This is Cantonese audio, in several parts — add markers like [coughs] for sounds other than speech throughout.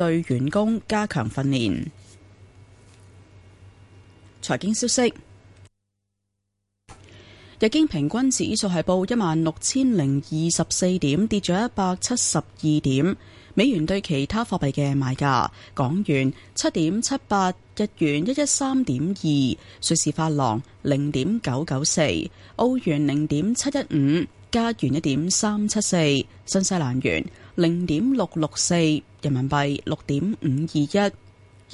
對員工加強訓練。財經消息：日經平均指數係報一萬六千零二十四點，跌咗一百七十二點。美元對其他貨幣嘅賣價：港元七點七八，日元一一三點二，瑞士法郎零點九九四，澳元零點七一五，加元一點三七四，新西蘭元，零點六六四人民幣，六點五二一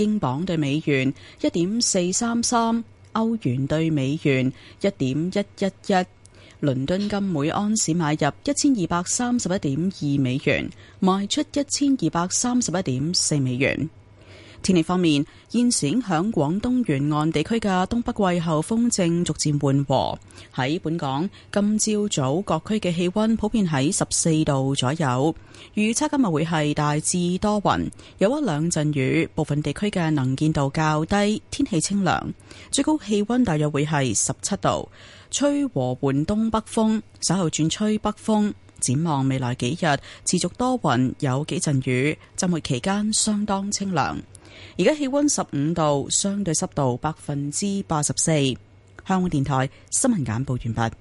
英鎊對美元，一點四三三歐元對美元，一點一一一。倫敦金每安士買入一千二百三十一點二美元，賣出一千二百三十一點四美元。天氣方面，現時響廣東沿岸地區嘅東北季候風正逐漸緩和。喺本港今朝早早各區嘅氣溫普遍喺十四度左右。預測今日會係大致多雲，有一兩陣雨，部分地區嘅能見度較低，天氣清涼，最高氣溫大約會係十七度，吹和緩東北風，稍後轉吹北風。展望未來幾日持續多雲，有幾陣雨，周末期間相當清涼。而家氣溫十五度，相對濕度百分之八十四。香港電台新聞簡報完畢。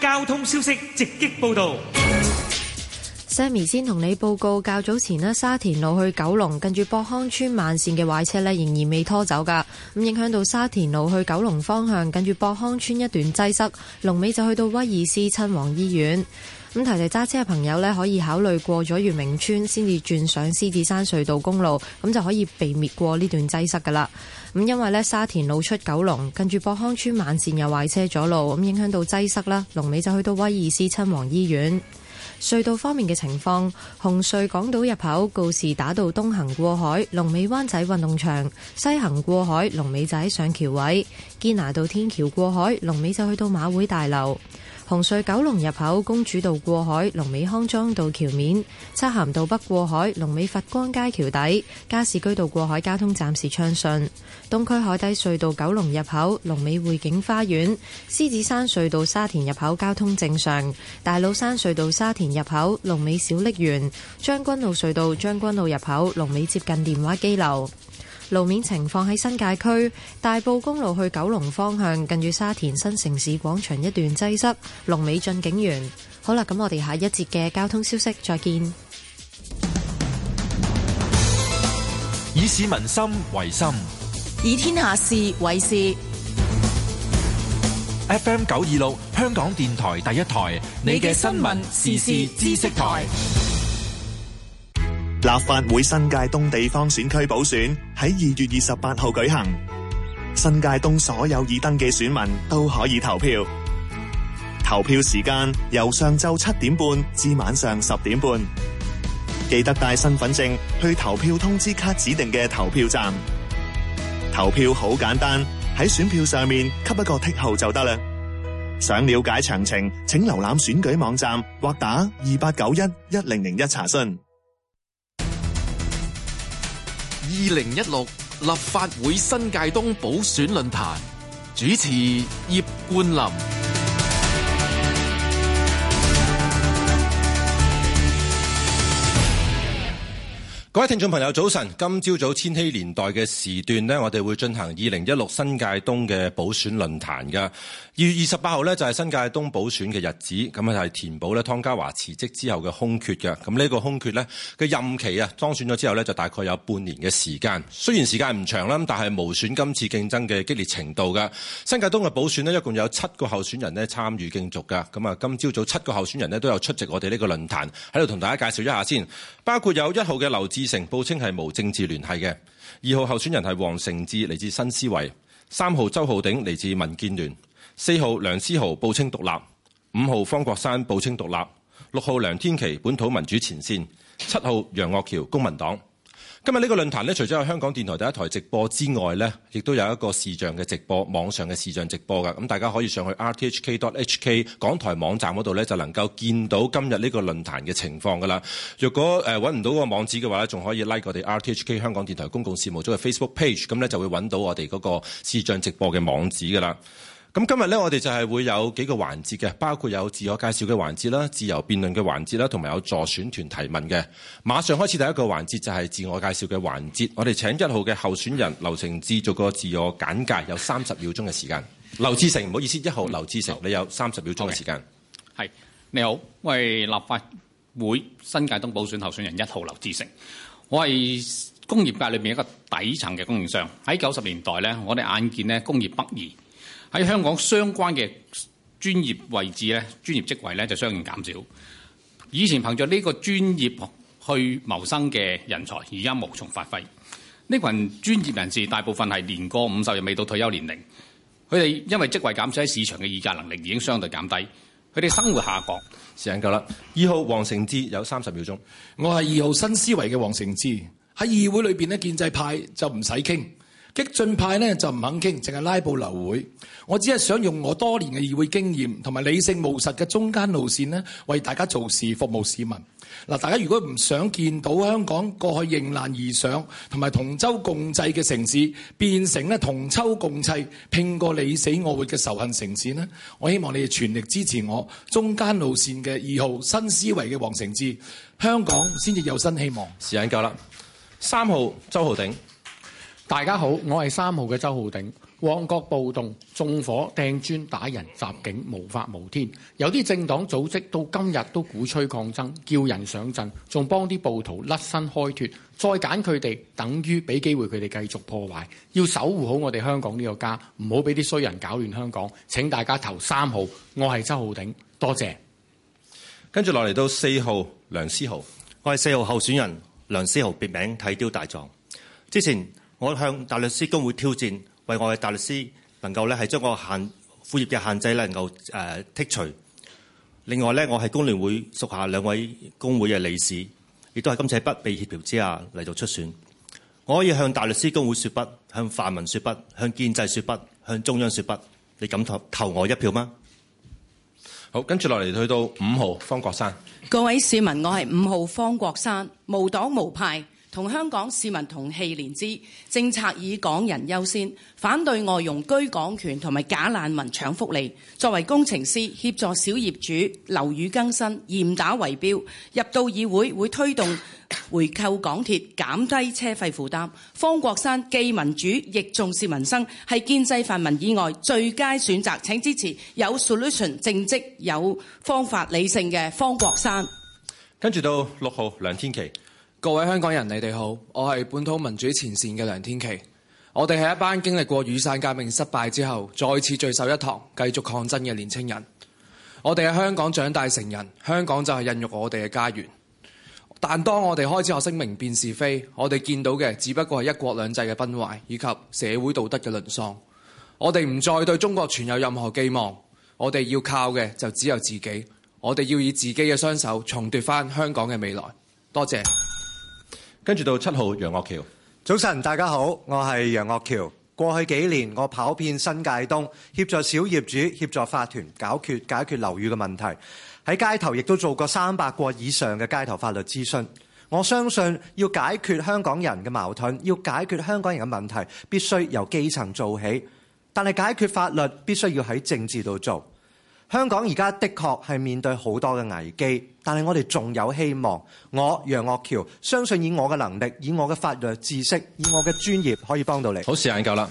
交通消息直擊報道。Sammy 先同你報告，較早前呢，沙田路去九龍近住博康村慢綫嘅壞車呢，仍然未拖走㗎。咁影響到沙田路去九龍方向近住博康村一段擠塞，龍尾就去到威爾斯親王醫院。咁，提提揸車嘅朋友呢，可以考慮過咗元明村先至轉上獅子山隧道公路，咁就可以避免過呢段擠塞㗎喇。咁因為呢，沙田路出九龍，近住博康村慢線又壞車阻路，咁影響到擠塞啦。龍尾就去到威爾斯親王醫院。隧道方面嘅情況，紅隧港島入口告士打道東行過海，龍尾灣仔運動場西行過海，龍尾仔上橋位堅拿道天橋過海，龍尾就去到馬會大樓。紅隧九龍入口、公主道過海、龍尾康莊道橋面、漆咸道北過海、龍尾佛光街橋底、加士居道過海，交通暫時暢順。東區海底隧道九龍入口、龍尾匯景花園、獅子山隧道沙田入口，交通正常。大老山隧道沙田入口、龍尾小瀝源、將軍澳隧道將軍澳入口、龍尾接近電話機樓。路面情況喺新界區大埔公路去九龍方向近住沙田新城市廣場一段擠塞，龍尾進景園。好啦，咁我哋下一節嘅交通消息再見。以市民心為心，以天下事為事。FM 九二六，香港電台第一台，你嘅新聞時事知識台。立法會新界東地方選區補選喺二月二十八號舉行。新界東所有已登記的選民都可以投票。投票時間由上晝七點半至晚上十點半。記得帶身份證去投票通知卡指定嘅投票站。投票好簡單，喺選票上面給一個剔號就得了。想了解詳情，請瀏覽選舉網站或打二八九一一零零一查詢。二零一六立法會新界東補選論壇，主持葉冠霖。各位聽眾朋友，早晨！今朝早千禧年代嘅時段呢，我哋會進行二零一六新界東嘅補選論壇噶。二月二十八號呢，就係新界東補選嘅日子，咁係填補咧湯家驊辭職之後嘅空缺嘅。咁、這、呢個空缺呢，嘅任期啊，當選咗之後呢，就大概有半年嘅時間。雖然時間唔長啦，但係無損今次競爭嘅激烈程度噶。新界東嘅補選呢，一共有七個候選人呢參與競逐噶。咁啊，今朝早七個候選人呢都有出席我哋呢個論壇，喺度同大家介紹一下先，包括有一號嘅劉志。二成報稱係無政治聯繫嘅，二號候選人係黃成智嚟自新思維，三號周浩鼎嚟自民建聯，四號梁思豪報稱獨立，五號方國珊報稱獨立，六號梁天琦本土民主前線，七號楊岳橋公民黨。今日呢個論壇咧，除咗有香港電台第一台直播之外咧，亦都有一個視像嘅直播，網上嘅視像直播㗎。咁大家可以上去 rthk.hk 港台網站嗰度咧，就能夠見到今日呢個論壇嘅情況㗎啦。如果誒揾唔到個網址嘅話咧，仲可以拉、like、我哋 r t h k 香港電台公共事務組嘅 Facebook page，咁咧就會揾到我哋嗰個視像直播嘅網址㗎啦。咁今日呢我哋就係會有幾個環節嘅，包括有自我介紹嘅環節啦、自由辯論嘅環節啦，同埋有，有助選團提問嘅。馬上開始第一個環節就係、是、自我介紹嘅環節。我哋請一號嘅候選人劉成志做個自我簡介，有三十秒鐘嘅時間。劉志成，唔好意思，一號、嗯、劉志成，你有三十秒鐘嘅時間。係、okay. 你好，我係立法會新界東補選候選人一號劉志成。我係工業界裏面一個底層嘅供應商。喺九十年代呢，我哋眼見呢工業北移。喺香港相關嘅專業位置咧，專業職位咧就相應減少。以前憑着呢個專業去謀生嘅人才，而家無從發揮。呢群專業人士大部分係年過五十又未到退休年齡，佢哋因為職位減少，喺市場嘅議價能力已經相對減低，佢哋生活下降。時間夠啦，二號黃成智有三十秒鐘。我係二號新思維嘅黃成智，喺議會裏面咧建制派就唔使傾。激進派呢就唔肯傾，淨係拉布流會。我只係想用我多年嘅議會經驗同埋理性務實嘅中間路線呢，為大家做事服務市民。嗱，大家如果唔想見到香港過去迎難而上以同埋同舟共濟嘅城市變成咧同舟共濟拼過你死我活嘅仇恨城市呢，我希望你哋全力支持我中間路線嘅二號新思維嘅黃成智，香港先至有新希望。時間夠啦，三號周浩鼎。大家好，我係三號嘅周浩鼎。旺角暴動，縱火、掟磚、打人、襲警，無法無天。有啲政黨組織到今日都鼓吹抗爭，叫人上陣，仲幫啲暴徒甩身開脫，再揀佢哋，等於俾機會佢哋繼續破壞。要守護好我哋香港呢個家，唔好俾啲衰人搞亂香港。請大家投三號，我係周浩鼎，多謝。跟住落嚟到四號梁思豪，我係四號候選人梁思豪，別名體雕大狀，之前。我向大律師公會挑戰，為我嘅大律師能夠咧係將個限副業嘅限制咧能夠誒剔除。另外咧，我係工聯會屬下兩位工會嘅理事，亦都係今次喺不被協調之下嚟到出選。我可以向大律師公會說不，向泛民說不，向建制說不，向中央說不。你敢投投我一票嗎？好，跟住落嚟去到五號方國珊。各位市民，我係五號方國珊，無黨無派。同香港市民同氣連枝，政策以港人優先，反對外傭居港權同埋假難民搶福利。作為工程師，協助小業主樓宇更新，嚴打圍標，入到議會會推動回購港鐵，減低車費負擔。方國珊既民主亦重視民生，係建制泛民以外最佳選擇。請支持有 solution 政績有方法理性嘅方國珊。跟住到六號梁天琦。各位香港人，你哋好，我係本土民主前線嘅梁天琦，我哋係一班經歷過雨傘革命失敗之後，再次聚首一堂，繼續抗爭嘅年青人。我哋喺香港長大成人，香港就係孕育我哋嘅家園。但當我哋開始學識明辨是非，我哋見到嘅只不過係一國兩制嘅崩壞以及社會道德嘅淪喪。我哋唔再對中國存有任何寄望，我哋要靠嘅就只有自己。我哋要以自己嘅雙手重奪翻香港嘅未來。多謝。跟住到七號楊岳橋。早晨，大家好，我係楊岳橋。過去幾年，我跑遍新界東，協助小業主，協助法團，解決解決樓宇嘅問題。喺街頭亦都做過三百個以上嘅街頭法律諮詢。我相信要解決香港人嘅矛盾，要解決香港人嘅問題，必須由基層做起。但係解決法律，必須要喺政治度做。香港而家的確係面對好多嘅危機，但係我哋仲有希望。我楊岳橋相信以我嘅能力、以我嘅法律知識、以我嘅專業，可以幫到你。好，時間夠啦，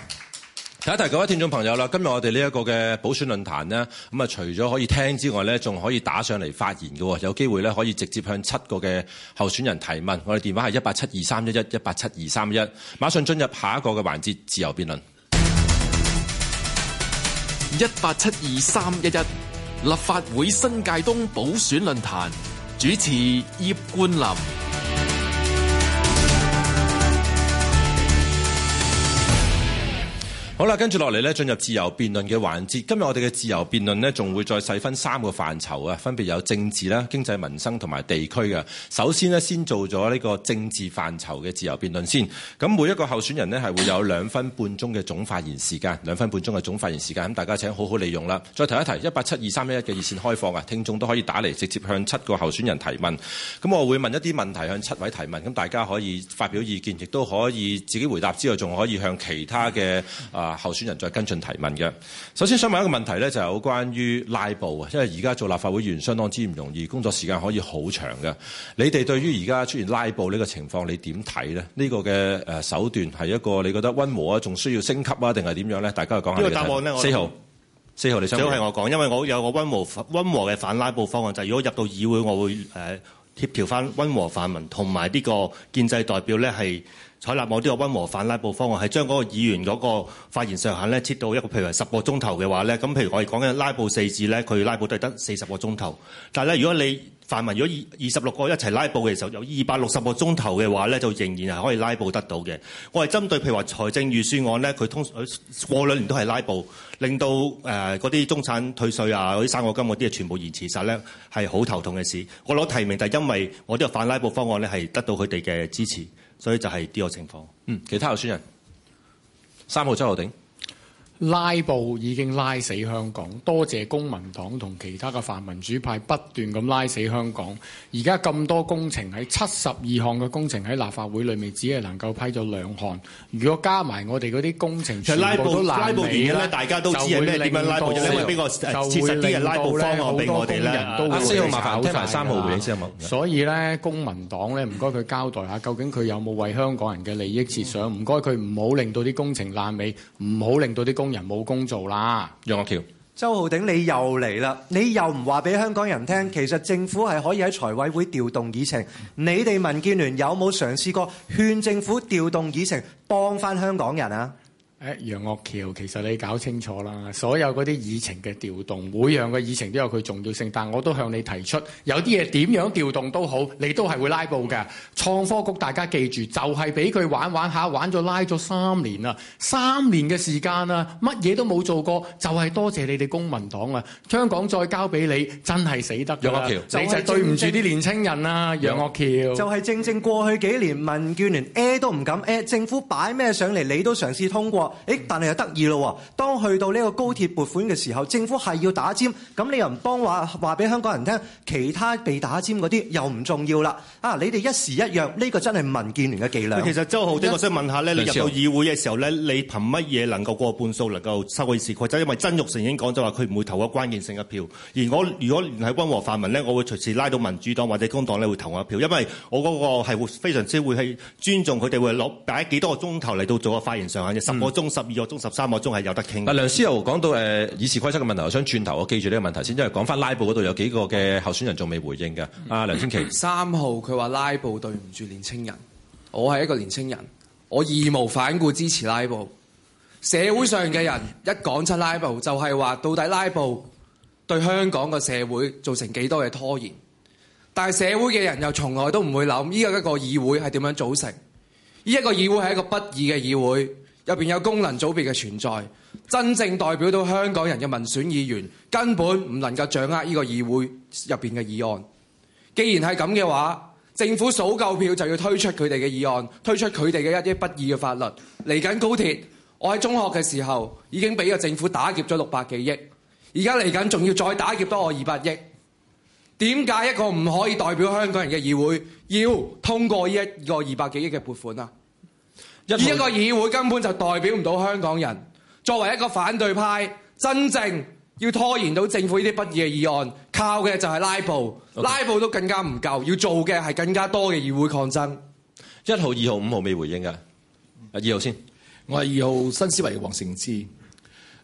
第一題，各位聽眾朋友啦，今日我哋呢一個嘅補選論壇呢，咁啊除咗可以聽之外呢，仲可以打上嚟發言嘅，有機會呢，可以直接向七個嘅候選人提問。我哋電話係一八七二三一一一八七二三一，馬上進入下一個嘅環節，自由辯論。一八七二三一一。立法會新界東補選論壇，主持葉冠林。好啦，跟住落嚟呢，進入自由辯論嘅環節。今日我哋嘅自由辯論呢，仲會再細分三個範疇啊，分別有政治啦、啊、經濟民生同埋地區嘅、啊。首先呢，先做咗呢個政治範疇嘅自由辯論先。咁每一個候選人呢，係會有兩分半鐘嘅總發言時間，兩分半鐘嘅總發言時間。咁大家請好好利用啦。再提一提，一八七二三一一嘅熱線開放啊，聽眾都可以打嚟，直接向七個候選人提問。咁我會問一啲問題向七位提問。咁大家可以發表意見，亦都可以自己回答之外，仲可以向其他嘅啊。呃候選人再跟進提問嘅。首先想問一個問題咧，就係有關於拉布，因為而家做立法會議員相當之唔容易，工作時間可以好長嘅。你哋對於而家出現拉布呢個情況，你點睇咧？呢個嘅誒手段係一個你覺得温和啊，仲需要升級啊，定係點樣咧？大家講下呢個答案咧，四號，四號，四號你想講？主係我講，因為我有個温和、温和嘅反拉布方案，就係如果入到議會，我會誒協調翻温和泛民同埋呢個建制代表咧係。採納我呢個温和反拉布方案，係將嗰個議員嗰個發言上限咧設到一個，譬如10話十個鐘頭嘅話咧，咁譬如我哋講緊拉布四字咧，佢拉布都係得四十個鐘頭。但係咧，如果你泛民如果二二十六個一齊拉布嘅時候，有二百六十個鐘頭嘅話咧，就仍然係可以拉布得到嘅。我係針對譬如話財政預算案咧，佢通過過兩年都係拉布，令到誒嗰啲中產退稅啊、嗰啲生果金嗰啲全部延遲，實咧係好頭痛嘅事。我攞提名就係因為我呢個反拉布方案咧係得到佢哋嘅支持。所以就係呢個情況。嗯，其他候選人，三號周浩鼎。拉布已經拉死香港，多謝公民黨同其他嘅泛民主派不斷咁拉死香港。而家咁多工程喺七十二項嘅工程喺立法會裏面，只係能夠批咗兩項。如果加埋我哋嗰啲工程全部都爛尾咧，就會令到好多人都會踩。所以咧，公民黨咧，唔該佢交代下，究竟佢有冇為香港人嘅利益設想？唔該佢唔好令到啲工程爛尾，唔好令到啲工。人冇工做啦，楊岳橋，周浩鼎，你又嚟啦？你又唔話俾香港人聽，其實政府係可以喺財委會調動議程。嗯、你哋民建聯有冇嘗試過勸政府調動議程，幫翻香港人啊？誒楊岳橋，其實你搞清楚啦，所有嗰啲議程嘅調動，每樣嘅議程都有佢重要性，但我都向你提出，有啲嘢點樣調動都好，你都係會拉布㗎。創科局大家記住，就係俾佢玩玩下，玩咗拉咗三年啦，三年嘅時間啦，乜嘢都冇做過，就係、是、多謝你哋公民黨啊！香港再交俾你，真係死得啦！楊岳橋，你就對唔住啲年青人啦、啊，楊岳橋，就係、是、正正過去幾年民建聯 A 都唔敢 A，、欸、政府擺咩上嚟，你都嘗試通過。誒，但係又得意咯喎！當去到呢個高鐵撥款嘅時候，政府係要打尖，咁你又唔幫話話俾香港人聽，其他被打尖嗰啲又唔重要啦。啊，你哋一時一樣，呢、呢個真係民建聯嘅伎倆。其實周浩鼎，我想問一下咧，你入到議會嘅時候咧，你憑乜嘢能夠過半數，能夠收個議事規則因為曾玉成已經講咗話，佢唔會投一關鍵性嘅票。而我如果聯繫温和泛民咧，我會隨時拉到民主黨或者工黨咧，會投我一票，因為我嗰個係非常之會係尊重佢哋，會攞擺幾多個鐘頭嚟到做個發言上限嘅十個鐘。中十二個鐘，十三個鐘係有得傾。阿梁思豪講到誒議、呃、事規則嘅問題，我想轉頭，我記住呢個問題先，因為講翻拉布嗰度有幾個嘅候選人仲未回應嘅。阿、嗯啊、梁天琦三號，佢話拉布對唔住年青人。我係一個年青人，我義無反顧支持拉布。社會上嘅人一講出拉布，就係、是、話到底拉布對香港嘅社會造成幾多嘅拖延？但係社會嘅人又從來都唔會諗呢個一個議會係點樣組成？呢、這、一個議會係一個不義嘅議會。入邊有功能組別嘅存在，真正代表到香港人嘅民選議員，根本唔能夠掌握呢個議會入邊嘅議案。既然係咁嘅話，政府數夠票就要推出佢哋嘅議案，推出佢哋嘅一啲不義嘅法律。嚟緊高鐵，我喺中學嘅時候已經俾個政府打劫咗六百幾億，而家嚟緊仲要再打劫多我二百億。點解一個唔可以代表香港人嘅議會要通過呢一個二百幾億嘅撥款啊？依一個議會根本就代表唔到香港人。作為一個反對派，真正要拖延到政府呢啲不義嘅議案，靠嘅就係拉布，拉布都更加唔夠。要做嘅係更加多嘅議會抗爭。一號、二號、五號未回應嘅，啊，二號先。我係二號新思維嘅黃成智。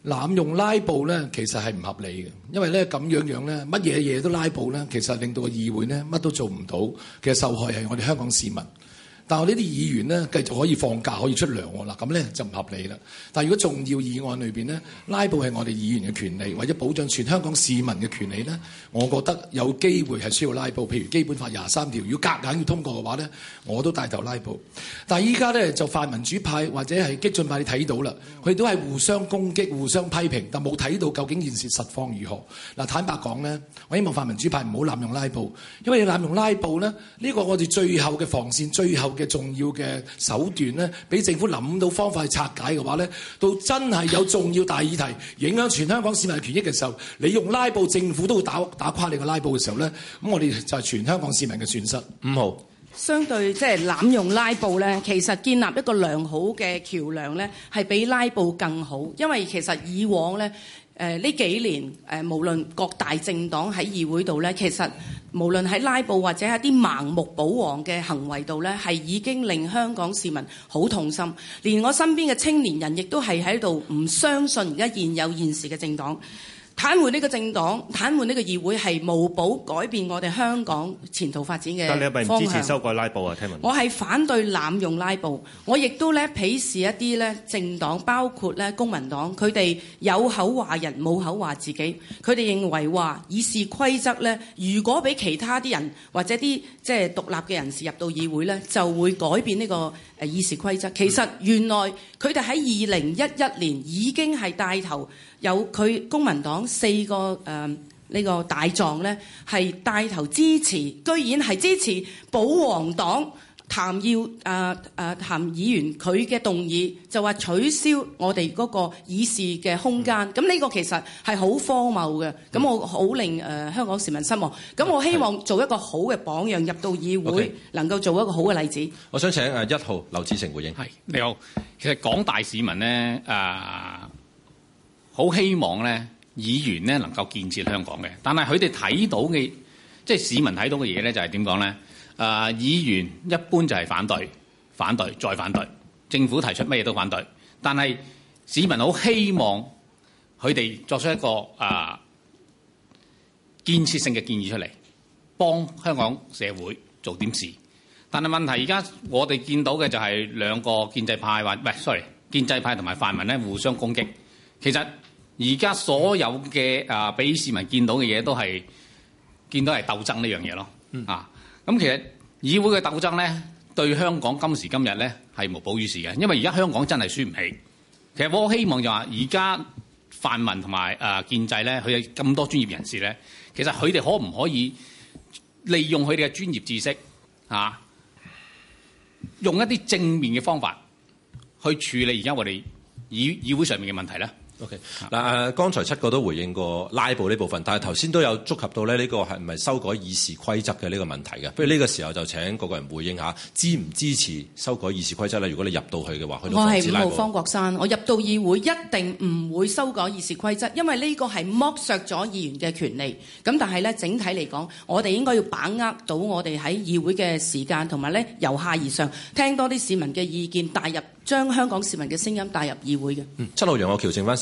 濫用拉布咧，其實係唔合理嘅，因為咧咁樣樣咧，乜嘢嘢都拉布咧，其實令到個議會咧乜都做唔到。其實受害係我哋香港市民。但係呢啲議員咧，繼續可以放假，可以出糧喎。嗱，咁咧就唔合理啦。但如果重要議案裏面咧，拉布係我哋議員嘅權利，或者保障全香港市民嘅權利咧，我覺得有機會係需要拉布。譬如基本法廿三條，要夾硬要通過嘅話咧，我都帶頭拉布。但係依家咧就泛民主派或者係激進派你，你睇到啦，佢都係互相攻擊、互相批評，但冇睇到究竟現時實況如何。嗱，坦白講咧，我希望泛民主派唔好濫用拉布，因為濫用拉布咧，呢、呢個我哋最後嘅防線，最後嘅重要嘅手段咧，俾政府諗到方法去拆解嘅話咧，到真係有重要大議題影響全香港市民嘅權益嘅時候，你用拉布政府都會打打垮你個拉布嘅時候咧，咁我哋就係全香港市民嘅損失。五號，相對即係濫用拉布咧，其實建立一個良好嘅橋梁咧，係比拉布更好，因為其實以往咧。誒呢幾年誒，無論各大政黨喺議會度咧，其實無論喺拉布或者係啲盲目保皇嘅行為度咧，係已經令香港市民好痛心，連我身邊嘅青年人亦都係喺度唔相信而家現有現時嘅政黨。癱瘓呢個政黨，癱瘓呢個議會係無保改變我哋香港前途發展嘅方向，修改拉布。聽聞我係反對濫用拉布，我亦都呢鄙視一啲呢政黨，包括呢公民黨，佢哋有口話人，冇口話自己。佢哋認為話議事規則呢，如果俾其他啲人或者啲即係獨立嘅人士入到議會呢，就會改變呢個誒議事規則。其實原來佢哋喺二零一一年已經係帶頭。有佢公民黨四個誒呢、呃這個大狀咧，係帶頭支持，居然係支持保皇黨譚耀啊啊譚議員佢嘅動議，就話取消我哋嗰個議事嘅空間。咁、嗯、呢個其實係好荒謬嘅，咁我好令誒、呃、香港市民失望。咁我希望做一個好嘅榜樣入到議會，能夠做一個好嘅例子。Okay. 我想請誒一號劉志成回應。係你好，其實廣大市民咧啊。呃好希望咧，議員咧能夠建設香港嘅，但係佢哋睇到嘅，即係市民睇到嘅嘢咧，就係點講咧？誒，議員一般就係反對，反對再反對，政府提出咩嘢都反對，但係市民好希望佢哋作出一個誒、啊、建設性嘅建議出嚟，幫香港社會做點事。但係問題而家我哋見到嘅就係兩個建制派或唔係，sorry，建制派同埋泛民咧互相攻擊，其實。而家所有嘅啊，俾、呃、市民見到嘅嘢都係見到係鬥爭呢樣嘢咯、嗯。啊，咁其實議會嘅鬥爭咧，對香港今時今日咧係無補於事嘅，因為而家香港真係輸唔起。其實我希望就話，而家泛民同埋啊建制咧，佢有咁多專業人士咧，其實佢哋可唔可以利用佢哋嘅專業知識啊，用一啲正面嘅方法去處理而家我哋議議會上面嘅問題咧？OK 嗱、okay. 啊，誒，剛才七個都回應過拉布呢部分，但係頭先都有觸及到咧呢、呢個係唔係修改議事規則嘅呢個問題嘅。不如呢個時候就請各個人回應下，支唔支持修改議事規則咧？如果你入到去嘅話，我係五號方國珊，我入到議會一定唔會修改議事規則，因為呢個係剝削咗議員嘅權利。咁但係咧，整體嚟講，我哋應該要把握到我哋喺議會嘅時間，同埋咧由下而上聽多啲市民嘅意見，帶入將香港市民嘅聲音帶入議會嘅、嗯。七號楊岳橋調整翻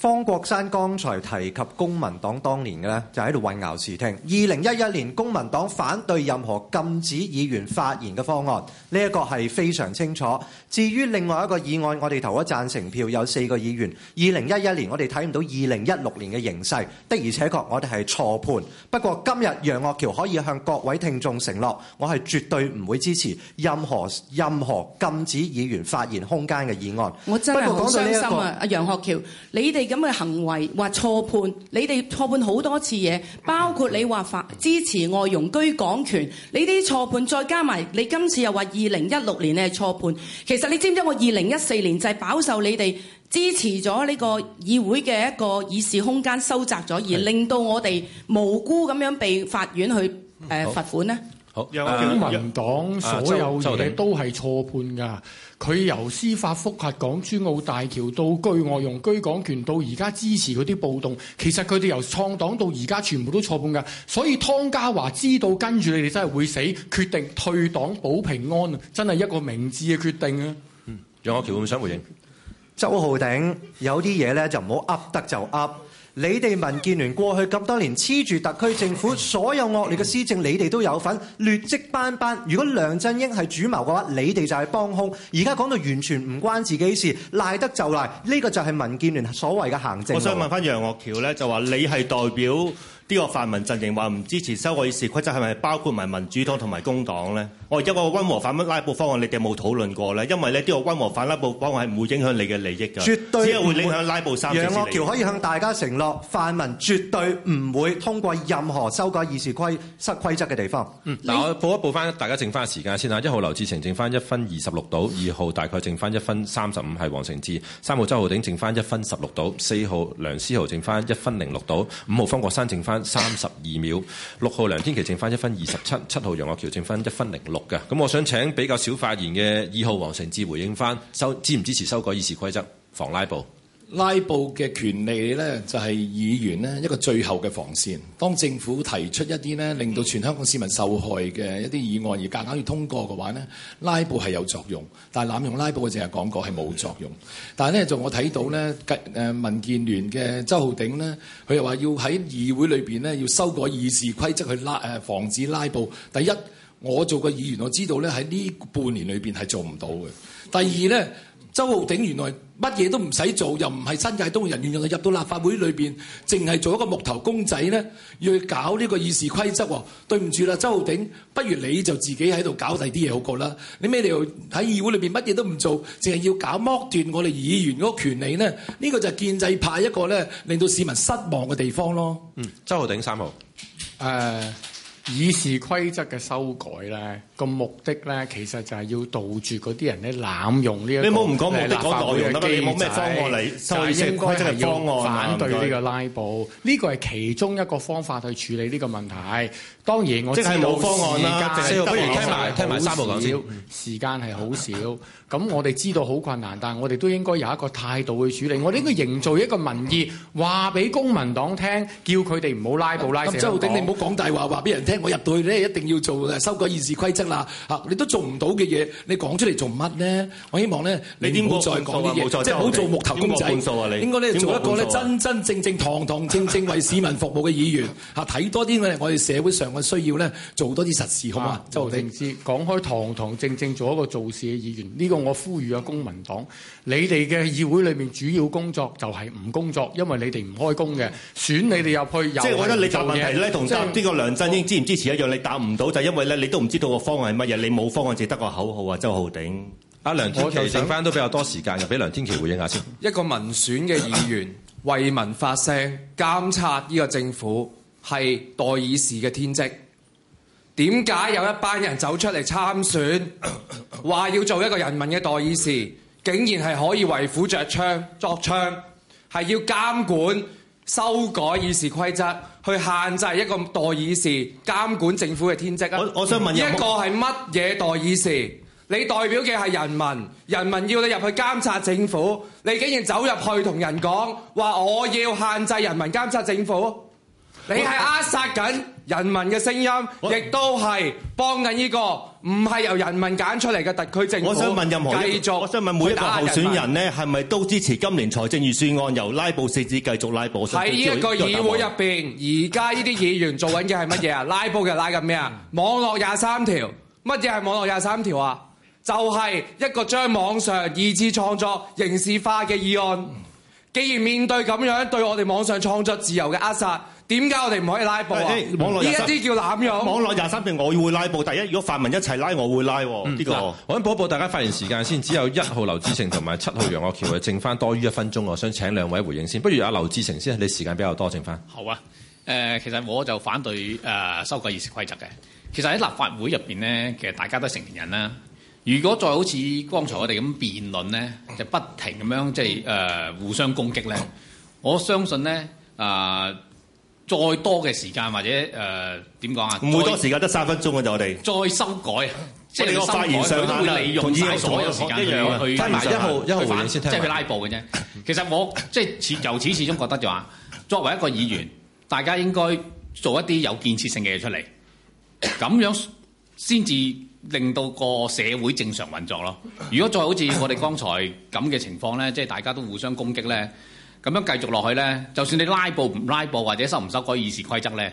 方國珊剛才提及公民黨當年嘅呢，就喺度混淆視聽。二零一一年公民黨反對任何禁止議員發言嘅方案，呢一個係非常清楚。至於另外一個議案，我哋投咗贊成票，有四個議員。二零一一年我哋睇唔到，二零一六年嘅形勢的而且確我哋係錯判。不過今日楊岳橋可以向各位聽眾承諾，我係絕對唔會支持任何任何禁止議員發言空間嘅議案。我真係好傷心啊，阿楊岳橋，你哋。咁嘅行為或錯判，你哋錯判好多次嘢，包括你話法支持外傭居港權，你啲錯判再加埋，你今次又話二零一六年你係錯判，其實你知唔知道我二零一四年就係飽受你哋支持咗呢個議會嘅一個議事空間收窄咗，而令到我哋無辜咁樣被法院去誒罰款呢？好，公民黨所有嘢都係錯判㗎。佢、啊、由司法覆核港珠澳大橋到居外用居港權，到而家支持嗰啲暴動，其實佢哋由創黨到而家全部都錯判㗎。所以湯家驊知道跟住你哋真係會死，決定退黨保平安，真係一個明智嘅決定啊！楊岳橋會唔唔想回應？周浩鼎有啲嘢咧就唔好噏得就噏。你哋民建聯過去咁多年黐住特區政府所有惡劣嘅施政，你哋都有份劣跡斑斑。如果梁振英係主謀嘅話，你哋就係幫兇。而家講到完全唔關自己事，賴得就賴，呢個就係民建聯所謂嘅行政。我想問翻楊岳橋咧，就話你係代表。呢、這個泛民陣營話唔支持修改議事規則，係咪包括埋民主黨同埋工黨咧？我而家個溫和反拉布方案，你哋冇討論過咧？因為呢啲、這個溫和反拉布方案係唔會影響你嘅利益㗎。絕對只係會影響拉布三條。楊岳橋可以向大家承諾，泛民絕對唔會通過任何修改議事規失規則嘅地方。嗯，嗱，我報一報翻大家剩翻嘅時間先啦。一號劉志成剩翻一分二十六度，二號大概剩翻一分三十五，係黃成智。三號周浩鼎剩翻一分十六度，四號梁思豪剩翻一分零六度，五號方國珊剩翻。三十二秒，六號梁天琦剩翻一分二十七，七號楊岳橋剩翻一分零六嘅。咁我想請比較少發言嘅二號黃成智回應翻，收支唔支持修改議事規則，防拉布。拉布嘅權利咧，就係、是、議員咧一個最後嘅防線。當政府提出一啲咧令到全香港市民受害嘅一啲議案而夾硬要通過嘅話咧，拉布係有作用。但係濫用拉布，嘅淨係講過係冇作用。是但係咧，就我睇到咧，民建聯嘅周浩鼎咧，佢又話要喺議會裏面咧要修改議事規則去拉防止拉布。第一，我做個議員，我知道咧喺呢在這半年裏面係做唔到嘅。第二咧，周浩鼎原來，乜嘢都唔使做，又唔係新界東人，仲入到立法會裏面，淨係做一個木頭公仔咧，要去搞呢個議事規則，哦。對唔住啦，周浩鼎，不如你就自己喺度搞第啲嘢好過啦。你咩理由喺議會裏面乜嘢都唔做，淨係要搞剝奪我哋議員嗰個權利咧？呢、呢個就係建制派一個咧令到市民失望嘅地方咯。嗯，周浩鼎三號，誒、uh, 議事規則嘅修改咧。個目的咧，其實就係要杜住嗰啲人咧，濫用呢一個立法會嘅機制。你冇唔講目的，講內容啊嘛？你冇咩方案嚟修改規則嘅方案，嚟反對呢個拉布。呢個係其中一個方法去處理呢個問題。當然我即係冇方案啦。不如聽埋聽埋思豪講先。時間係好少，咁我哋知道好困難，但係我哋都應該有一個態度去處理。我哋應該營造一個民意，話俾公民黨聽，叫佢哋唔好拉布拉。咁周浩鼎，你唔好講大話，話俾人聽，我入到去咧一定要做修改議事規則。嗱、啊、你都做唔到嘅嘢，你講出嚟做乜呢？我希望咧，你唔好再講啲嘢，即係唔好做木頭公仔。數啊你數啊、應該咧、啊、做一個咧、啊、真真正正、堂堂正正為市民服務嘅議員。吓，睇多啲我哋社會上嘅需要咧，做多啲實事、啊、好嘛、啊？周浩鼎講開堂堂正正做一個做事嘅議員。呢、這個我呼籲啊，公民黨，你哋嘅議會裏面主要工作就係唔工作，因為你哋唔開工嘅，選你哋入去、嗯、即係我覺得你就問題咧，同呢個梁振英支唔支持一樣，你答唔到就係、是、因為咧，你都唔知道個方。係乜嘢？你冇方案，只得個口號啊！周浩鼎、阿梁天琦，剩返都比較多時間，就俾梁天琦回應下先。一個民選嘅議員為民發聲，監察呢個政府係代議士嘅天職，點解有一班人走出嚟參選，話要做一個人民嘅代議士，竟然係可以為虎着倀作倀，係要監管。修改議事規則，去限制一個代議士監管政府嘅天職。我我想問，一個係乜嘢代議士？你代表嘅係人民，人民要你入去監察政府，你竟然走入去同人講話，說我要限制人民監察政府。你係扼殺緊人民嘅聲音，亦都係幫緊呢個唔係由人民揀出嚟嘅特區政府。我想問任何人繼續，我想問每一個候選人咧，係咪都支持今年財政預算案由拉布四子繼續拉布？喺一個議會入面，而家呢啲議員做緊嘅係乜嘢啊？拉布嘅拉緊咩啊？網絡廿三條，乜嘢係網絡廿三條啊？就係、是、一個將網上二次創作刑事化嘅議案。既然面對咁樣對我哋網上創作自由嘅扼殺，點解我哋唔可以拉布啊？呢一啲叫濫用。網絡廿三，定我會拉布。第一，如果泛民一齊拉，我會拉、哦。呢、嗯呢個我想、嗯、報一報，大家發言時間先。只有一號劉志成同埋七號楊岳橋，剩翻多於一分鐘。我想請兩位回應先。不如阿劉志成先，你時間比較多，剩翻。好啊、呃。其實我就反對誒、呃、修改議事規則嘅。其實喺立法會入面咧，其實大家都係成年人啦、啊。如果再好似剛才我哋咁辯論咧，就不停咁樣即係、就是呃、互相攻擊咧，我相信咧再多嘅時間或者誒點講啊？唔、呃、會多時間，得三分鐘嘅啫，我哋再修改，即 [laughs] 係你個發言上面啦，都會利用同議員所有時間一樣，加埋一號一號即係佢拉布嘅啫。其實我即係 [laughs] 由始始終覺得就話，作為一個議員，大家應該做一啲有建設性嘅嘢出嚟，咁樣先至令到個社會正常運作咯。如果再好似我哋剛才咁嘅情況咧，即係大家都互相攻擊咧。咁樣繼續落去呢，就算你拉布唔拉布，或者修唔修改議事規則呢，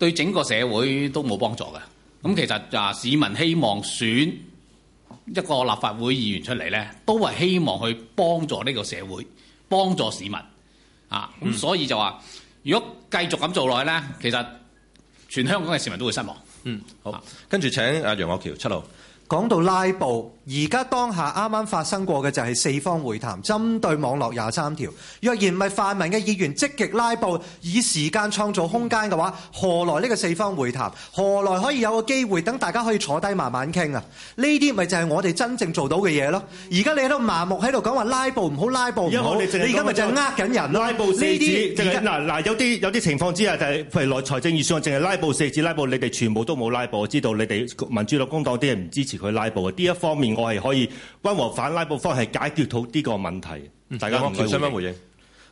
對整個社會都冇幫助嘅。咁其實市民希望選一個立法會議員出嚟呢，都係希望去幫助呢個社會，幫助市民。啊、嗯，咁所以就話，如果繼續咁做落去呢，其實全香港嘅市民都會失望。嗯，好，跟住請阿楊岳橋七號講到拉布。而家當下啱啱發生過嘅就係四方會談，針對網絡廿三條。若然唔係泛民嘅議員積極拉布，以時間創造空間嘅話，何來呢個四方會談？何來可以有個機會等大家可以坐低慢慢傾啊？呢啲咪就係我哋真正做到嘅嘢咯？而家你喺度麻木喺度講話拉布唔好拉布，拉布唔好，拉布，你而家咪就係呃緊人咯？呢啲就係嗱嗱有啲有啲情況之下就係譬如內財政預算，淨係拉布四指拉布你哋全部都冇拉布，我知道你哋民主黨工黨啲人唔支持佢拉布嘅。呢一方面。我係可以溫和反拉布方，係解決到呢個問題。大家唔好再回應。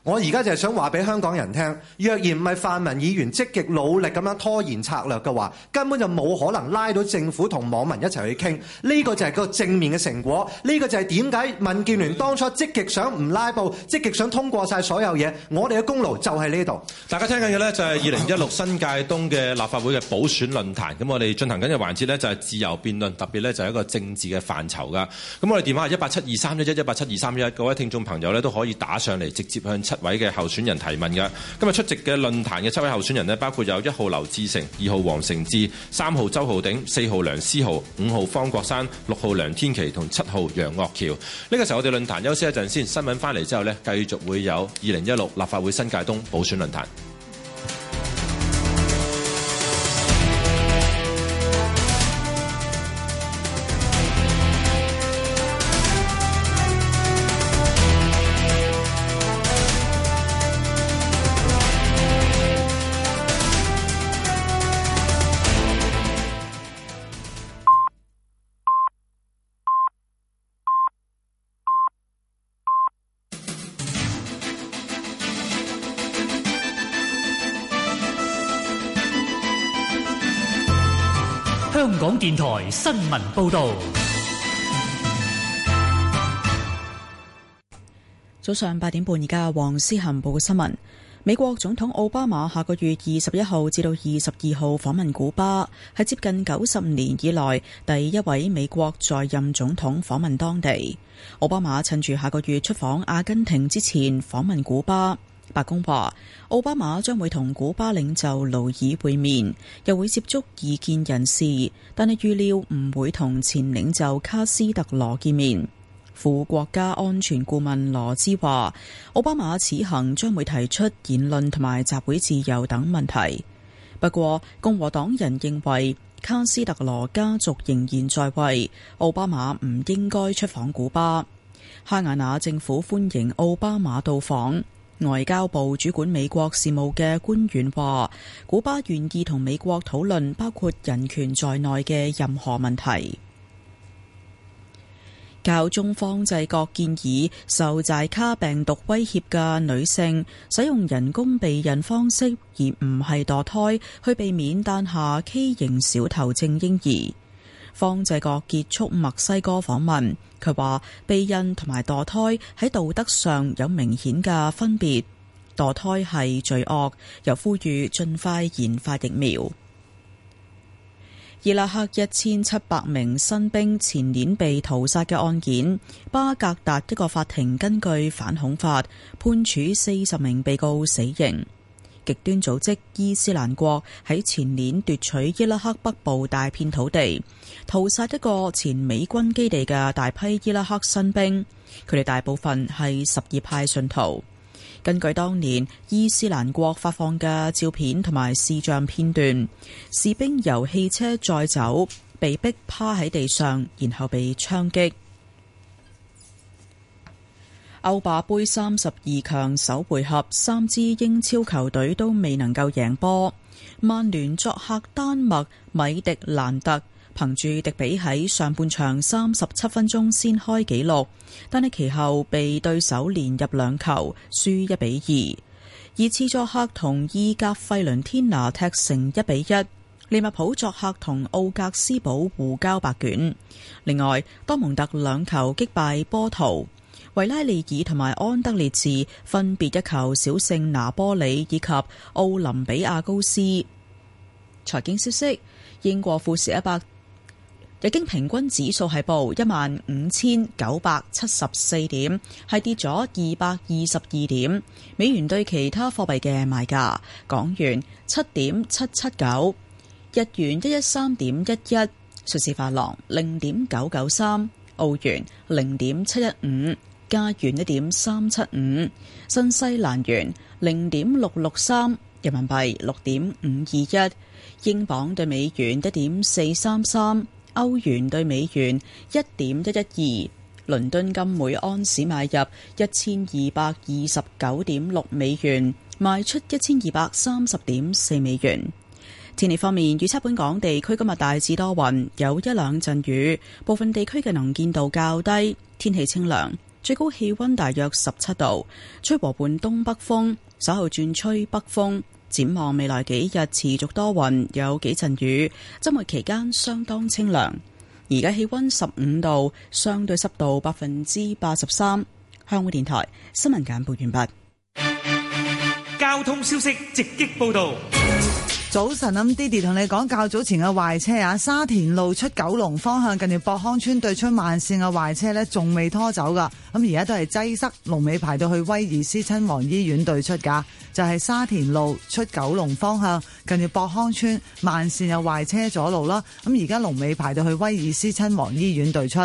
我而家就係想話俾香港人聽，若然唔係泛民議員積極努力咁樣拖延策略嘅話，根本就冇可能拉到政府同網民一齊去傾。呢個就係個正面嘅成果。呢個就係點解民建聯當初積極想唔拉布，積極想通過晒所有嘢，我哋嘅功勞就係呢度。大家聽緊嘅呢，就係二零一六新界東嘅立法會嘅補選論壇。咁我哋進行緊嘅環節呢，就係自由辯論，特別呢就係一個政治嘅範疇㗎。咁我哋電話係一八七二三一一，一八七二三一，各位聽眾朋友呢，都可以打上嚟，直接向七位嘅候選人提問嘅，今日出席嘅論壇嘅七位候選人咧，包括有一號劉志成、二號黃成智、三號周浩鼎、四號梁思豪、五號方國珊、六號梁天琦同七號楊岳橋。呢、這個時候我哋論壇休息一陣先，新聞翻嚟之後咧，繼續會有二零一六立法會新界東補選論壇。電台新聞報道，早上八點半現在，而家黃思涵報嘅新聞。美國總統奧巴馬下個月二十一號至到二十二號訪問古巴，係接近九十年以來第一位美國在任總統訪問當地。奧巴馬趁住下個月出訪阿根廷之前訪問古巴。白宮話，奧巴馬將會同古巴領袖勞爾會面，又會接觸異見人士，但係預料唔會同前領袖卡斯特羅見面。副國家安全顧問羅茲話，奧巴馬此行將會提出言論同埋集會自由等問題。不過，共和黨人認為卡斯特羅家族仍然在位，奧巴馬唔應該出訪古巴。哈瓦那政府歡迎奧巴馬到訪。外交部主管美國事務嘅官員話，古巴願意同美國討論包括人權在內嘅任何問題。教宗方濟各建議受寨卡病毒威脅嘅女性使用人工避孕方式，而唔係墮胎，去避免誕下畸形小頭症嬰兒。方濟各結束墨西哥訪問，佢話避孕同埋墮胎喺道德上有明顯嘅分別，墮胎係罪惡。又呼籲盡快研發疫苗。伊拉克一千七百名新兵前年被屠殺嘅案件，巴格達一個法庭根據反恐法判處四十名被告死刑。極端組織伊斯蘭國喺前年奪取伊拉克北部大片土地。屠殺一個前美軍基地嘅大批伊拉克新兵，佢哋大部分係什葉派信徒。根據當年伊斯蘭國發放嘅照片同埋視像片段，士兵由汽車載走，被迫趴喺地上，然後被槍擊。歐霸盃三十二強首回合，三支英超球隊都未能夠贏波，曼聯作客丹麥米迪蘭特，憑住迪比喺上半場三十七分鐘先開紀錄，但係其後被對手連入兩球，輸一比二。二次作客同意甲費倫天拿踢成一比一，利物浦作客同奧格斯堡互交白卷。另外，多蒙特兩球擊敗波圖，維拉利爾同埋安德烈茨分別一球小勝拿波里以及奧林比亞高斯。財經消息：英國富時一百。日經平均指數係報一萬五千九百七十四點，係跌咗二百二十二點。美元對其他貨幣嘅賣價：港元七點七七九，日元一一三點一一，瑞士法郎零點九九三，澳元零點七一五，加元一點三七五，新西蘭元零點六六三，人民幣六點五二一，英鎊對美元一點四三三。歐元對美元一點一一二，倫敦金每安士買入一千二百二十九點六美元，賣出一千二百三十點四美元。天氣方面，預測本港地區今日大致多雲，有一兩陣雨，部分地區嘅能見度較低，天氣清涼，最高氣温大約十七度，吹和緩東北風，稍後轉吹北風。展望未來幾日持續多雲，有幾陣雨。週末期間相當清涼，而家氣温十五度，相對濕度百分之八十三。香港電台新聞簡報完畢。交通消息直擊報道。早晨，咁爹哋同你講較早前嘅壞車啊，沙田路出九龍方向近住博康村對出慢綫嘅壞車呢，仲未拖走噶。咁而家都係擠塞，龍尾排到去威爾斯親王醫院對出噶。就係、是、沙田路出九龍方向近住博康村慢綫有壞車阻路啦。咁而家龍尾排到去威爾斯親王醫院對出。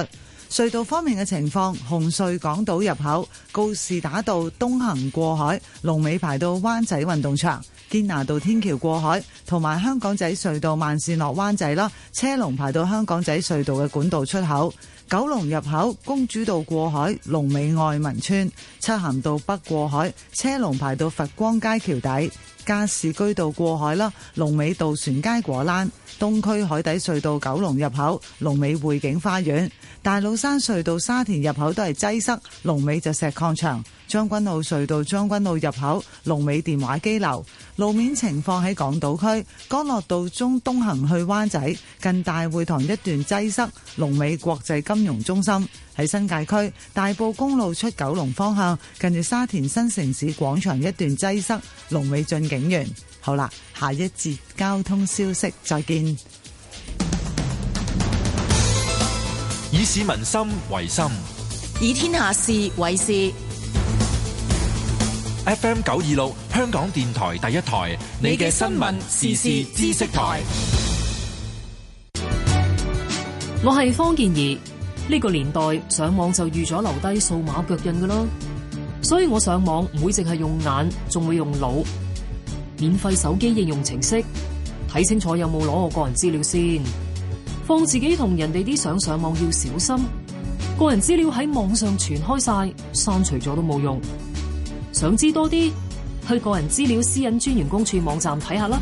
隧道方面嘅情況，紅隧港島入口、告士打道東行過海，龍尾排到灣仔運動場。堅拿道天橋過海，同埋香港仔隧道慢線落灣仔啦，車龍排到香港仔隧道嘅管道出口；九龍入口公主道過海，龍尾愛民邨；漆咸道北過海，車龍排到佛光街橋底；加士居道過海啦，龍尾渡船街果欄。東區海底隧道九龍入口、龍尾匯景花園、大老山隧道沙田入口都係擠塞，龍尾就石礦場；將軍澳隧道將軍澳入口龍尾電話機樓，路面情況喺港島區，干諾道中東行去灣仔近大會堂一段擠塞，龍尾國際金融中心，喺新界區，大埔公路出九龍方向近住沙田新城市廣場一段擠塞，龍尾駿景園。好啦，下一節交通消息再見。以市民心為心，以天下事為事。F M 九二六香港電台第一台，你嘅新聞時事知識台。我係方健儀。呢、這個年代上網就預咗留低數碼腳印噶啦，所以我上網唔會淨係用眼，仲會用腦。免費手機應用程式，睇清楚有冇攞我個人資料先。放自己同人哋啲相上網要小心，個人資料喺網上傳開晒，刪除咗都冇用。想知多啲，去個人資料私隱專員公署網站睇下啦。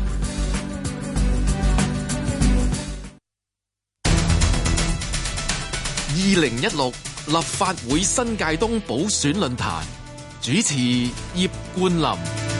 二零一六立法會新界東補選論壇，主持葉冠林。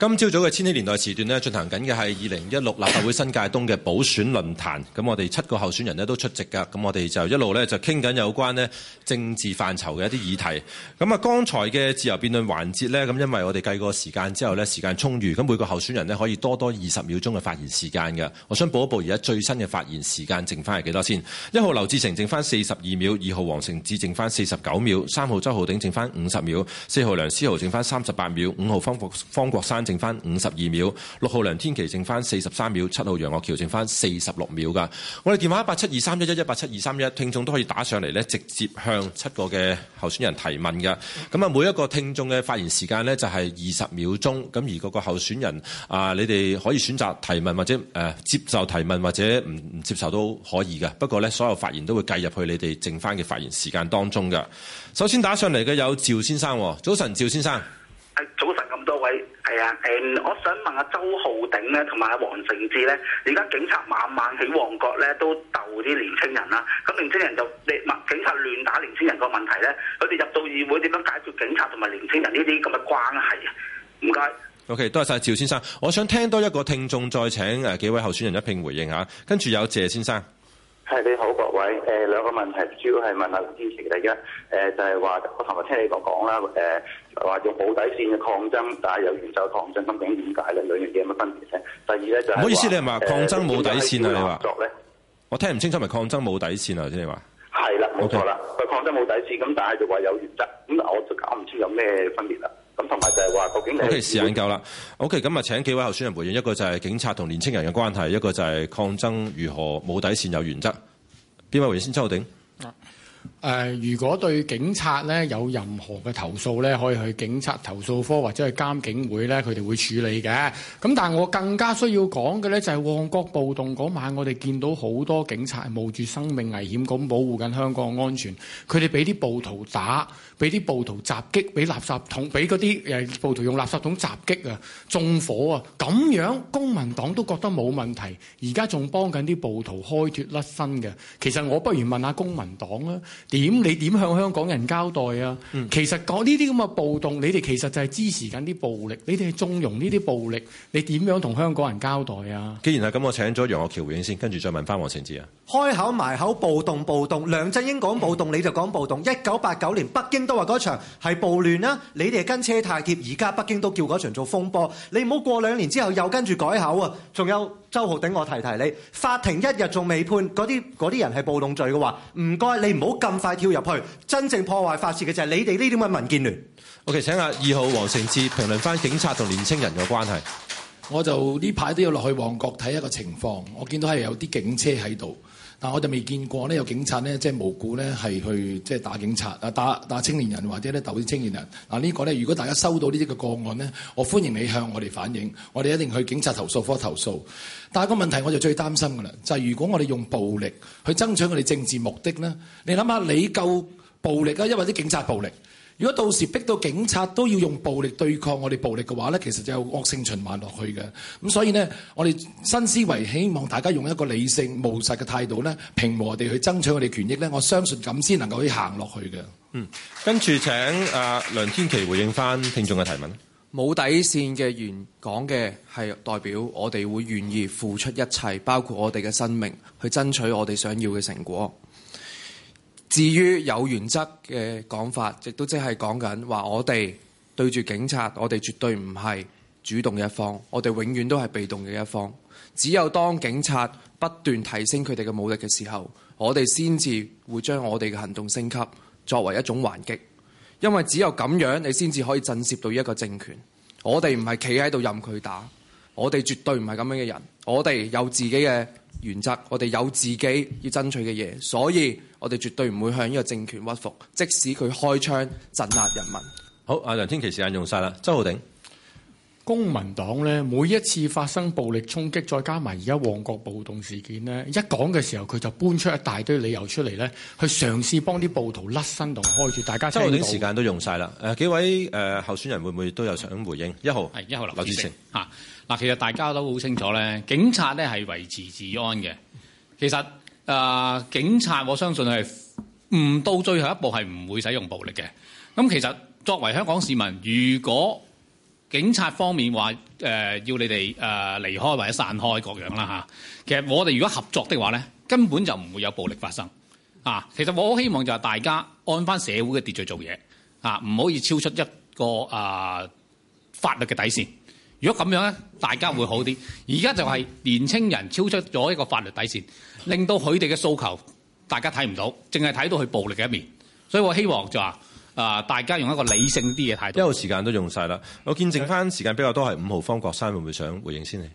今朝早嘅千禧年代時段咧，進行緊嘅係二零一六立法會新界東嘅補選論壇。咁我哋七個候選人咧都出席㗎。咁我哋就一路咧就傾緊有關咧政治範疇嘅一啲議題。咁啊，剛才嘅自由辯論環節咧，咁因為我哋計過時間之後咧，時間充裕，咁每個候選人咧可以多多二十秒鐘嘅發言時間㗎。我想補一補，而家最新嘅發言時間剩翻係幾多先？一號劉志成剩翻四十二秒，二號黃成智剩翻四十九秒，三號周浩鼎剩翻五十秒，四號梁思豪剩翻三十八秒，五號方，方國珊，剩翻五十二秒，六號梁天琦剩翻四十三秒，七號楊岳橋剩翻四十六秒噶。我哋電話一八七二三一一一八七二三一，一。聽眾都可以打上嚟咧，直接向七個嘅候選人提問嘅。咁啊，每一個聽眾嘅發言時間呢，就係二十秒鐘。咁而個個候選人啊，你哋可以選擇提問或者誒、呃、接受提問或者唔唔接受都可以嘅。不過呢，所有發言都會計入去你哋剩翻嘅發言時間當中嘅。首先打上嚟嘅有趙先生，早晨，趙先生。早晨咁多位。係啊，誒，我想問下周浩鼎咧，同埋黃成智咧，而家警察晚晚喺旺角咧都鬥啲年青人啦，咁年青人就，你，問警察亂打年青人個問題咧，佢哋入到議會點樣解決警察同埋年青人呢啲咁嘅關係啊？點解？OK，多謝曬趙先生，我想聽多一個聽眾，再請誒幾位候選人一並回應下，跟住有謝先生。係你好，各位。誒、呃、兩個問題，主要係問吓梁天琦大家。誒、呃、就係、是、話，我頭先聽你講講啦。誒、呃、話用冇底線嘅抗爭，但係有原則抗爭，究竟點解咧？兩樣嘢有乜分別？第二呢，就唔好意思，你係話、呃、抗爭冇底線啊？你話我聽唔清楚，咪抗爭冇底線啊？即係話係啦，冇錯啦，佢抗爭冇底線，咁、呃 okay. 但係就話有原則，咁我就搞唔清有咩分別啦。咁同埋就係話究竟 o、okay, K，時間夠啦。O K，咁啊，請幾位候選人回應一個就係警察同年青人嘅關係，一個就係抗爭如何冇底線有原則。邊位先抽？周浩鼎。啊，誒，如果對警察咧有任何嘅投訴咧，可以去警察投訴科或者去監警會咧，佢哋會處理嘅。咁但係我更加需要講嘅咧，就係、是、旺角暴動嗰晚，我哋見到好多警察冒住生命危險咁保護緊香港安全，佢哋俾啲暴徒打。俾啲暴徒襲擊，俾垃圾桶，俾嗰啲誒暴徒用垃圾桶襲擊啊，縱火啊，咁樣公民黨都覺得冇問題，而家仲幫緊啲暴徒開脫甩身嘅。其實我不如問下公民黨啊，點你點向香港人交代啊？嗯、其實講呢啲咁嘅暴動，你哋其實就係支持緊啲暴力，你哋係縱容呢啲暴力，你點樣同香港人交代啊？既然係咁，我請咗楊岳橋回應先，跟住再問翻黃成智啊。開口埋口暴動暴動，梁振英講暴動你就講暴動，一九八九年北京，都話嗰場係暴亂啦，你哋跟車太貼，而家北京都叫嗰場做風波。你唔好過兩年之後又跟住改口啊！仲有周浩鼎，我提提你，法庭一日仲未判，嗰啲嗰啲人係暴動罪嘅話，唔該，你唔好咁快跳入去。真正破壞法治嘅就係你哋呢啲咁嘅民建聯。OK，請阿二號黃成智評論返警察同年青人嘅關係。我就呢排都要落去旺角睇一個情況，我見到係有啲警車喺度。但我就未見過呢有警察呢，即係無故呢係去即係打警察啊，打打青年人或者咧鬥啲青年人。嗱、這個、呢個咧，如果大家收到呢啲嘅個案呢，我歡迎你向我哋反映，我哋一定去警察投訴科投訴。但係個問題我就最擔心㗎啦，就係、是、如果我哋用暴力去爭取我哋政治目的咧，你諗下你夠暴力啊？因為啲警察暴力。如果到時逼到警察都要用暴力對抗我哋暴力嘅話咧，其實就有惡性循環落去嘅。咁所以呢，我哋新思維希望大家用一個理性、務實嘅態度咧，平和地去爭取我哋權益咧，我相信咁先能夠可以行落去嘅。嗯，跟住請、呃、梁天琦回應翻聽眾嘅提問。冇底線嘅原講嘅係代表我哋會願意付出一切，包括我哋嘅生命去爭取我哋想要嘅成果。至於有原則嘅講法，亦都即係講緊話，我哋對住警察，我哋絕對唔係主動嘅一方，我哋永遠都係被動嘅一方。只有當警察不斷提升佢哋嘅武力嘅時候，我哋先至會將我哋嘅行動升級作為一種還擊，因為只有咁樣你先至可以震懾到一個政權。我哋唔係企喺度任佢打，我哋絕對唔係咁樣嘅人，我哋有自己嘅原則，我哋有自己要爭取嘅嘢，所以我哋絕對唔會向呢個政權屈服，即使佢開槍鎮壓人民。好，阿梁天琦時間用晒啦，周浩鼎。公民黨咧，每一次發生暴力衝擊，再加埋而家旺角暴動事件呢，一講嘅時候，佢就搬出一大堆理由出嚟咧，去嘗試幫啲暴徒甩身同開住。大家，周浩鼎時間都用晒啦。誒，幾位、呃、候選人會唔會都有想回應？一號一號，劉志成吓。嗱，其實大家都好清楚咧，警察咧係維持治安嘅。其實、呃，警察我相信係唔到最後一步係唔會使用暴力嘅。咁其實作為香港市民，如果警察方面話誒、呃、要你哋誒離開或者散開各樣啦吓，其實我哋如果合作的話咧，根本就唔會有暴力發生。啊，其實我好希望就係大家按翻社會嘅秩序做嘢啊，唔可以超出一個啊、呃、法律嘅底線。如果咁樣大家會好啲。而家就係年輕人超出咗一個法律底線，令到佢哋嘅訴求大家睇唔到，淨係睇到佢暴力嘅一面。所以我希望就話啊、呃，大家用一個理性啲嘅態度。一路時間都用晒啦，我見證返時間比較多係五號方國珊會唔會想回應先咧？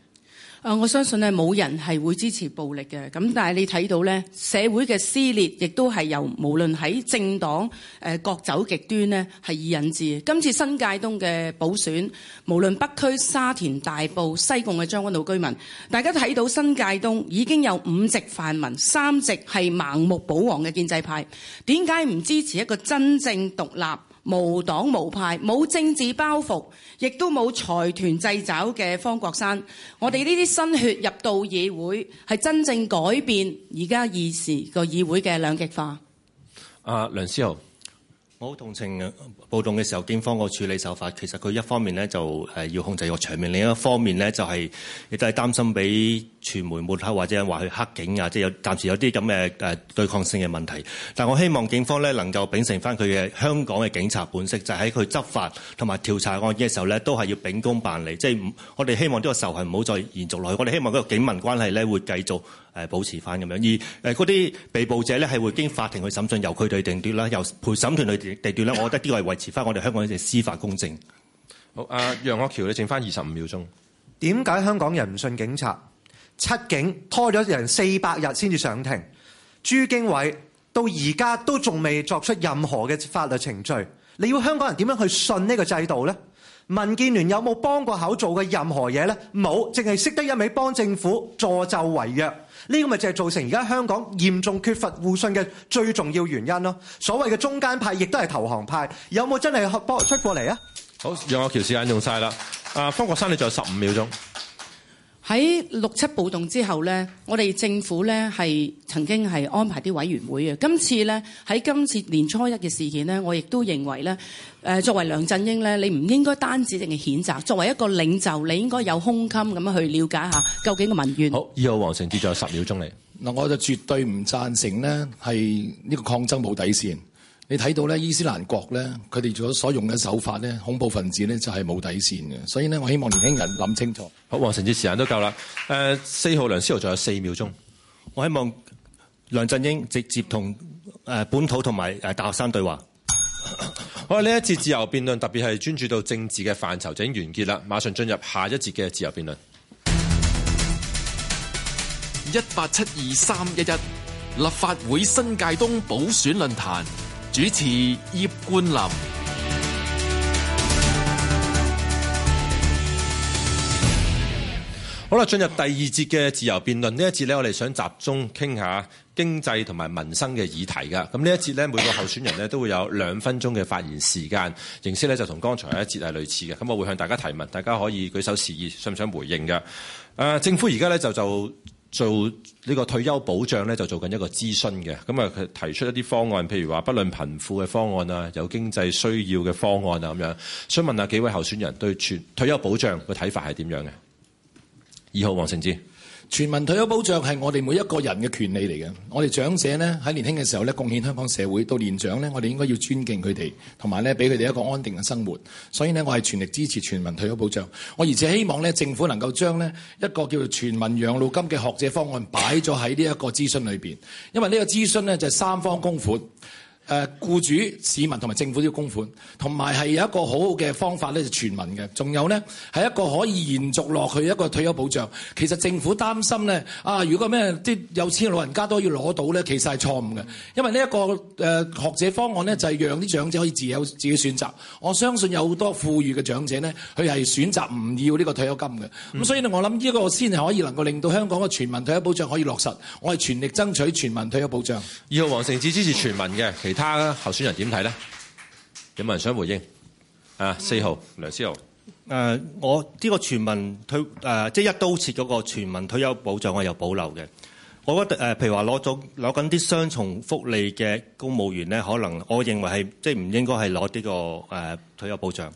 啊！我相信呢，冇人係會支持暴力嘅，咁，但係你睇到呢，社會嘅撕裂亦都係由無論喺政黨呃，各走極端呢，係引致的今次新界東嘅補選。無論北區、沙田、大埔、西貢嘅將軍澳居民，大家都睇到新界東已經有五席泛民，三席係盲目保皇嘅建制派，點解唔支持一個真正獨立？無黨無派、冇政治包袱，亦都冇財團掣肘嘅方國珊，我哋呢啲新血入到議會，係真正改變而家現時個議會嘅兩極化。阿、呃、梁思豪。好同情暴動嘅時候，警方個處理手法其實佢一方面咧就誒要控制個場面，另一方面咧就係亦都係擔心俾傳媒抹黑或者話佢黑警啊，即係有暫時有啲咁嘅誒對抗性嘅問題。但我希望警方咧能夠秉承翻佢嘅香港嘅警察本色，就係喺佢執法同埋調查案件嘅時候咧，都係要秉公辦理。即係我哋希望呢個仇恨唔好再延續落去，我哋希望嗰個警民關係咧會繼續。誒保持翻咁樣，而誒嗰啲被捕者咧係會經法庭去審訊，由佢哋定奪啦，由陪審團去定奪啦。 [coughs] 我覺得呢個係維持翻我哋香港嘅司法公正。好，阿、啊、楊岳橋，你剩翻二十五秒鐘。點解香港人唔信警察？七警拖咗人四百日先至上庭，朱經緯到而家都仲未作出任何嘅法律程序。你要香港人點樣去信呢個制度咧？民建聯有冇幫過口做嘅任何嘢呢？冇，淨係識得一味幫政府助紂為虐，呢、呢個咪就係造成而家香港嚴重缺乏互信嘅最重要原因咯。所謂嘅中間派，亦都係投降派，有冇真係幫出過嚟啊？好，楊岳橋時間用晒啦。阿、啊、方國珊，你仲有十五秒鐘。喺六七暴動之後咧，我哋政府咧係曾經係安排啲委員會嘅。今次咧喺今次年初一嘅事件咧，我亦都認為咧，誒作為梁振英咧，你唔應該單止淨係譴責，作為一個領袖，你應該有胸襟咁樣去了解下究竟嘅民怨。好，二號黃成智仲有十秒鐘嚟。嗱，我就絕對唔贊成咧，係呢個抗爭冇底線。你睇到咧，伊斯蘭國咧，佢哋所所用嘅手法咧，恐怖分子咧就係、是、冇底線嘅。所以呢，我希望年輕人諗清楚。好，黃成智時間都夠啦。四號梁思豪，仲有四秒鐘，我希望梁振英直接同本土同埋大學生對話。好，呢一節自由辯論特別係專注到政治嘅範疇，就已經完結啦。馬上進入下一節嘅自由辯論。一八七二三一一立法會新界東補選論壇。主持葉冠林好啦，進入第二節嘅自由辯論呢一節呢，我哋想集中傾下經濟同埋民生嘅議題噶。咁呢一節呢，每個候選人呢都會有兩分鐘嘅發言時間，形式呢就同剛才一節係類似嘅。咁我會向大家提問，大家可以舉手示意，想唔想回應嘅？誒、啊，政府而家呢，就就。做呢、這個退休保障咧，就做緊一個諮詢嘅，咁啊佢提出一啲方案，譬如話不論貧富嘅方案啊，有經濟需要嘅方案啊咁樣。想問下幾位候選人對全退休保障嘅睇法係點樣嘅？二號黃成智。全民退休保障係我哋每一個人嘅權利嚟嘅，我哋長者呢，喺年輕嘅時候呢，貢獻香港社會，到年長呢，我哋應該要尊敬佢哋，同埋呢俾佢哋一個安定嘅生活。所以呢，我係全力支持全民退休保障，我而且希望呢政府能夠將呢一個叫做全民養老金嘅學者方案擺咗喺呢一個諮詢裏邊，因為呢個諮詢呢就係、是、三方公款。誒、呃、僱主、市民同埋政府都要供款，同埋係有一個好好嘅方法咧，就全民嘅。仲有呢係一個可以延續落去一個退休保障。其實政府擔心呢，啊，如果咩啲有錢嘅老人家都要攞到呢，其實係錯誤嘅。因為呢、這、一個誒、呃、學者方案呢，就係、是、讓啲長者可以自由自己選擇。我相信有好多富裕嘅長者呢，佢係選擇唔要呢個退休金嘅。咁、嗯、所以呢，我諗呢個個先係可以能夠令到香港嘅全民退休保障可以落實。我係全力爭取全民退休保障。二號黃成智支持全民嘅。其他候選人點睇咧？有冇人想回應？嗯、啊，四號梁思豪。誒、呃，我呢個全民退誒，即、呃就是、一刀切嗰個全民退休保障，我有保留嘅。我覺得誒、呃，譬如話攞咗攞緊啲雙重福利嘅公務員咧，可能我認為係即唔應該係攞呢個誒、呃、退休保障。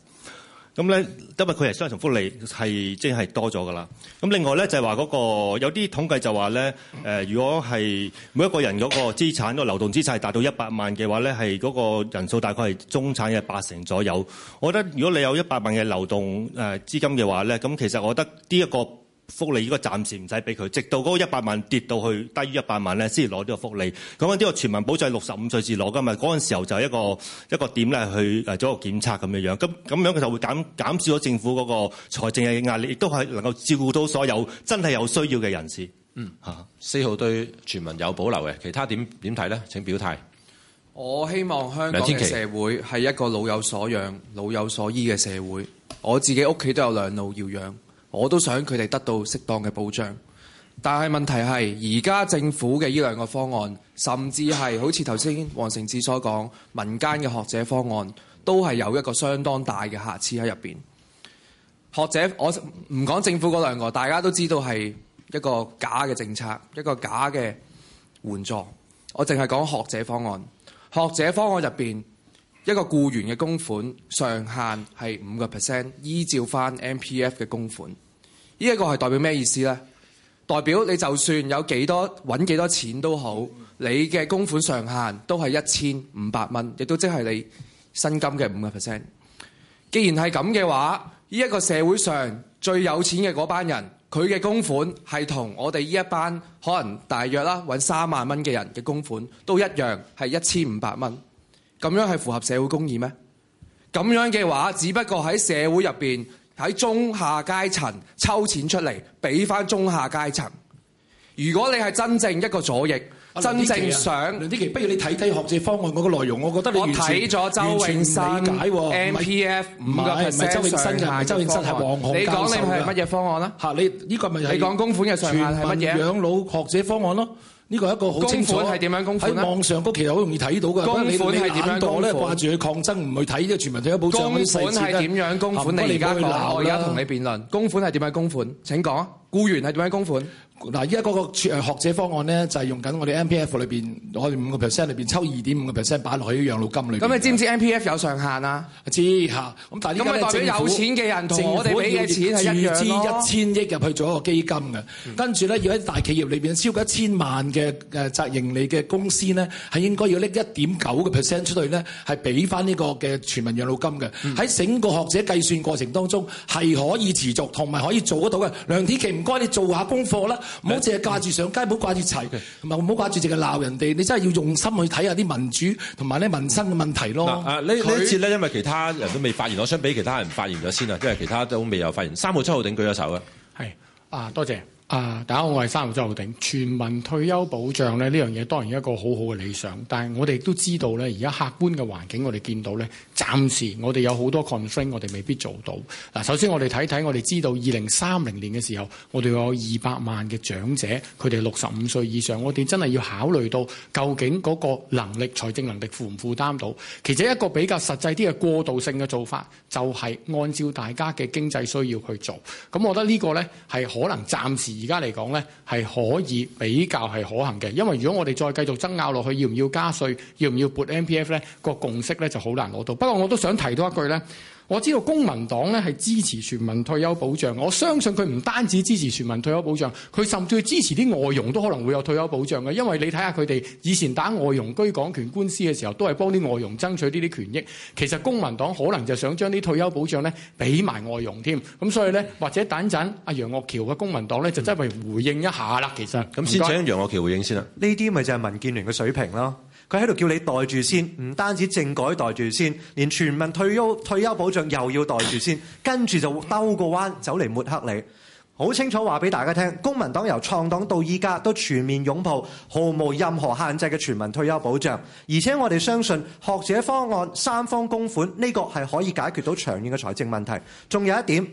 咁呢，因為佢係雙重福利，係即係多咗㗎喇。咁另外呢，就係話嗰個有啲統計就話呢、呃，如果係每一個人嗰個資產， [coughs] 個流動資產達到一百萬嘅話呢，係嗰個人數大概係中產嘅八成左右。我覺得如果你有一百萬嘅流動資金嘅話呢，咁其實我覺得呢一個。福利應該暫時唔使俾佢，直到嗰一百萬跌到去低於一百萬咧，先至攞呢個福利。咁呢個全民保障六十五歲至攞㗎嘛，嗰陣時候就一個一個點咧去做個檢測咁樣樣。咁咁樣佢就會減,減少咗政府嗰個財政嘅壓力，亦都係能夠照顧到所有真係有需要嘅人士。嗯吓四號對全民有保留嘅，其他點點睇咧？請表態。我希望香港社會係一個老有所養、老有所依嘅社會。我自己屋企都有兩老要養。我都想佢哋得到適當嘅保障，但係問題係而家政府嘅呢兩個方案，甚至係好似頭先黃成智所講，民間嘅學者方案都係有一個相當大嘅瑕疵喺入邊。學者我唔講政府嗰兩個，大家都知道係一個假嘅政策，一個假嘅援助。我淨係講學者方案，學者方案入邊，一個僱員嘅供款上限係五個 percent，依照翻 MPF 嘅供款，呢一個係代表咩意思呢？代表你就算有幾多搵幾多錢都好，你嘅供款上限都係一千五百蚊，亦都即係你薪金嘅五個 percent。既然係咁嘅話，呢一個社會上最有錢嘅嗰班人，佢嘅供款係同我哋呢一班可能大約啦搵三萬蚊嘅人嘅供款都一樣 1, 元，係一千五百蚊。咁樣係符合社會公義咩？咁樣嘅話，只不過喺社會入邊，喺中下階層抽錢出嚟，俾翻中下階層。如果你係真正一個左翼，啊、真正想、啊啊，不如你睇睇學者方案，嗰個內容，我覺得你睇咗周永新 MPF 五個 percent 唔係周永新？嘅，周永新，係黃鴻。你講你係乜嘢方案啦、啊？嚇、啊，你呢、呢個咪你講公款嘅上限係乜嘢？養老學者方案咯、啊。呢個係一個公款，係點樣公款？楚，網上嗰其實好容易睇到嘅。但係你呢啲反駁咧，公款？掛住去抗爭，唔去睇，即係全民退休保障公款？嗰啲細節咧。我而家同你辯論，公款係點樣公款？請講，僱員係點樣公款？請嗱，依家嗰個誒學者方案咧，就係、是、用緊我哋 M P F 裏邊，我哋五個 percent 裏邊抽二點五個 percent 擺落去啲養老金裏邊。咁你知唔知 M P F 有上限啊？知嚇，咁但係呢個係政府錢人我錢政府嘅注資一千億入去做一個基金嘅，跟住咧要喺大企業裏邊超過一千萬嘅誒責任，你嘅公司咧，係應該要拎一點九個 percent 出去咧，係俾翻呢個嘅全民養老金嘅。喺、嗯、整個學者計算過程當中係可以持續同埋可以做得到嘅。梁天琦，唔該，你做下功課啦。唔好淨係掛住上街，唔好掛住齊佢，同埋唔好掛住淨係鬧人哋。你真係要用心去睇下啲民主同埋咧民生嘅問題咯、嗯。啊，呢一節呢呢次咧，因為其他人都未發言，我想俾其他人發言咗先啊，因為其他都未有發言。三號、七號頂舉咗手嘅，係啊，多謝。啊、uh，大家好，我係三號周浩鼎。全民退休保障咧呢樣嘢當然一個好好嘅理想，但係我哋都知道咧，而家客觀嘅環境我哋見到咧，暫時我哋有好多 conflict，我哋未必做到。嗱，首先我哋睇睇，我哋知道二零三零年嘅時候，我哋有二百萬嘅長者，佢哋六十五歲以上，我哋真係要考慮到究竟嗰個能力、財政能力負唔負擔到？其實一個比較實際啲嘅過渡性嘅做法，就係、是、按照大家嘅經濟需要去做。咁我覺得個呢個咧係可能暫時。而家嚟講，呢係可以比較係可行嘅，因為如果我哋再繼續爭拗落去，要唔要加稅，要唔要撥 MPF，呢個共識呢就好難攞到。不過我都想提到一句呢。我知道公民黨咧係支持全民退休保障，我相信佢唔單止支持全民退休保障，佢甚至支持啲外傭都可能會有退休保障嘅，因為你睇下佢哋以前打外傭居港權官司嘅時候，都係幫啲外佣爭取呢啲權益。其實公民黨可能就想將啲退休保障咧俾埋外傭添，咁所以咧或者等陣阿楊岳橋嘅公民黨咧就即係為回應一下啦。其實咁先請楊岳橋回應先啦。呢啲咪就係民建聯嘅水平咯。佢喺度叫你袋住先，唔單止政改袋住先，連全民退休退休保障又要袋住先，跟住就兜個彎走嚟抹黑你。好清楚話俾大家聽，公民黨由創黨到依家都全面擁抱，毫無任何限制嘅全民退休保障。而且我哋相信學者方案三方供款呢個係可以解決到長遠嘅財政問題，仲有一點。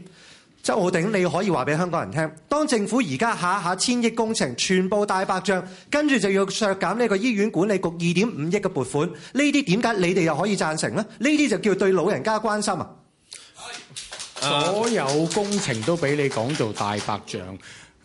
周浩鼎，你可以話俾香港人聽，當政府而家下下千億工程，全部大白象，跟住就要削減呢個醫院管理局二點五億嘅撥款，呢啲點解你哋又可以贊成咧？呢啲就叫對老人家關心啊！所有工程都俾你講做大白象。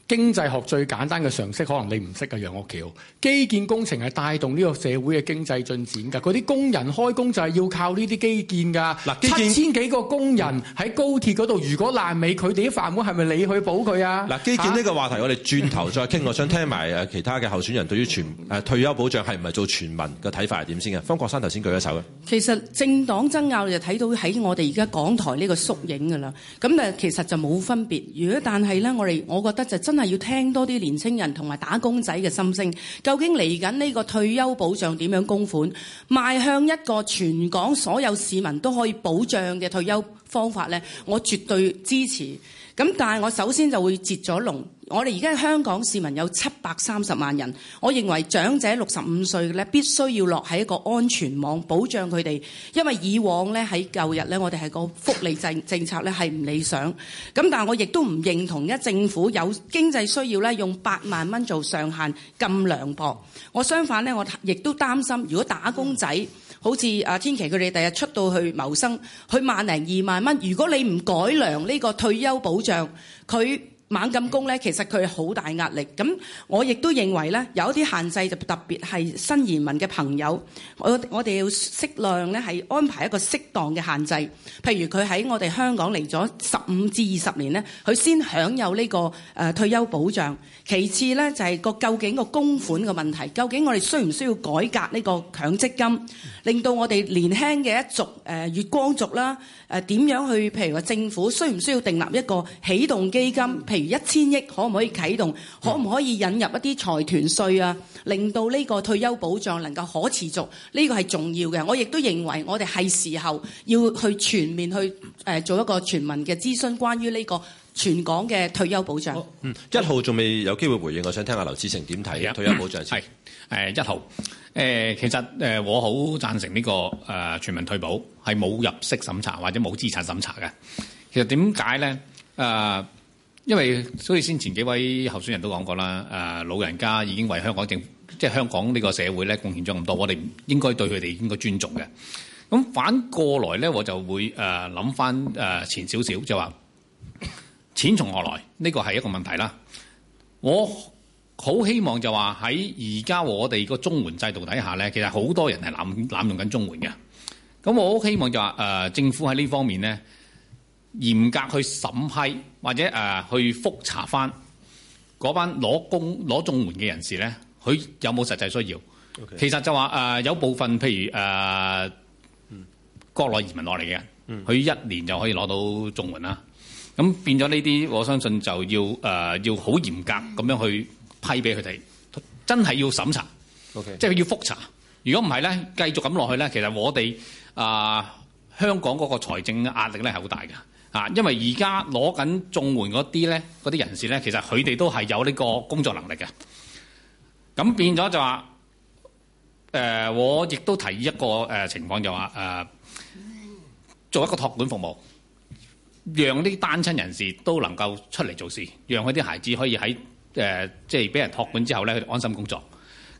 經濟學最簡單嘅常識，可能你唔識嘅，楊岳橋，基建工程係帶動呢個社會嘅經濟進展㗎。嗰啲工人開工就係要靠呢啲基建㗎。嗱，七千幾個工人喺高鐵嗰度，如果爛尾，佢哋啲飯碗係咪你去補佢啊？嗱，基建呢個話題，啊、我哋轉頭再傾。我想聽埋誒其他嘅候選人對於全誒退休保障係唔係做全民嘅睇法係點先嘅？方國珊頭先舉一手嘅。其實政黨爭拗就睇到喺我哋而家港台呢個縮影㗎啦。咁但其實就冇分別。如果但係咧，我哋我覺得就真。係要聽多啲年青人同埋打工仔嘅心聲，究竟嚟緊呢個退休保障點樣供款，邁向一個全港所有市民都可以保障嘅退休方法呢，我絕對支持。咁但係我首先就會截咗龍，我哋而家香港市民有七百三十萬人，我認為長者六十五歲呢必須要落喺一個安全網，保障佢哋，因為以往呢，喺舊日呢，我哋係個福利政政策呢係唔理想。咁但係我亦都唔認同，一政府有經濟需要呢，用八萬蚊做上限咁涼薄。我相反呢，我亦都擔心，如果打工仔。好似阿天琦佢哋第日出到去謀生，去萬零二萬蚊。如果你唔改良呢個退休保障，佢。猛咁供咧，其實佢好大壓力。咁我亦都認為咧，有一啲限制就特別係新移民嘅朋友，我我哋要適量咧係安排一個適當嘅限制。譬如佢喺我哋香港嚟咗十五至二十年咧，佢先享有呢個誒退休保障。其次咧就係個究竟個供款嘅問題，究竟我哋需唔需要改革呢個強積金，令到我哋年輕嘅一族誒月光族啦誒點樣去？譬如話政府需唔需要訂立一個起動基金？譬如如一千億可唔可以啟動？嗯、可唔可以引入一啲財團稅啊？令到呢個退休保障能夠可持續，呢個係重要嘅。我亦都認為我哋係時候要去全面去誒做一個全民嘅諮詢，關於呢個全港嘅退休保障。嗯，一號仲未有機會回應，我想聽下劉志成點睇退休保障。係、嗯、誒一號誒，其實誒我好贊成呢、這個誒、呃、全民退保係冇入息審查或者冇資產審查嘅。其實點解咧？誒、呃。因為所以先前幾位候選人都講過啦，誒、呃、老人家已經為香港政府，即係香港呢個社會咧，貢獻咗咁多，我哋應該對佢哋應該尊重嘅。咁反過來咧，我就會誒諗翻誒前少少，就話、是、錢從何來，來？呢個係一個問題啦。我好希望就話喺而家我哋個綜援制度底下咧，其實好多人係濫濫用緊綜援嘅。咁我好希望就話誒、呃、政府喺呢方面咧，嚴格去審批。或者誒、呃、去覆查翻嗰班攞公攞綜援嘅人士咧，佢有冇實際需要？Okay. 其實就話誒、呃、有部分譬如誒國內移民落嚟嘅人，佢、mm. 一年就可以攞到綜援啦。咁變咗呢啲，我相信就要誒、呃、要好嚴格咁樣去批俾佢哋，真係要審查，okay. 即係要覆查。如果唔係咧，繼續咁落去咧，其實我哋啊、呃、香港嗰個財政壓力咧係好大㗎。啊，因為而家攞緊綜援嗰啲咧，嗰啲人士咧，其實佢哋都係有呢個工作能力嘅。咁變咗就話，誒、呃、我亦都提議一個誒情況就話、是，誒、呃、做一個托管服務，讓啲單親人士都能夠出嚟做事，讓佢啲孩子可以喺誒即係俾人托管之後咧，佢哋安心工作。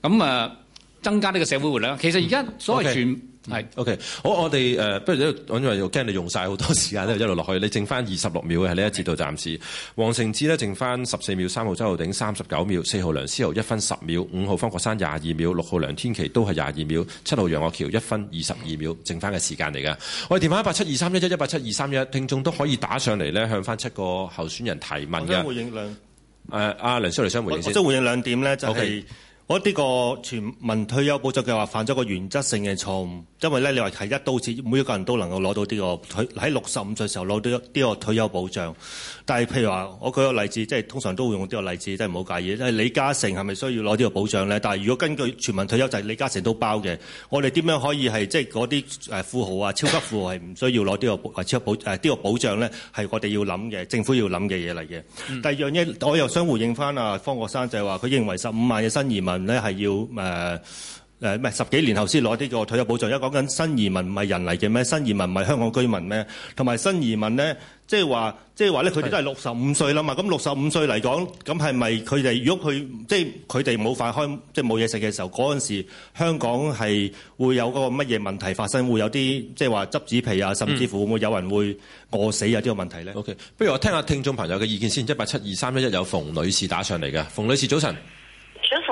咁啊、呃，增加呢個社會活力。其實而家所謂全。嗯 okay. 係，OK，好，我哋誒、呃，不如一揾住話，又驚你用晒好多時間咧，okay. 一路落去，你剩翻二十六秒嘅係呢一節到暫時。黃成志咧，剩翻十四秒；三號周浩鼎三十九秒；四號梁思豪一分十秒；五號方國珊廿二秒；六號梁天琦都係廿二秒；七號楊岳橋一分二十二秒，剩翻嘅時間嚟㗎。我哋電話一八七二三一一一八七二三一，一，聽眾都可以打上嚟咧，向翻七個候選人提問嘅。互回應兩誒，阿、啊啊、梁思豪嚟相互。我我即係回應兩點咧，就係、okay.。我、這、呢個全民退休保障計劃犯咗個原則性嘅錯誤，因為咧你話係一刀切，每一個人都能夠攞到啲、這個退喺六十五歲時候攞到啲個退休保障。但係譬如話，我舉個例子，即係通常都會用呢個例子，即係唔好介意。即係李嘉誠係咪需要攞呢個保障咧？但係如果根據全民退休就係、是、李嘉誠都包嘅，我哋點樣可以係即係嗰啲富豪啊、超級富豪係唔需要攞呢、這個 [coughs] 超級保障。呢、啊這個保障咧？係我哋要諗嘅，政府要諗嘅嘢嚟嘅。第二樣嘢，我又想回應翻啊方國珊就係話，佢認為十五萬嘅新移民。咧係要誒誒咩十幾年後先攞呢個退休保障，而家講緊新移民唔係人嚟嘅咩？新移民唔係香港居民咩？同埋新移民咧，即係話即係話咧，佢哋都係六十五歲啦嘛。咁六十五歲嚟講，咁係咪佢哋如果佢即係佢哋冇飯開，即係冇嘢食嘅時候，嗰陣時香港係會有嗰個乜嘢問題發生？會有啲即係話執紙皮啊，甚至乎會唔會有人會餓死啊，呢個問題咧？OK，不如我聽下聽，聽，聽眾朋友嘅意見先。一八七二三一一有馮女士打上嚟嘅，馮女士早晨。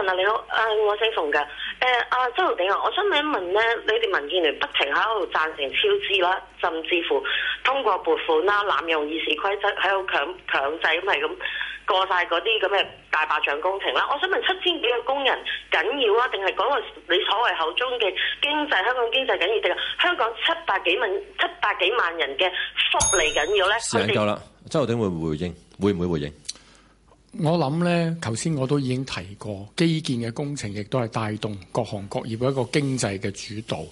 嗱你好，誒、啊、我姓馮嘅，誒、呃、阿、啊、周浩鼎啊，我想問一問咧，你哋民建聯不停喺度贊成超支啦，甚至乎通過撥款啦，濫用議事規則喺度強強制咁係咁過晒嗰啲咁嘅大白象工程啦，我想問七千幾個工人緊要啊，定係講個你所謂口中嘅經濟，香港經濟緊要，定係香港七百幾萬七百幾萬人嘅福利緊要咧？研究啦，周浩鼎會唔會回應？會唔會回應？我諗呢頭先我都已經提過，基建嘅工程亦都係帶動各行各業嘅一個經濟嘅主導。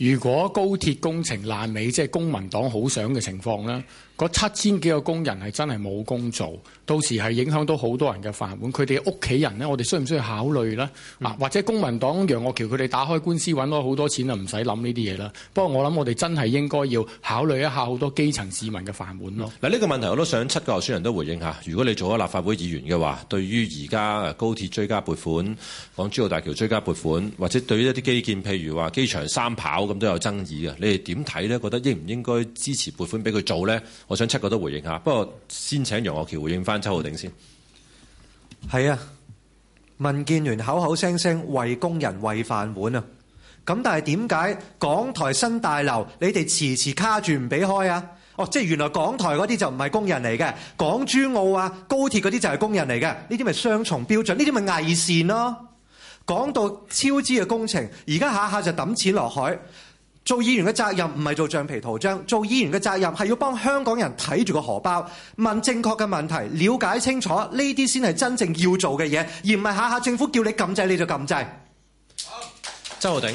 如果高鐵工程爛尾，即係公民黨好想嘅情況呢，嗰七千幾個工人係真係冇工做，到時係影響到好多人嘅飯碗。佢哋屋企人呢，我哋需唔需要考慮呢？嗱，或者公民黨楊岳橋佢哋打開官司揾到好多錢就唔使諗呢啲嘢啦。不過我諗我哋真係應該要考慮一下好多基層市民嘅飯碗咯。嗱，呢個問題我都想七個候選人都回應一下。如果你做咗立法會議員嘅話，對於而家高鐵追加撥款、港珠澳大橋追加撥款，或者對於一啲基建，譬如話機場三跑。咁都有爭議啊。你哋點睇呢？覺得應唔應該支持撥款俾佢做呢？我想七個都回應下，不過先請楊岳橋回應翻周浩鼎先。係啊，民建聯口口聲聲為工人餵飯碗啊，咁但係點解港台新大樓你哋遲遲卡住唔俾開啊？哦，即係原來港台嗰啲就唔係工人嚟嘅，港珠澳啊、高鐵嗰啲就係工人嚟嘅，呢啲咪雙重標準？呢啲咪偽善咯？講到超支嘅工程，而家下下就抌錢落海。做議員嘅責任唔係做橡皮圖章，做議員嘅責任係要幫香港人睇住個荷包，問正確嘅問題，了解清楚呢啲先係真正要做嘅嘢，而唔係下下政府叫你撳掣你就撳掣。好，周浩鼎，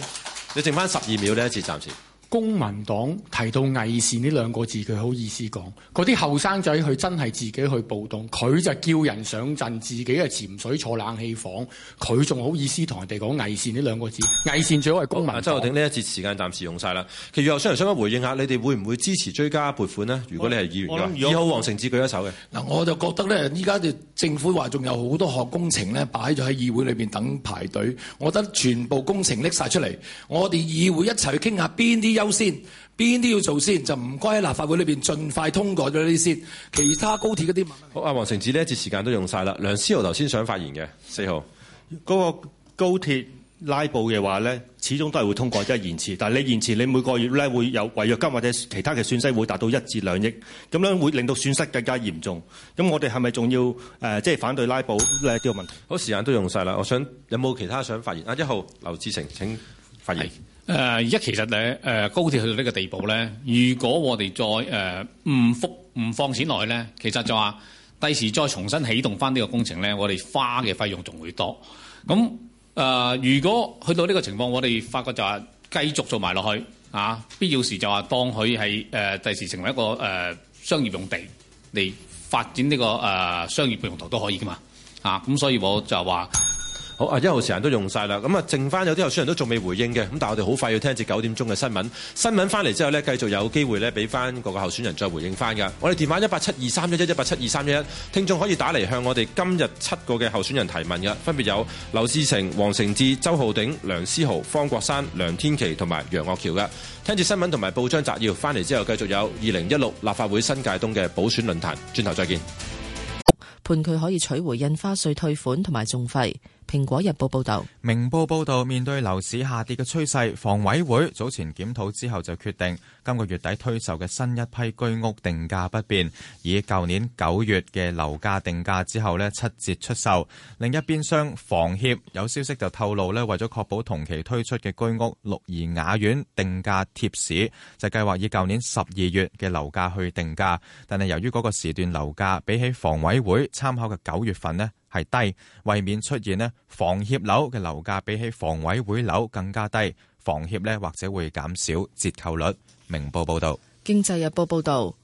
你剩返十二秒呢一次，暫時。公民黨提到偽善呢兩個字，佢好意思講。嗰啲後生仔佢真係自己去暴動，佢就叫人上陣自己係潛水坐冷氣房，佢仲好意思同人哋講偽善呢兩個字？偽善最好係公民黨。周浩鼎呢一節時間暫時用晒啦。其實我商人想一回應一下，你哋會唔會支持追加撥款呢？如果你係議員，以後黃成智舉一手嘅。嗱，我就覺得咧，依家政府話仲有好多項工程咧擺咗喺議會裏面等排隊，我覺得全部工程拎晒出嚟，我哋議會一齊去傾下邊啲。優先邊啲要做先，就唔該喺立法會裏邊盡快通過咗呢啲先。其他高鐵嗰啲問題，好，阿黃成智呢一節時間都用晒啦。梁思豪頭先想發言嘅，四號嗰，那個高鐵拉布嘅話咧，始終都係會通過，即係延遲。但係你延遲，你每個月咧會有違約金或者其他嘅損失，會達到一至兩億，咁樣會令到損失更加嚴重。咁我哋係咪仲要誒，呃、即係反對拉布呢？呢，這個問題？好，時間都用晒啦。我想有冇其他想發言？啊，一號劉志成請發言。誒而家其實咧，誒、呃、高鐵去到呢個地步咧，如果我哋再誒唔復唔放錢落去咧，其實就話第時再重新起動翻呢個工程咧，我哋花嘅費用仲會多。咁誒、呃，如果去到呢個情況，我哋發覺就話繼續做埋落去啊，必要時就話當佢係誒第時成為一個誒、呃、商業用地嚟發展呢、這個誒、呃、商業用途都可以噶嘛。啊，咁所以我就話。好啊！一號時間都用晒啦，咁啊，剩翻有啲候選人都仲未回應嘅，咁但係我哋好快要聽至九點鐘嘅新聞。新聞翻嚟之後呢，繼續有機會呢，俾翻個個候選人再回應翻嘅。我哋電話一八七二三一一一八七二三一一，聽眾可以打嚟向我哋今日七個嘅候選人提問嘅，分別有劉志成、黃成智、周浩鼎、梁思豪、方國珊、梁天琦同埋楊岳橋嘅。聽住新聞同埋報章摘要翻嚟之後，繼續有二零一六立法會新界東嘅補選論壇，轉頭再見。判佢可以取回印花稅退款同埋仲費。蘋果日報報道，明報報道，面對樓市下跌嘅趨勢，房委會早前檢討之後就決定，今個月底推售嘅新一批居屋定價不變，以舊年九月嘅樓價定價之後呢，七折出售。另一邊廂，房協有消息就透露呢，為咗確保同期推出嘅居屋綠怡雅苑定價貼市，就計劃以舊年十二月嘅樓價去定價。但係由於嗰個時段樓價比起房委會參考嘅九月份呢。係低，為免出現呢，房協樓嘅樓價比起房委會樓更加低，房協呢或者會減少折扣率。明報報道，經濟日報報道，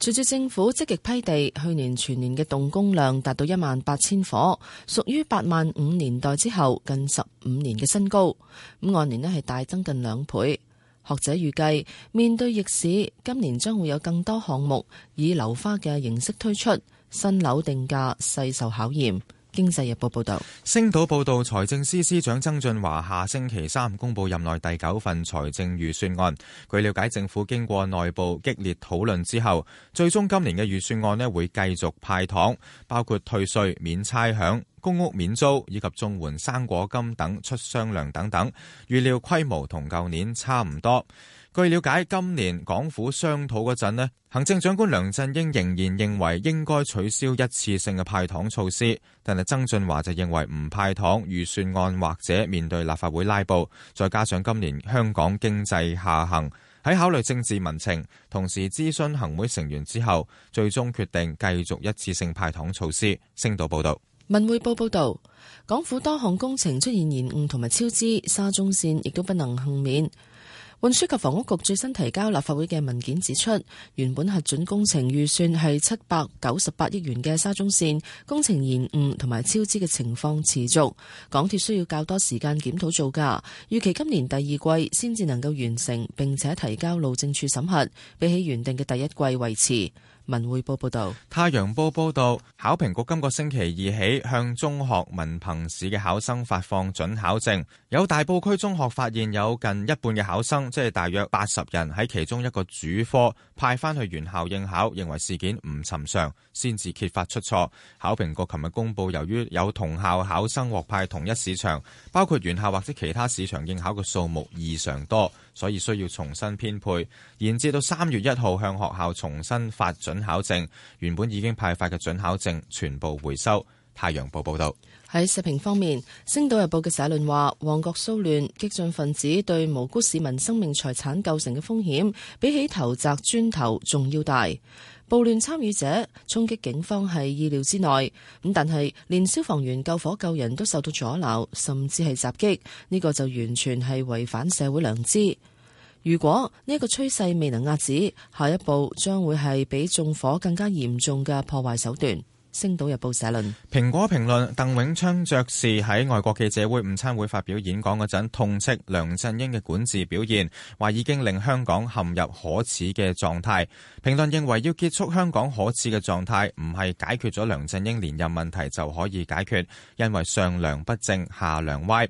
隨住政府積極批地，去年全年嘅動工量達到一萬八千伙，屬於八萬五年代之後近十五年嘅新高。咁按年呢係大增近兩倍。學者預計，面對逆市，今年將會有更多項目以樓花嘅形式推出。新樓定價勢受考驗。經濟日報報道，星島報道，財政司司長曾俊華下星期三公布任內第九份財政預算案。據了解，政府經過內部激烈討論之後，最終今年嘅預算案呢會繼續派糖，包括退稅、免差餉、公屋免租以及綜援生果金等出商量等等，預料規模同舊年差唔多。據了解，今年港府商討嗰陣，行政長官梁振英仍然認為應該取消一次性嘅派糖措施，但係曾俊華就認為唔派糖預算案或者面對立法會拉布，再加上今年香港經濟下行，喺考慮政治民情，同時諮詢行會成員之後，最終決定繼續一次性派糖措施。星島報道，文匯報報道，港府多項工程出現延誤同埋超支，沙中線亦都不能幸免。運輸及房屋局最新提交立法會嘅文件指出，原本核准工程預算係七百九十八億元嘅沙中線工程延誤同埋超支嘅情況持續，港鐵需要較多時間檢討造價，預期今年第二季先至能夠完成，並且提交路政處審核，比起原定嘅第一季為遲。文匯報報道，太陽報報道，考評局今個星期二起向中學文憑試嘅考生發放准考證。有大埔區中學發現有近一半嘅考生，即係大約八十人喺其中一個主科派翻去原校應考，認為事件唔尋常，先至揭發出錯。考評局琴日公布，由於有同校考生獲派同一試場，包括原校或者其他試場應考嘅數目異常多。所以需要重新編配，延至到三月一號向學校重新發準考證。原本已經派發嘅準考證全部回收。太陽報報《太陽報》報道。喺社評方面，《星島日報》嘅社論話：旺角騷亂激進分子對無辜市民生命財產構成嘅風險，比起投擲磚頭仲要大。暴亂參與者衝擊警方係意料之內，咁但係連消防員救火救人都受到阻撓，甚至係襲擊，呢個就完全係違反社會良知。如果呢個趨勢未能遏止，下一步將會係比縱火更加嚴重嘅破壞手段。《星島日報社論》社論：蘋果評論，鄧永昌爵士喺外國記者會午餐會發表演講嗰陣，痛斥梁振英嘅管治表現，話已經令香港陷入可恥嘅狀態。評論認為，要結束香港可恥嘅狀態，唔係解決咗梁振英連任問題就可以解決，因為上梁不正，下梁歪。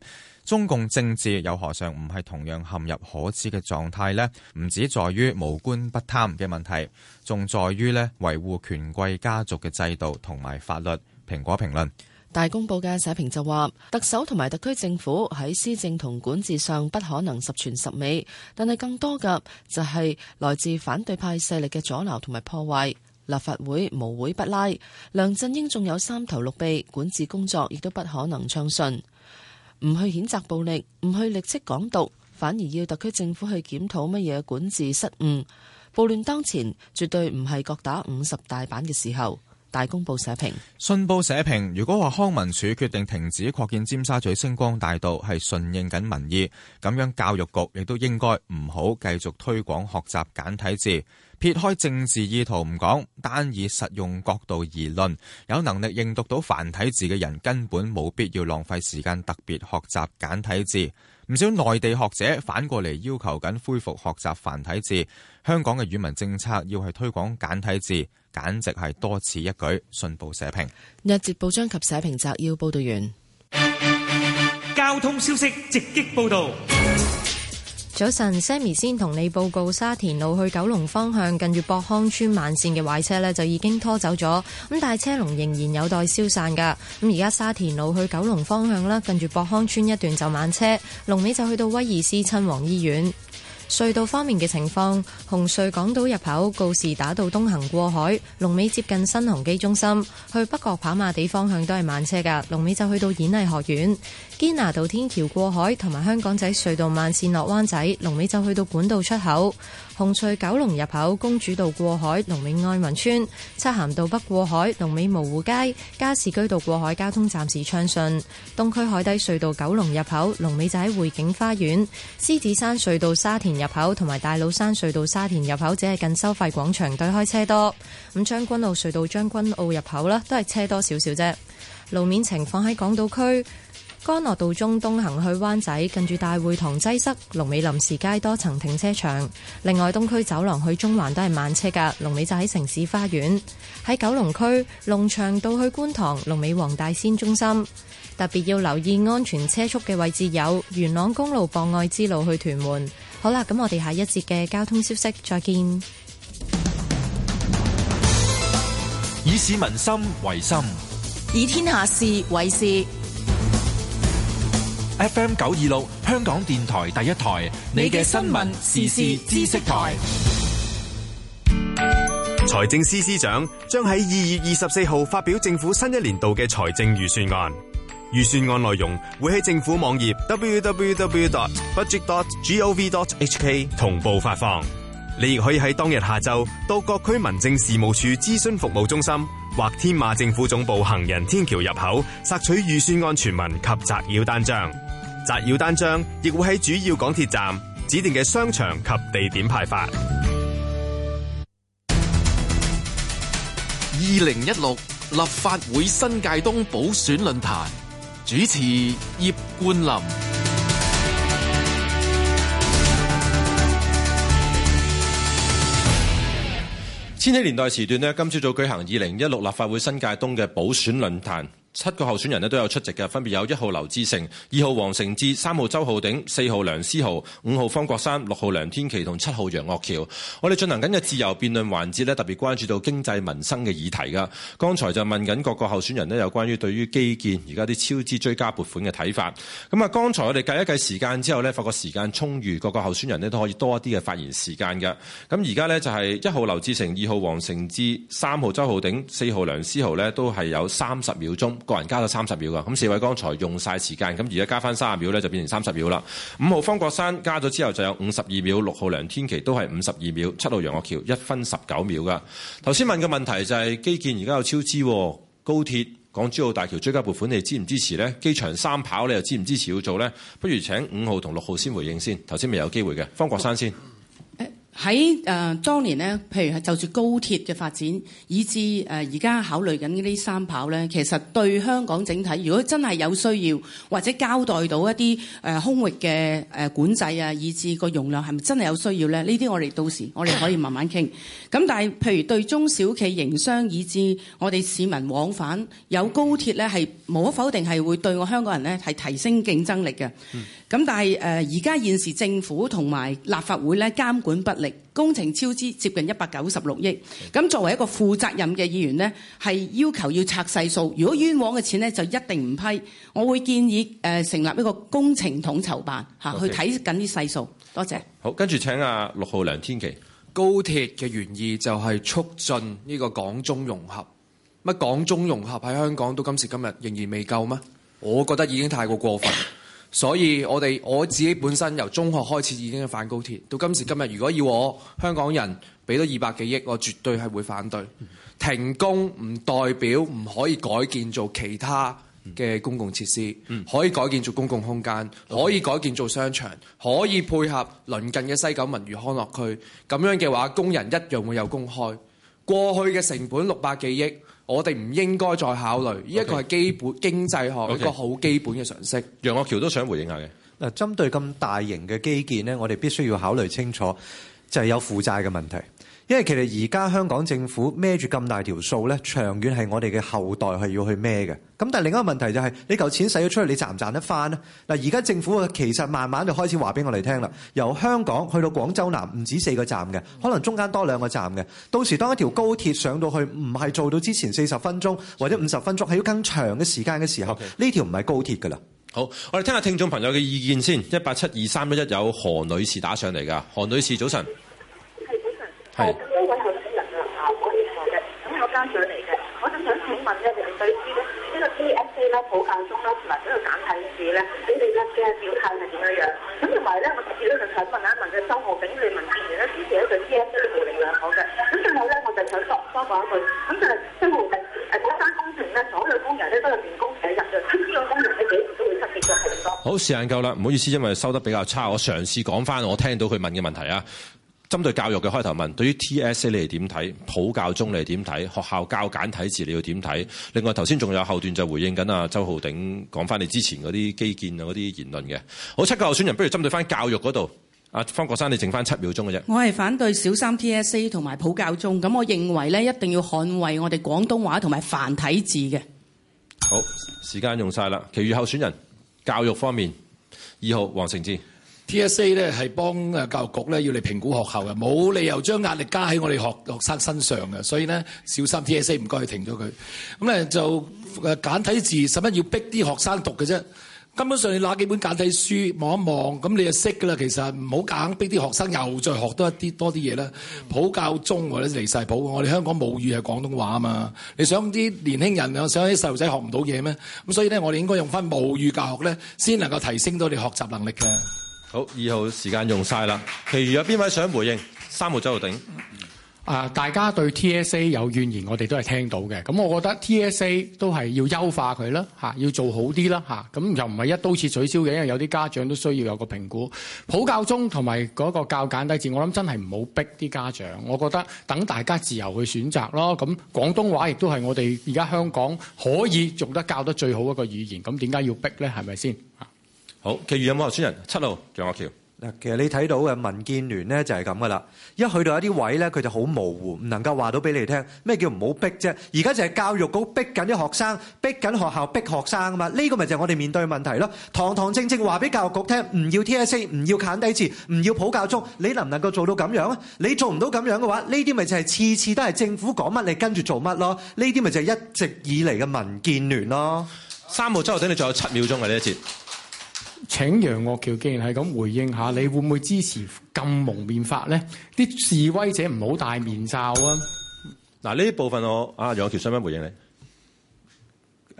中共政治又何嘗唔係同樣陷入可恥嘅狀態咧？唔止在於無官不貪嘅問題，仲在於咧維護權貴家族嘅制度同埋法律。蘋果評論，大公報嘅社評就話特首同埋特區政府喺施政同管治上不可能十全十美，但係更多嘅就係來自反對派勢力嘅阻撓同埋破壞立法會無會不拉，梁振英仲有三頭六臂，管治工作亦都不可能暢順。唔去譴責暴力，唔去力斥港獨，反而要特區政府去檢討乜嘢管治失誤。暴亂當前，絕對唔係各打五十大板嘅時候。大公報社評，信報社評。如果話康文署決定停止擴建尖沙咀星光大道，係順應緊民意，咁樣教育局亦都應該唔好繼續推廣學習簡體字。撇開政治意圖唔講，單以實用角度而論，有能力認讀到繁體字嘅人，根本冇必要浪費時間特別學習簡體字。唔少內地學者反過嚟要求緊恢復學習繁體字，香港嘅語文政策要係推廣簡體字，簡直係多此一舉，信報社評。日節報章及社評摘要報道完。交通消息直擊報道。早晨，Sammy 先同你報告沙田路去九龍方向近住博康村慢線嘅壞車呢，就已經拖走咗。咁但係車龍仍然有待消散噶。咁而家沙田路去九龍方向啦，近住博康村一段就慢車，龍尾就去到威爾斯親王醫院。隧道方面嘅情況，紅隧港島入口告士打道東行過海，龍尾接近新鴻基中心；去北角跑馬地方向都係慢車㗎，龍尾就去到演藝學院。堅拿道天橋過海同埋香港仔隧道慢線落灣仔，龍尾就去到管道出口。紅隧九龍入口公主道過海龍尾，愛民村漆咸道北過海龍尾，蕪湖街。加士居道過海交通暫時暢順。東區海底隧道九龍入口，龍尾就喺匯景花園。獅子山隧道沙田入口同埋大老山隧道沙田入口，只係近收費廣場對開車多。咁將軍澳隧道將軍澳入口啦，都係車多少少啫。路面情況喺港島區。干諾道中東行去灣仔，近住大會堂擠塞；龍尾臨時街多層停車場。另外，東區走廊去中環都係慢車㗎，龍尾就喺城市花園。喺九龍區，龍翔道去觀塘，龍尾黃大仙中心。特別要留意安全車速嘅位置有元朗公路博愛之路去屯門。好啦，咁我哋下一節嘅交通消息再見。以市民心為心，以天下事為事。FM 九二六香港電臺第一台，你嘅新聞時事知識台。財政司司長將喺二月二十四號發表政府新一年度嘅財政預算案。預算案內容會喺政府網頁 w w w b u d g e t g o v h k www.budget.gov.hk 同步發放。你亦可以喺當日下晝到各區民政事務處諮詢服務中心或天馬政府總部行人天橋入口索取預算案全文及摘要單張。摘要單張亦會喺主要港鐵站指定嘅商場及地點派發。二零一六立法會新界東補選論壇主持葉冠林。千禧年代時段呢今朝早舉行二零一六立法會新界東嘅補選論壇。七個候選人呢都有出席嘅，分別有一號劉志成、二號黃成智、三號周浩鼎、四號梁思豪、五號方國珊、六號梁天琦同七號楊岳橋。我哋進行緊嘅自由辯論環節呢，特別關注到經濟民生嘅議題㗎。剛才就問緊各個候選人呢，有關於對於基建而家啲超支追加撥款嘅睇法。咁啊，剛才我哋計一計時間之後呢，發覺時間充裕，各個候選人呢都可以多一啲嘅發言時間嘅。咁而家呢，就係一號劉志成、二號黃成智、三號周浩鼎、四號梁思豪呢，都係有三十秒鐘。個人加咗三十秒噶，咁四位剛才用晒時間，咁而家加翻三十秒呢，就變成三十秒啦。五號方國珊加咗之後就有五十二秒，六號梁天琦都係五十二秒，七號楊岳橋一分十九秒噶。頭先問嘅問題就係基建而家有超支，高鐵港珠澳大橋追加撥款你支唔支持呢？機場三跑你又支唔支持要做呢？不如請五號同六號先回應先，頭先未有機會嘅，方國珊先。喺誒、呃、當年呢，譬如就住高鐵嘅發展，以至誒而家考慮緊呢啲三跑呢，其實對香港整體，如果真係有需要，或者交代到一啲誒、呃、空域嘅、呃、管制啊，以至個容量係咪真係有需要呢？呢啲我哋到時我哋可以慢慢傾。咁 [laughs] 但係譬如對中小企營商，以至我哋市民往返有高鐵呢，係無可否定係會對我香港人呢，係提升競爭力嘅。咁、嗯、但係誒而家現時政府同埋立法會呢，監管不。工程超支接近一百九十六億，咁作為一個負責任嘅議員呢，係要求要拆細數。如果冤枉嘅錢呢，就一定唔批。我會建議誒，成立一個工程統籌辦吓，okay. 去睇緊啲細數。多謝。好，跟住請阿六號梁天琦。高鐵嘅原意就係促進呢個港中融合。乜港中融合喺香港到今時今日仍然未夠咩？我覺得已經太過過分。所以我哋我自己本身由中學開始已經反高鐵，到今時今日，如果要我香港人俾多二百幾億，我絕對係會反對。嗯、停工唔代表唔可以改建做其他嘅公共設施，嗯，可以改建做公共空間，可以改建做商場，可以配合鄰近嘅西九文娛康樂區，咁樣嘅話工人一樣會有工開。過去嘅成本六百幾億。我哋唔應該再考慮，呢一個係基本經濟學，okay. 一個好基本嘅常識。楊岳橋都想回應下嘅。嗱，針對咁大型嘅基建咧，我哋必須要考慮清楚，就係、是、有負債嘅問題。因為其實而家香港政府孭住咁大條數咧，長遠係我哋嘅後代係要去孭嘅。咁但係另一個問題就係，你嚿錢使咗出去，你賺唔賺得翻咧？嗱，而家政府其實慢慢就開始話俾我哋聽啦，由香港去到廣州南，唔止四個站嘅，可能中間多兩個站嘅。到時當一條高鐵上到去，唔係做到之前四十分鐘或者五十分鐘，係要更長嘅時間嘅時候，呢條唔係高鐵㗎啦。好，我哋聽下聽眾朋友嘅意見先，一八七二三一一有何女士打上嚟㗎，何女士早晨。係咁多位好多人嘅嚇，我嘅。咁我家長嚟嘅，我就想請問咧，你對呢個 T S A 咧、普教中同埋呢個簡體字咧，你哋咧嘅表態係點嘅樣？咁同埋咧，我特別咧就想問一問嘅周浩鼎，你問之前咧之前咧對 T S A 無領良好嘅。咁最後咧，我就想多講一句。咁就係因為誒嗰單工程咧，所有工人咧都有停工嘅入咗，呢啲工人咧幾時都會出邊咗好多。好，時間夠啦，唔好意思，因為收得比較差，我嘗試講翻我聽到佢問嘅問題啊。針對教育嘅開頭問，對於 T S A 你係點睇？普教中你係點睇？學校教簡體字你要點睇？另外頭先仲有後段就回應緊啊周浩鼎，講翻你之前嗰啲基建啊嗰啲言論嘅。好，七個候選人，不如針對翻教育嗰度。啊，方國珊，你剩翻七秒鐘嘅啫。我係反對小三 T S A 同埋普教中，咁我認為咧一定要捍衞我哋廣東話同埋繁體字嘅。好，時間用曬啦，其餘候選人教育方面，二號黃成智。TSA 咧係幫教育局咧要嚟評估學校嘅，冇理由將壓力加喺我哋學學生身上嘅，所以咧小心 TSA 唔該，停咗佢。咁咧就誒簡體字，使乜要逼啲學生讀嘅啫？根本上你攞幾本簡體書望一望，咁你就識噶啦。其實唔好硬逼啲學生又再學多一啲多啲嘢啦。普教中或者離晒譜，我哋香港母語係廣東話啊嘛。你想啲年輕人啊，想啲細路仔學唔到嘢咩？咁所以咧，我哋應該用翻母語教學咧，先能夠提升到你學習能力嘅。好，二號時間用晒啦。其餘有邊位想回應？三號周浩鼎。啊，大家對 TSA 有怨言，我哋都係聽到嘅。咁我覺得 TSA 都係要優化佢啦，要做好啲啦，嚇、啊、咁又唔係一刀切取消嘅，因為有啲家長都需要有個評估。普教中同埋嗰個教簡體字，我諗真係唔好逼啲家長。我覺得等大家自由去選擇咯。咁廣東話亦都係我哋而家香港可以做得教得最好一個語言。咁點解要逼咧？係咪先？好，其餘有冇候選人？七號楊岳橋。嗱，其實你睇到嘅民建聯咧就係咁噶啦，一去到一啲位咧，佢就好模糊，唔能夠話到俾你聽咩叫唔好逼啫。而家就係教育局逼緊啲學生，逼緊學校，逼學生啊嘛。呢、這個咪就係我哋面對問題咯。堂堂正正話俾教育局聽，唔要 T S A，唔要簡體字，唔要普教中，你能唔能夠做到咁樣啊？你做唔到咁樣嘅話，呢啲咪就係次次都係政府講乜你跟住做乜咯？呢啲咪就係一直以嚟嘅民建聯咯。三號周浩鼎，等你仲有七秒鐘嘅呢一節。請楊岳橋，既然係咁回應一下，你會唔會支持禁蒙面法咧？啲示威者唔好戴面罩啊！嗱、啊，呢部分我啊楊岳橋，使唔使回應你。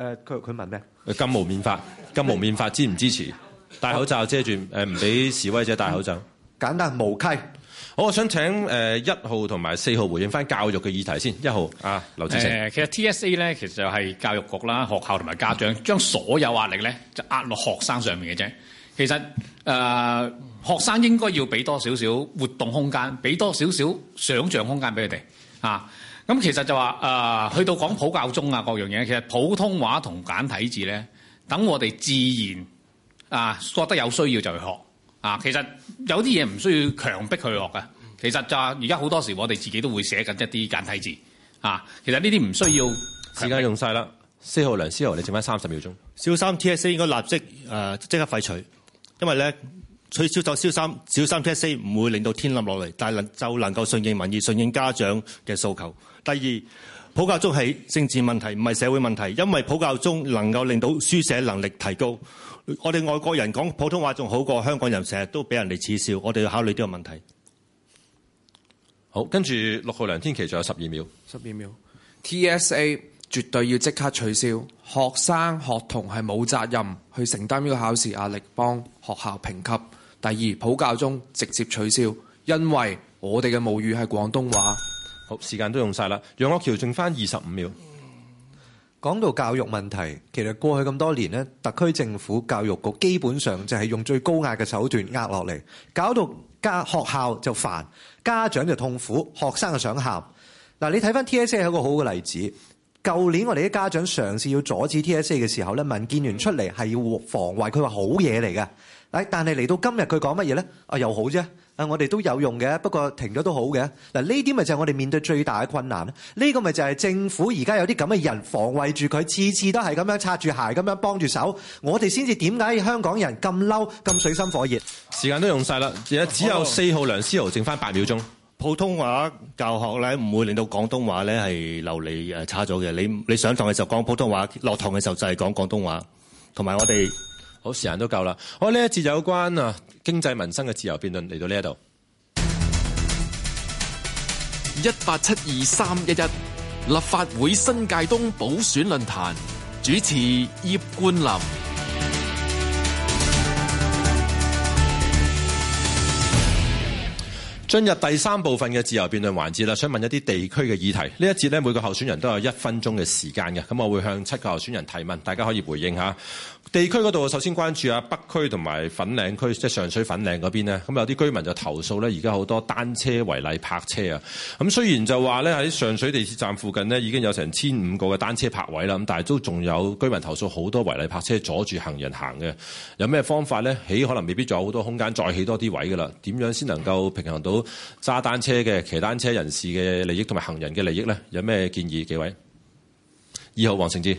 誒、啊，佢佢問咩？禁蒙面法，禁蒙面法，支唔支持戴口罩遮住？誒，唔俾示威者戴口罩。啊、簡單無稽。好，我想請誒，一號同埋四號回應翻教育嘅議題先。一號啊，劉志成誒、呃，其實 T S A 咧，其實就係教育局啦，學校同埋家長將所有壓力咧，就壓落學生上面嘅啫。其實誒、呃，學生應該要俾多少少活動空間，俾多少少想象空間俾佢哋啊。咁其實就話誒、呃，去到講普教中啊，各樣嘢，其實普通話同簡體字咧，等我哋自然啊，覺得有需要就去學。啊，其實有啲嘢唔需要強迫佢學嘅。其實就而家好多時，我哋自己都會寫緊一啲簡體字。啊，其實呢啲唔需要時間用晒啦。四號梁思豪，你剩翻三十秒鐘。小三 T S A 應該立即誒、呃、即刻廢除，因為咧取消就小三小三 T S A 唔會令到天冧落嚟，但能就能夠順應民意、順應家長嘅訴求。第二，普教中係政治問題，唔係社會問題，因為普教中能夠令到書寫能力提高。我哋外國人講普通話仲好過香港人，成日都俾人哋恥笑。我哋要考慮呢個問題。好，跟住六號梁天琦仲有十二秒，十二秒。T S A 絕對要即刻取消。學生學童係冇責任去承擔呢個考試壓力，幫學校評級。第二，普教中直接取消，因為我哋嘅母語係廣東話。好，時間都用晒啦。楊岳橋剩翻二十五秒。講到教育問題，其實過去咁多年咧，特區政府教育局基本上就係用最高壓嘅手段壓落嚟，搞到家學校就煩，家長就痛苦，學生就想喊。嗱，你睇翻 TSA 係一個好嘅例子。舊年我哋啲家長嘗試要阻止 TSA 嘅時候咧，民建聯出嚟係要防衞，佢話好嘢嚟嘅。但係，嚟到今日佢講乜嘢咧？啊，又好啫。啊，我哋都有用嘅，不過停咗都好嘅。嗱，呢啲咪就係我哋面對最大嘅困難。呢個咪就係政府而家有啲咁嘅人防衞住佢，次次都係咁樣擦住鞋咁樣幫住手，我哋先至點解香港人咁嬲、咁水深火熱？時間都用晒啦，而家只有四號梁思豪，剩翻八秒鐘。普通話教學咧，唔會令到廣東話咧係流利誒差咗嘅。你你上堂嘅時候講普通話，落堂嘅時候就係講廣東話，同埋我哋。好，時間都夠啦。好，呢一節有關啊經濟民生嘅自由辯論嚟到呢一度。一八七二三一一立法會新界東補選論壇，主持葉冠林，進入第三部分嘅自由辯論環節啦，想問一啲地區嘅議題。呢一節呢，每個候選人都有一分鐘嘅時間嘅，咁我會向七個候選人提問，大家可以回應下。地區嗰度，首先關注啊北區同埋粉嶺區，即係上水粉嶺嗰邊呢咁有啲居民就投訴咧，而家好多單車違例泊車啊！咁雖然就話咧喺上水地鐵站附近呢已經有成千五個嘅單車泊位啦，咁但係都仲有居民投訴好多違例泊車阻住行人行嘅。有咩方法呢？起可能未必仲有好多空間，再起多啲位噶啦。點樣先能夠平衡到揸單車嘅騎單車人士嘅利益同埋行人嘅利益呢？有咩建議？幾位？二號黃成智。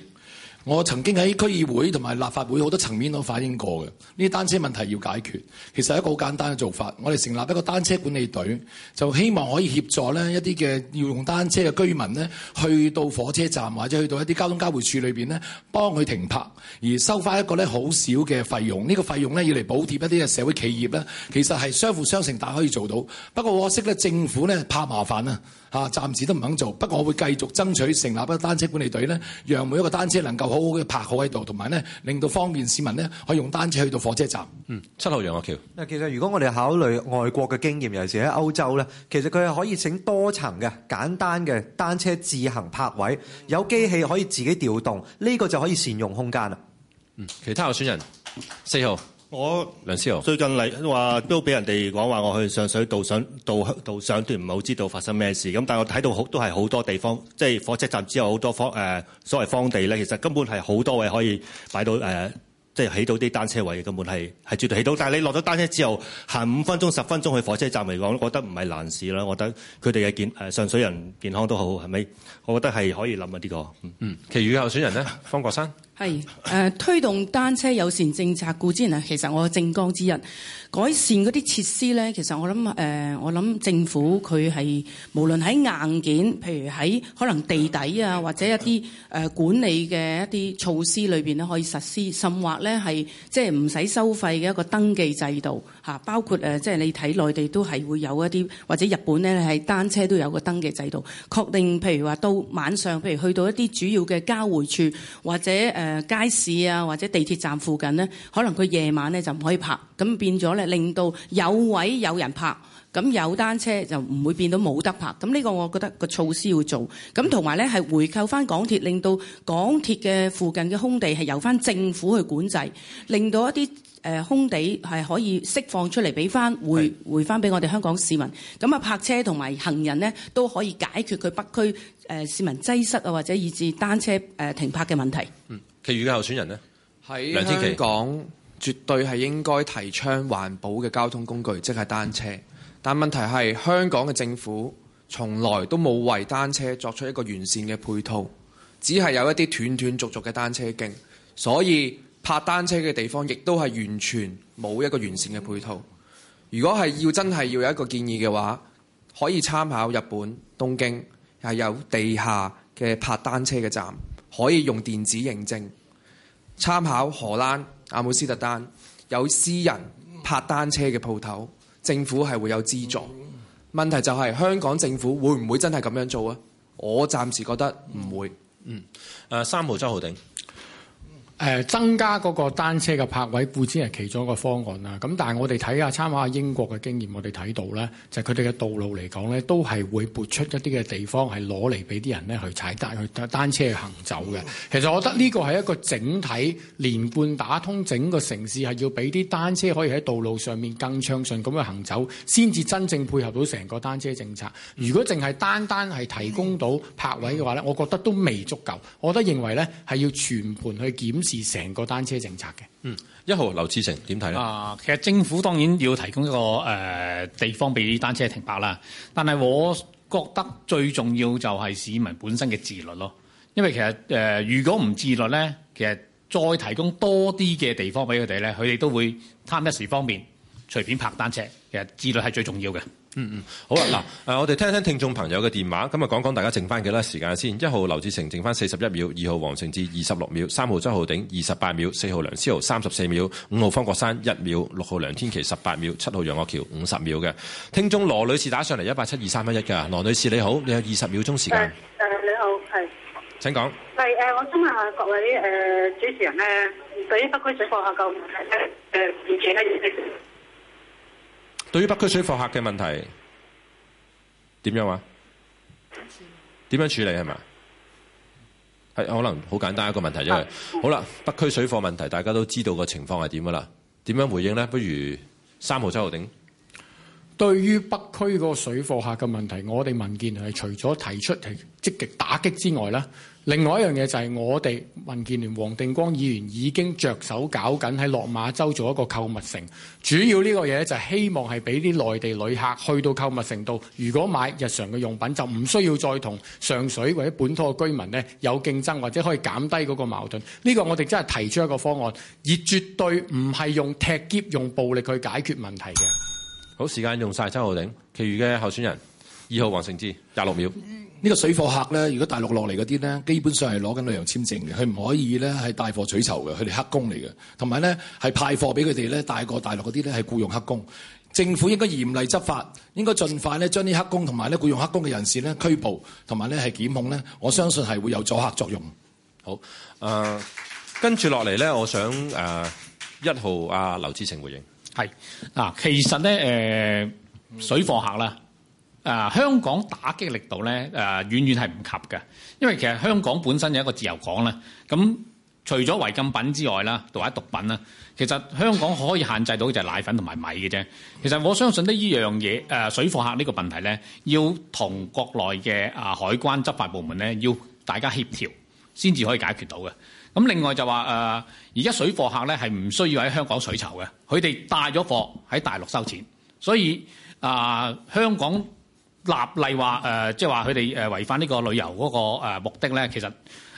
我曾經喺區議會同埋立法會好多層面都反映過嘅，呢啲單車問題要解決，其實係一個好簡單嘅做法。我哋成立一個單車管理隊，就希望可以協助咧一啲嘅要用單車嘅居民咧，去到火車站或者去到一啲交通交匯處裏邊咧，幫佢停泊，而收翻一個咧好少嘅費用。這個、費用呢個費用咧要嚟補貼一啲嘅社會企業咧，其實係相輔相成，但可以做到。不過可惜咧，政府咧怕麻煩啊。嚇、啊，暫時都唔肯做。不過，我會繼續爭取成立一個單車管理隊咧，讓每一個單車能夠好好嘅泊好喺度，同埋咧令到方便市民咧可以用單車去到火車站。嗯，七號楊岳橋。嗱，其實如果我哋考慮外國嘅經驗，尤其是喺歐洲咧，其實佢係可以整多層嘅簡單嘅單車自行泊位，有機器可以自己調動，呢、這個就可以善用空間啦。嗯，其他候選人四號。我梁思豪最近嚟話都俾人哋講話，我去上水道上度香上段唔係好知道發生咩事。咁但係我睇到好都係好多地方，即係火車站之後好多方誒、呃、所謂荒地咧，其實根本係好多位可以擺到誒、呃，即係起到啲單車位，根本係係絕對起到。但係你落咗單車之後，行五分鐘、十分鐘去火車站嚟講，覺得唔係難事啦。我覺得佢哋嘅健上水人健康都好，係咪？我覺得係可以諗啊、這個！呢個嗯，其餘嘅候選人咧，方國珊。係、呃，推動單車友善政策，固之然啊，其實我政綱之一改善嗰啲設施咧。其實我諗誒、呃，我諗政府佢係無論喺硬件，譬如喺可能地底啊，或者一啲、呃、管理嘅一啲措施裏面咧，可以實施，甚或咧係即係唔使收費嘅一個登記制度，包括即係、呃即係、你睇內地都係會有一啲，或者日本咧係單車都有個登記制度，確定譬如話到晚上，譬如去到一啲主要嘅交匯處或者誒。呃誒街市啊，或者地鐵站附近呢，可能佢夜晚咧就唔可以泊，咁變咗咧令到有位有人泊，咁有單車就唔會變到冇得泊。咁呢個我覺得個措施要做，咁同埋咧係回購翻港鐵令到港鐵嘅附近嘅空地係由翻政府去管制，令到一啲誒空地係可以釋放出嚟，俾翻回回翻俾我哋香港市民。咁啊，泊車同埋行人呢都可以解決佢北區誒、呃、市民擠塞啊，或者以至單車誒停泊嘅問題。嗯其餘嘅候選人呢，喺香港絕對係應該提倡環保嘅交通工具，即係單車。但問題係香港嘅政府從來都冇為單車作出一個完善嘅配套，只係有一啲斷斷續續嘅單車徑，所以泊單車嘅地方亦都係完全冇一個完善嘅配套。如果係要真係要有一個建議嘅話，可以參考日本東京係有地下嘅泊單車嘅站。可以用電子認證，參考荷蘭阿姆斯特丹有私人拍單車嘅鋪頭，政府係會有資助。問題就係、是、香港政府會唔會真係咁樣做啊？我暫時覺得唔會。嗯，呃，三號周浩鼎。誒、呃、增加嗰個單車嘅泊位，固然係其中一個方案啦。咁但係我哋睇下參考下英國嘅經驗，我哋睇到咧，就係佢哋嘅道路嚟講咧，都係會撥出一啲嘅地方係攞嚟俾啲人咧去踩單去單車去行走嘅。其實我覺得呢個係一個整體連貫打通整個城市，係要俾啲單車可以喺道路上面更暢順咁樣行走，先至真正配合到成個單車政策。如果淨係單單係提供到泊位嘅話咧，我覺得都未足夠，我都認為咧係要全盤去檢。是成個單車政策嘅。嗯，一號劉志成點睇咧？啊，其實政府當然要提供一個地方俾單車停泊啦，但係我覺得最重要就係市民本身嘅自律咯。因為其實如果唔自律咧，其實再提供多啲嘅地方俾佢哋咧，佢哋都會貪一時方便，隨便泊單車。其實自律係最重要嘅。嗯嗯，好啊嗱，我哋聽聽聽眾朋友嘅電話，咁啊講講大家剩翻幾多時間先？一號劉志成剩翻四十一秒，二號黃成智二十六秒，三號周浩鼎二十八秒，四號梁思豪三十四秒，五號方國珊一秒，六號梁天琦十八秒，七號楊岳橋五十秒嘅聽眾羅女士打上嚟一八七二三一一嘅，羅女士你好，你有二十秒鐘時間。呃呃、你好，係。請講、呃。我想問下各位誒、呃、主持人呢、呃，對於北區水貨客誒，目、呃、前對於北區水貨客嘅問題點樣話？點樣處理係咪？可能好簡單一個問題啫。啊、好啦， [laughs] 北區水貨問題大家都知道個情況係點噶啦？點樣回應呢？不如三號周浩鼎。對於北區個水貨客嘅問題，我哋民建聯係除咗提出係積極打擊之外咧。另外一樣嘢就係我哋民建聯黃定光議員已經着手搞緊喺落馬洲做一個購物城，主要呢個嘢就係希望係俾啲內地旅客去到購物城度，如果買日常嘅用品就唔需要再同上水或者本土嘅居民呢有競爭，或者可以減低嗰個矛盾。呢個我哋真係提出一個方案，而絕對唔係用踢劫、用暴力去解決問題嘅。好，時間用晒，周浩鼎，其餘嘅候選人。二號黃成智，廿六秒。呢、這個水貨客咧，如果大陸落嚟嗰啲咧，基本上係攞緊旅遊簽證嘅，佢唔可以咧係帶貨取酬嘅，佢哋黑工嚟嘅。同埋咧係派貨俾佢哋咧，帶過大個大陸嗰啲咧係僱用黑工。政府應該嚴厲執法，應該儘快咧將啲黑工同埋咧僱用黑工嘅人士咧拘捕，同埋咧係檢控咧。我相信係會有阻嚇作用。好，誒跟住落嚟咧，我想誒一、呃、號阿劉志成回應。係啊，其實咧誒、呃、水貨客啦。嗯啊、呃，香港打擊力度咧，誒、呃、遠遠係唔及嘅，因為其實香港本身有一個自由港呢。咁除咗違禁品之外啦，同埋毒品啦，其實香港可以限制到嘅就係奶粉同埋米嘅啫。其實我相信呢呢樣嘢誒水貨客呢個問題咧，要同國內嘅啊、呃、海關執法部門咧，要大家協調先至可以解決到嘅。咁另外就話誒，而、呃、家水貨客咧係唔需要喺香港取籌嘅，佢哋帶咗貨喺大陸收錢，所以啊、呃、香港。立例話誒，即係話佢哋誒違反呢個旅遊嗰個誒目的咧，其實。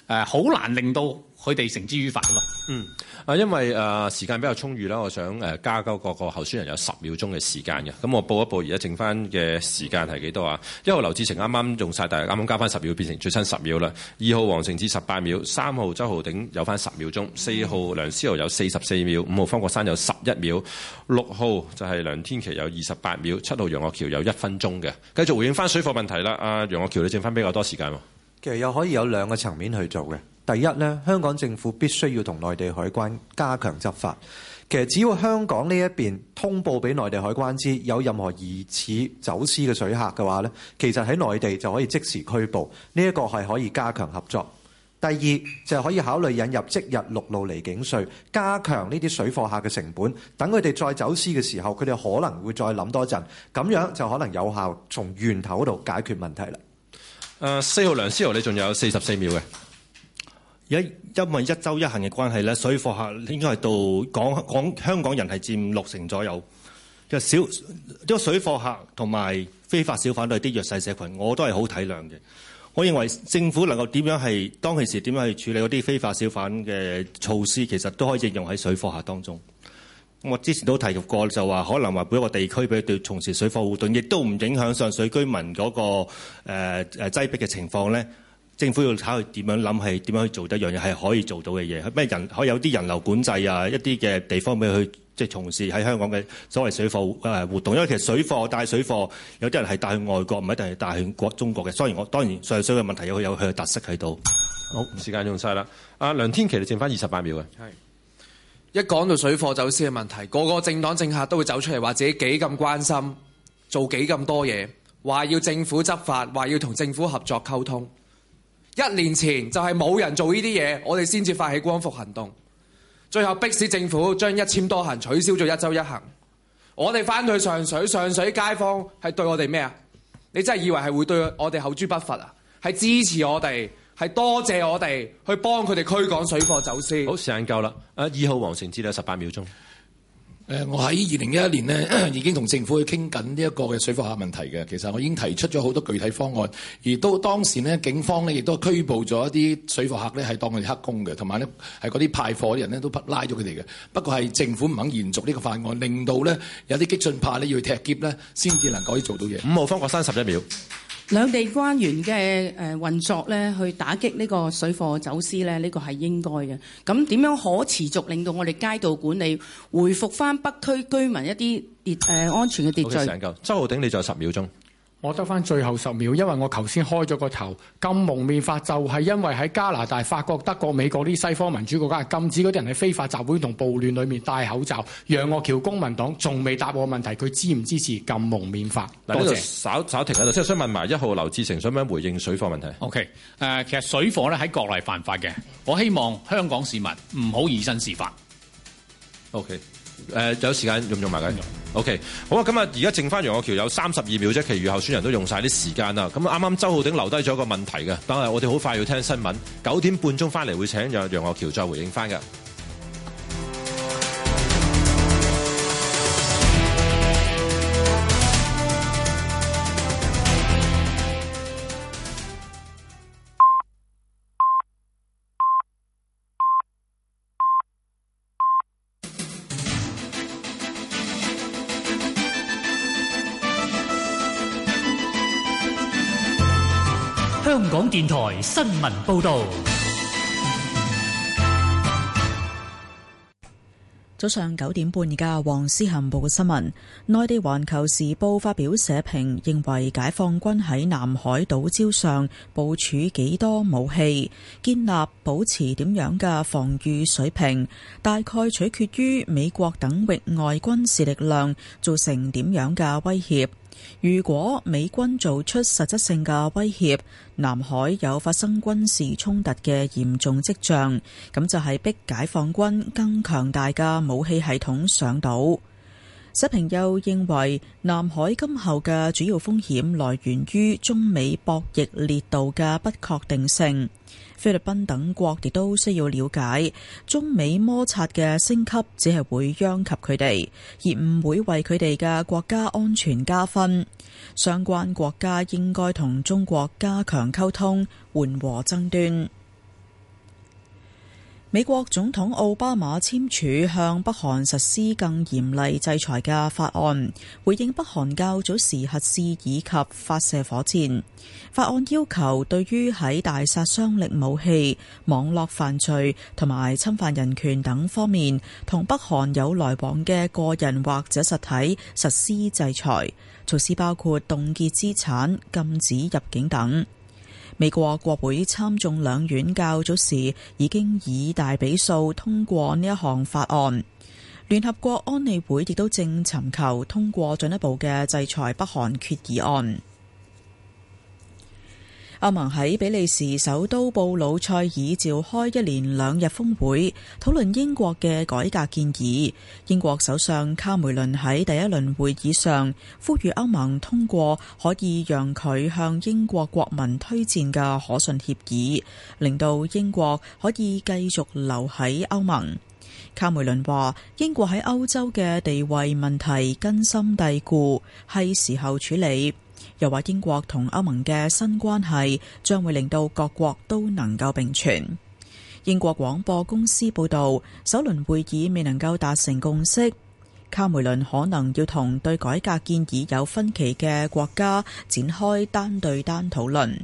誒、呃、好難令到佢哋繩之於法啊嘛！嗯啊，因為誒、呃、時間比較充裕啦，我想誒加夠個個候選人有十秒鐘嘅時間嘅。咁我報一報，而家剩翻嘅時間係幾多啊？一號劉志成啱啱用晒，但係啱啱加翻十秒，變成最新十秒啦。二號黃成智十八秒，三號周浩鼎有翻十秒鐘，四號梁思豪有四十四秒，五號方國珊有十一秒，六號就係梁天琦有二十八秒，七號楊岳橋有一分鐘嘅。繼續回應翻水貨問題啦，阿、啊、楊岳橋你剩翻比較多時間喎。其實又可以有兩個層面去做嘅。第一呢，香港政府必須要同內地海關加強執法。其實只要香港呢一邊通報俾內地海關知，有任何疑似走私嘅水客嘅話呢，其實喺內地就可以即時拘捕。呢一個係可以加強合作。第二就係可以考慮引入即日陸路離境稅，加強呢啲水貨客嘅成本，等佢哋再走私嘅時候，佢哋可能會再諗多陣。咁樣就可能有效從源頭度解決問題啦。誒四號梁思豪，你仲有四十四秒嘅。一因為一週一行嘅關係咧，水貨客應該係到港港,港香港人係佔六成左右。其實小啲水貨客同埋非法小販都係啲弱勢社群，我都係好體諒嘅。我認為政府能夠點樣係當其時點樣去處理嗰啲非法小販嘅措施，其實都可以應用喺水貨客當中。我之前都提及過，就話可能話每一個地區俾佢從事水貨活動，亦都唔影響上水居民嗰個誒誒擠迫嘅情況咧。政府要睇佢點樣諗，係點樣去做得一樣嘢係可以做到嘅嘢。咩人可以有啲人流管制啊？一啲嘅地方俾佢去即係從事喺香港嘅所謂水貨誒活動。因為其實水貨帶水貨，有啲人係帶去外國，唔一定係帶去國中國嘅。雖然我當然上水嘅問題也有佢有佢嘅特色喺度。好，時間用晒啦。阿梁天琦，你剩翻二十八秒嘅。一講到水貨走私嘅問題，個個政黨政客都會走出嚟話自己幾咁關心，做幾咁多嘢，話要政府執法，話要同政府合作溝通。一年前就係冇人做呢啲嘢，我哋先至發起光復行動，最後迫使政府將一簽多行取消咗一周一行。我哋返去上水，上水街坊係對我哋咩啊？你真係以為係會對我哋口誅筆伐啊？係支持我哋。係多謝我哋去幫佢哋驅趕水貨走私。好，時間夠啦，啊二號黃成智有十八秒鐘。呃，我喺二零一一年呢已經同政府去傾緊呢一個嘅水貨客問題嘅。其實我已經提出咗好多具體方案，而都當時呢警方呢亦都拘捕咗一啲水貨客呢係當佢哋黑工嘅，同埋呢係嗰啲派貨啲人呢都拉咗佢哋嘅。不過係政府唔肯延續呢個法案，令到呢有啲激進派呢要踢劫呢先至能夠做到嘢。五號方國珊十一秒。兩地關員嘅誒運作咧，去打擊呢個水貨走私呢，呢、這個係應該嘅。咁點樣可持續令到我哋街道管理回覆返北區居民一啲安全嘅秩序 okay？周浩鼎，你仲有十秒鐘。我得翻最後十秒，因為我頭先開咗個頭禁蒙面法，就係因為喺加拿大、法國、德國、美國啲西方民主國家禁止嗰啲人喺非法集會同暴亂裏面戴口罩。楊岳橋公民黨仲未答我問題，佢支唔支持禁蒙面法？多謝。稍，稍停喺度，即係想問埋一號劉志成，想唔想回應水貨問題？O K，誒，其實水貨咧喺國內犯法嘅，我希望香港市民唔好以身試法。O K。誒、呃、有時間用唔用埋緊？OK，好啊！咁啊，而家剩翻楊岳橋有三十二秒啫，其餘候選人都用晒啲時間啦。咁啱啱周浩鼎留低咗一個問題嘅，但係我哋好快要聽新聞。九點半鐘翻嚟會請楊岳橋再回應翻嘅。電台新聞報道：早上九點半嘅，黃思恒報新聞。內地環球時報發表社評，認為解放軍喺南海島礁上部署幾多武器，建立保持點樣嘅防禦水平，大概取決於美國等域外軍事力量造成點樣嘅威脅。如果美軍做出實質性嘅威脅，南海有發生軍事衝突嘅嚴重跡象，咁就係逼解放軍更強大嘅武器系統上島。石平又認為，南海今後嘅主要風險來源於中美博弈烈度嘅不確定性。菲律賓等國亦都需要了解，中美摩擦嘅升級只係會殃及佢哋，而唔會為佢哋嘅國家安全加分。相關國家應該同中國加強溝通，緩和爭端。美國總統奧巴馬簽署向北韓實施更嚴厲制裁嘅法案，回應北韓較早時核試以及發射火箭。法案要求對於喺大殺傷力武器、網絡犯罪同埋侵犯人權等方面同北韓有來往嘅個人或者實體實施制裁，措施包括凍結資產、禁止入境等。美國國會參眾兩院較早時已經以大比數通過呢一項法案，聯合國安理會亦都正尋求通過進一步嘅制裁北韓決議案。歐盟喺比利時首都布魯塞爾召開一連兩日峰會，討論英國嘅改革建議。英國首相卡梅倫喺第一輪會議上呼籲歐盟通過可以讓佢向英國國民推薦嘅可信協議，令到英國可以繼續留喺歐盟。卡梅倫話：英國喺歐洲嘅地位問題根深蒂固，係時候處理。又話英國同歐盟嘅新關係將會令到各國都能夠並存。英國廣播公司報道，首輪會議未能夠達成共識，卡梅倫可能要同對改革建議有分歧嘅國家展開單對單討論。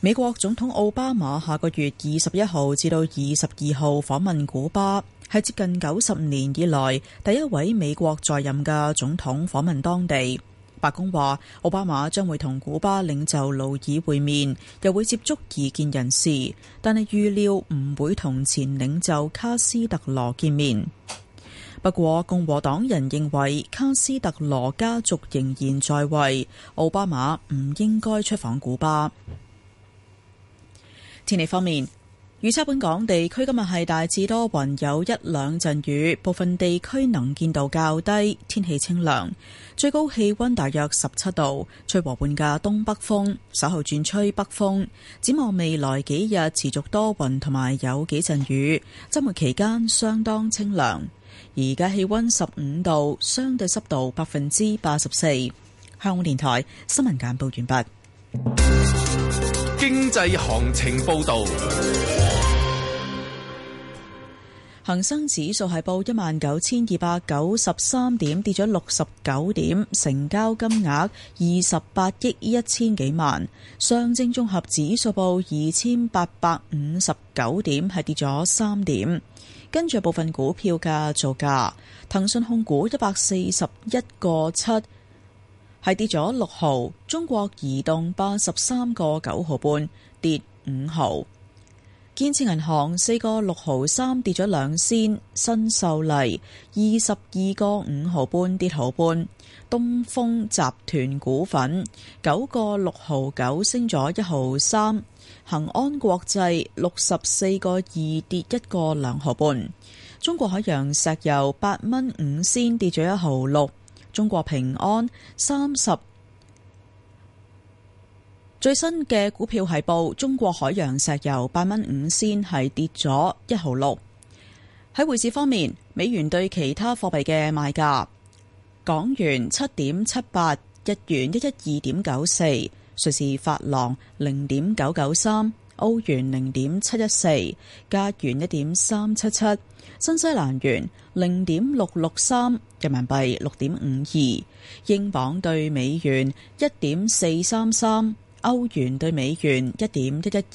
美國總統奧巴馬下個月二十一號至到二十二號訪問古巴，係接近九十年以來第一位美國在任嘅總統訪問當地。白宮話，奧巴馬將會同古巴領袖勞爾會面，又會接觸異見人士，但係預料唔會同前領袖卡斯特羅見面。不過共和黨人認為卡斯特羅家族仍然在位，奧巴馬唔應該出訪古巴。天氣方面。預測本港地區今日係大致多雲，有一兩陣雨，部分地區能見度較低，天氣清涼，最高氣温大約十七度，吹和緩嘅東北風，稍後轉吹北風。展望未來幾日持續多雲同埋有幾陣雨，周末期間相當清涼。而家氣温十五度，相對濕度百分之八十四。香港電台新聞簡報完畢。經濟行情報道。恒生指數係報一萬九千二百九十三點，跌咗六十九點，成交金額二十八億一千幾萬。上證綜合指數報二千八百五十九點，係跌咗三點。跟住部分股票嘅造價，騰訊控股一百四十一個七，係跌咗六毫；中國移動八十三個九毫半，跌五毫。建設銀行四個六毫三跌咗兩仙，新秀麗二十二個五毫半跌毫半，東風集團股份九個六毫九升咗一毫三，恒安國際六十四個二跌一個兩毫半，中國海洋石油八蚊五仙跌咗一毫六，中國平安三十。最新嘅股票係報中國海洋石油八蚊五仙，係跌咗一毫六。喺匯市方面，美元對其他貨幣嘅賣價：港元七點七八，日元一一二點九四，瑞士法郎零點九九三，歐元零點七一四，加元一點三七七，新西蘭元零點六六三，人民幣六點五二，英鎊對美元一點四三三。歐元對美元一點一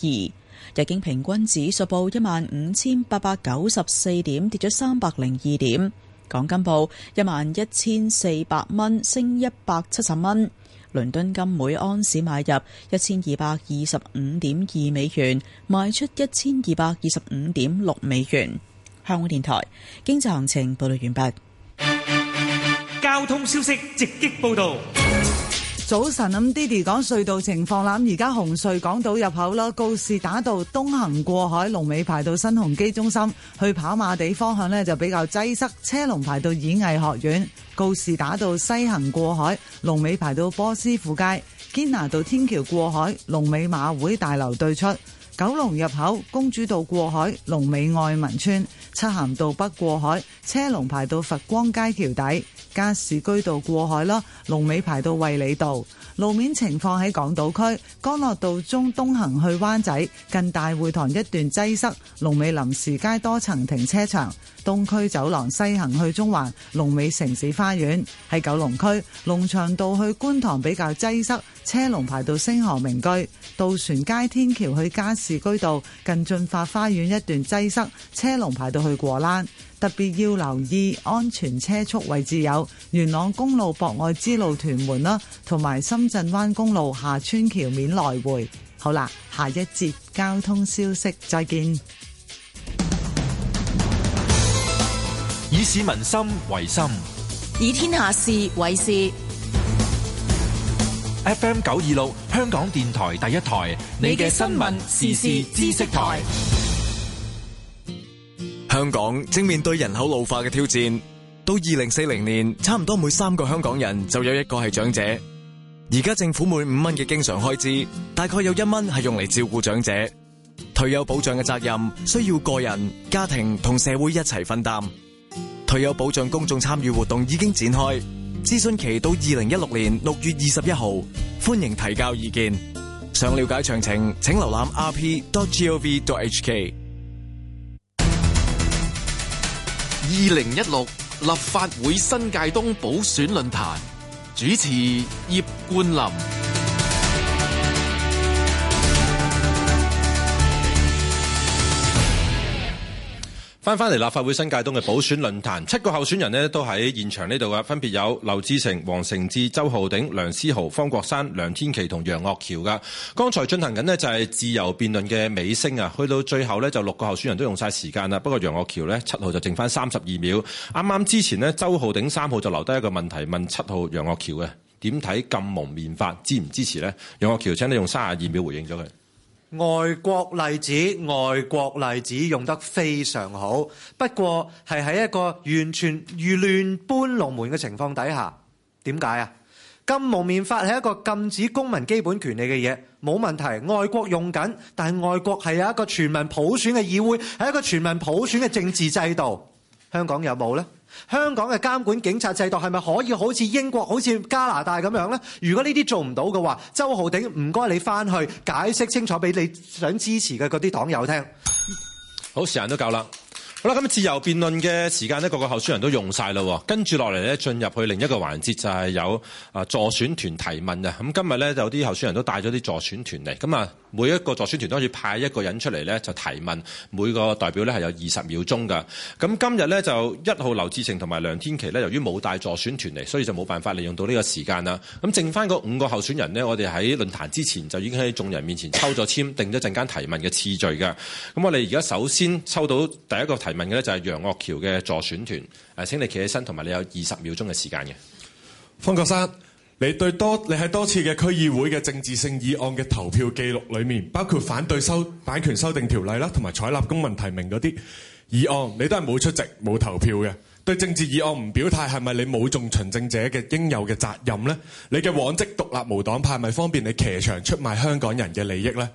一二，日經平均指數報一萬五千八百九十四點，跌咗三百零二點。港金報一萬一千四百蚊，升一百七十蚊。倫敦金每安士買入一千二百二十五點二美元，賣出一千二百二十五點六美元。香港電台經濟行情報道完畢。交通消息直擊報道。早晨，咁 Diddy 講隧道情況啦，咁而家紅隧港島入口囉，告士打道東行過海龍尾排到新鴻基中心，去跑馬地方向呢就比較擠塞，車龍排到演藝學院；告士打道西行過海龍尾排到波斯富街，堅拿道天橋過海龍尾馬會大樓對出，九龍入口公主道過海龍尾愛民村，漆咸道北過海車龍排到佛光街橋底。加士居道過海囉，龍尾排到衛理道。路面情況喺港島區，干諾道中東行去灣仔近大會堂一段擠塞，龍尾臨時街多層停車場。東區走廊西行去中環，龍尾城市花園。喺九龍區，龍翔道去觀塘比較擠塞，車龍排到星河名居。渡船街天橋去加士居道近駿發花園一段擠塞，車龍排到去果欄。特別要留意安全車速位置，有元朗公路、博愛之路、屯門啦，同埋深圳灣公路下村橋面來回。好啦，下一節交通消息，再見。以市民心為心，以天下事為事。FM 九二六，香港電台第一台，你嘅新聞時事知識台。香港正面對人口老化嘅挑戰，到二零四零年，差唔多每三個香港人就有一個係長者。而家政府每五蚊嘅經常開支，大概有一蚊係用嚟照顧長者。退休保障嘅責任需要個人、家庭同社會一齊分擔。退休保障公眾參與活動已經展開，諮詢期到二零一六年六月二十一號，歡迎提交意見。想了解詳情，請瀏覽 rp.gov.hk。二零一六立法會新界東補選論壇，主持葉冠霖。翻翻嚟立法會新界東嘅補選論壇，七個候選人呢都喺現場呢度啊，分別有劉志成、黃成智、周浩鼎、梁思豪、方國珊、梁天琦同楊岳橋噶。剛才進行緊呢就係自由辯論嘅尾聲啊，去到最後呢，就六個候選人都用晒時間啦。不過楊岳橋呢，七號就剩翻三十二秒。啱啱之前呢，周浩鼎三號就留低一個問題問七號楊岳橋嘅，點睇禁蒙面法支唔支持呢？楊橋」楊岳橋請你用三十二秒回應咗佢。外國例子，外國例子用得非常好，不過係喺一個完全亂搬龍門嘅情況底下，點解啊？禁蒙面法係一個禁止公民基本權利嘅嘢，冇問題。外國用緊，但係外國係有一個全民普選嘅議會，係一個全民普選嘅政治制度。香港有冇呢？香港嘅監管警察制度係咪可以好似英國、好似加拿大咁樣呢？如果呢啲做唔到嘅話，周浩鼎唔該你翻去解釋清楚俾你想支持嘅嗰啲黨友聽。好，時間都夠啦，好啦，咁自由辯論嘅時間呢，各個候選人都用晒啦，跟住落嚟呢，進入去另一個環節就係有啊助選團提問啊。咁今日呢有啲候選人都帶咗啲助選團嚟，咁啊。每一個助選團都要派一個人出嚟呢，就提問。每個代表呢係有二十秒鐘噶。咁今日呢，就一號劉志成同埋梁天琦呢，由於冇帶助選團嚟，所以就冇辦法利用到呢個時間啦。咁剩翻個五個候選人呢，我哋喺論壇之前就已經喺眾人面前抽咗簽，定咗陣間提問嘅次序㗎。咁我哋而家首先抽到第一個提問嘅呢，就係楊岳橋嘅助選團。誒，請你企起身，同埋你有二十秒鐘嘅時間嘅。方國珊。你對多你喺多次嘅區議會嘅政治性議案嘅投票記錄裏面，包括反對收版權修訂條例啦，同埋採納公民提名嗰啲議案，你都係冇出席冇投票嘅。對政治議案唔表態，係咪你冇盡從政者嘅應有嘅責任呢？你嘅往績獨立無黨派，係咪方便你騎牆出賣香港人嘅利益呢？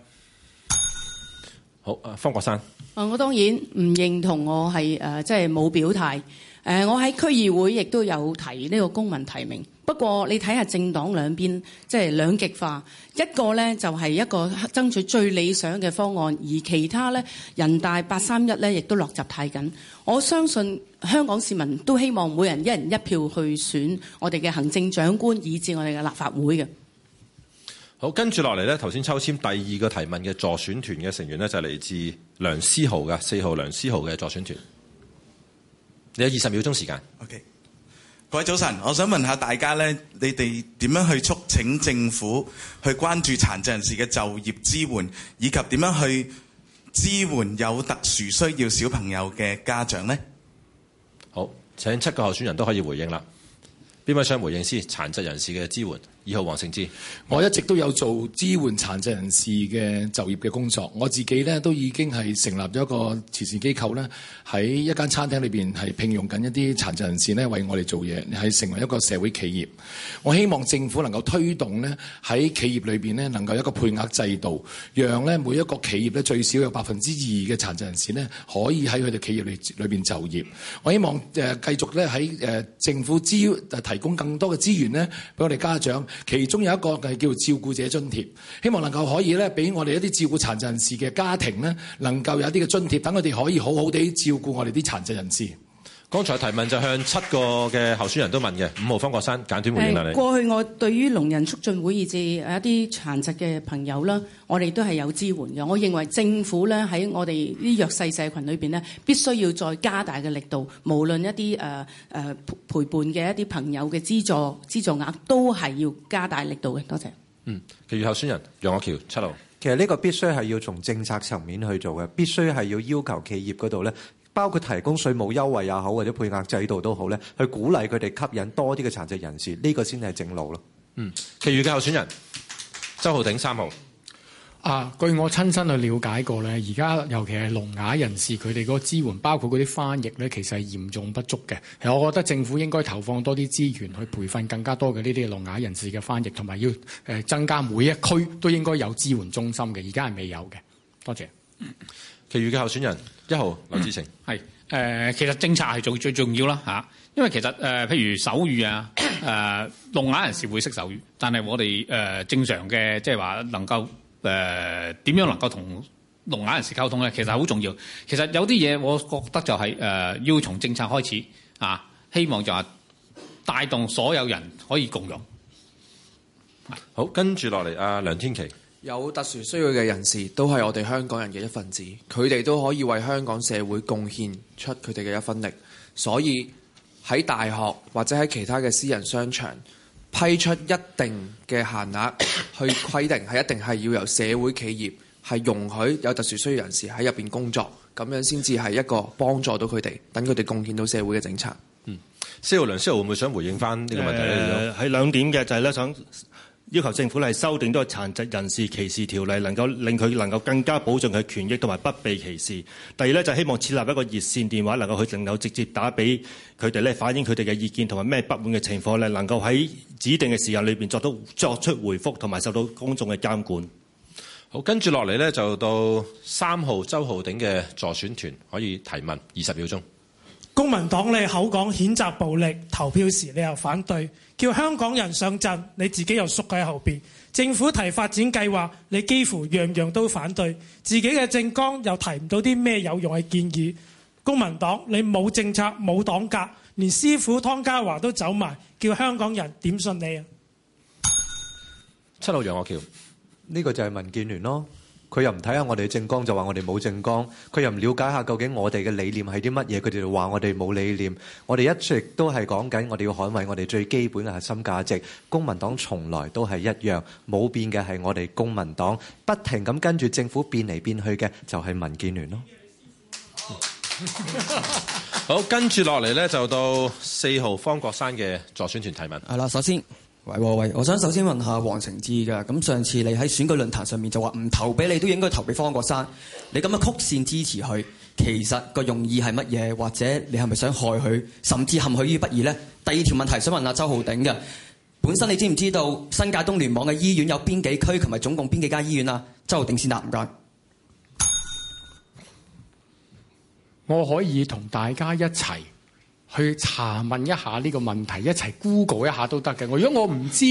好，阿、啊、方國珊，啊，我當然唔認同我係誒、啊，即係冇表態。我喺區議會亦都有提呢個公民提名。不過，你睇下政黨兩邊，即係兩極化。一個呢就係一個爭取最理想嘅方案，而其他呢，人大八三一呢亦都落閘太緊。我相信香港市民都希望每人一人一票去選我哋嘅行政長官，以至我哋嘅立法會嘅。好，跟住落嚟呢，頭先抽籤第二個提問嘅助選團嘅成員呢，就係嚟自梁思豪嘅四號梁思豪嘅助選團。你有二十秒鐘時間。OK，各位早晨，我想問下大家呢，你哋點樣去促請政府去關注殘疾人士嘅就業支援，以及點樣去支援有特殊需要小朋友嘅家長呢？好，請七個候選人都可以回應啦。邊位想回應先？殘疾人士嘅支援。以後黃成智，我一直都有做支援殘疾人士嘅就業嘅工作。我自己咧都已經係成立咗一個慈善機構咧，喺一間餐廳裏面係聘用緊一啲殘疾人士咧為我哋做嘢，係成為一個社會企業。我希望政府能夠推動咧喺企業裏面咧能夠有一個配額制度，讓咧每一個企業咧最少有百分之二嘅殘疾人士咧可以喺佢哋企業裏裏邊就業。我希望誒繼續咧喺政府提供更多嘅資源咧俾我哋家長。其中有一個係叫做照顧者津貼，希望能夠可以咧，俾我哋一啲照顧殘疾人士嘅家庭呢能夠有一啲嘅津貼，等佢哋可以好好地照顧我哋啲殘疾人士。剛才提問就向七個嘅候選人，都問嘅。五號方國珊，簡短回應下你。過去我對於聾人促進會以至誒一啲殘疾嘅朋友啦，我哋都係有支援嘅。我認為政府咧喺我哋呢弱勢社群裏邊咧，必須要再加大嘅力度。無論一啲誒誒陪伴嘅一啲朋友嘅資助資助額，都係要加大力度嘅。多謝。嗯，其餘候選人楊岳橋七號，其實呢個必須係要從政策層面去做嘅，必須係要要求企業嗰度咧。包括提供稅務優惠也好，或者配額制度都好咧，去鼓勵佢哋吸引多啲嘅殘疾人士，呢、這個先係正路咯。嗯，其餘嘅候選人，周浩鼎三號。啊，據我親身去了解過咧，而家尤其係聾啞人士佢哋嗰個支援，包括嗰啲翻譯咧，其實係嚴重不足嘅。其實我覺得政府應該投放多啲資源去培訓更加多嘅呢啲聾啞人士嘅翻譯，同埋要誒、呃、增加每一區都應該有支援中心嘅。而家係未有嘅。多謝。嗯、其餘嘅候選人。一號，劉志成係誒，其實政策係做最，最重要啦嚇、啊，因為其實誒、呃，譬如手語啊，誒、呃，聾啞人士會識手語，但係我哋誒、呃、正常嘅，即係話能夠誒點、呃、樣能夠同聾啞人士溝通咧，其實好重要。其實有啲嘢，我覺得就係、是、誒、呃，要從政策開始啊，希望就係帶動所有人可以共融。好，跟住落嚟，阿梁天琦。有特殊需要嘅人士，都係我哋香港人嘅一份子，佢哋都可以為香港社會貢獻出佢哋嘅一分力。所以喺大學或者喺其他嘅私人商場，批出一定嘅限額去規定係一定係要由社會企業，係容許有特殊需要人士喺入邊工作，咁樣先至係一個幫助到佢哋，等佢哋貢獻到社會嘅政策。嗯，梁思豪先生會唔會想回應翻呢個問題？咧、嗯？喺兩點嘅就係咧，想。要求政府咧修訂多個殘疾人士歧視條例，能夠令佢能夠更加保障佢權益同埋不被歧視。第二呢，就是，希望設立一個熱線電話，能夠去能夠直接打俾佢哋呢，反映佢哋嘅意見同埋咩不滿嘅情況，能夠喺指定嘅時間裏面作到作出回覆同埋受到公眾嘅監管。好，跟住落嚟呢，就到三號周浩鼎嘅助選團可以提問二十秒鐘。公民黨，你口講譴責暴力，投票時你又反對，叫香港人上陣，你自己又縮喺後邊。政府提發展計劃，你幾乎樣樣都反對，自己嘅政綱又提唔到啲咩有用嘅建議。公民黨，你冇政策，冇黨格，連師傅湯家驊都走埋，叫香港人點信你啊？七號楊岳橋，呢個就係民建聯咯。佢又唔睇下我哋嘅政綱，就話我哋冇政綱。佢又唔了解下究竟我哋嘅理念係啲乜嘢，佢哋就話我哋冇理念。我哋一直都係講緊我哋要捍衛我哋最基本嘅核心價值。公民黨從來都係一樣，冇變嘅係我哋公民黨，不停咁跟住政府變嚟變去嘅就係民建聯咯。好，跟住落嚟呢，就到四號方國珊嘅助選團提問。好啦，首先。喂喂，我想首先問下黃成智嘅，咁上次你喺選舉論壇上面就話唔投俾你都應該投俾方國珊，你咁樣曲線支持佢，其實個用意係乜嘢？或者你係咪想害佢，甚至陷佢於不義呢？第二條問題想問下、啊、周浩鼎嘅，本身你知唔知道新界東聯網嘅醫院有邊幾區，同埋總共邊幾間醫院啊？周浩鼎先答，唔該。我可以同大家一齊，去查問一下呢個問題，一齊 Google 一下都得嘅。我如果我唔知，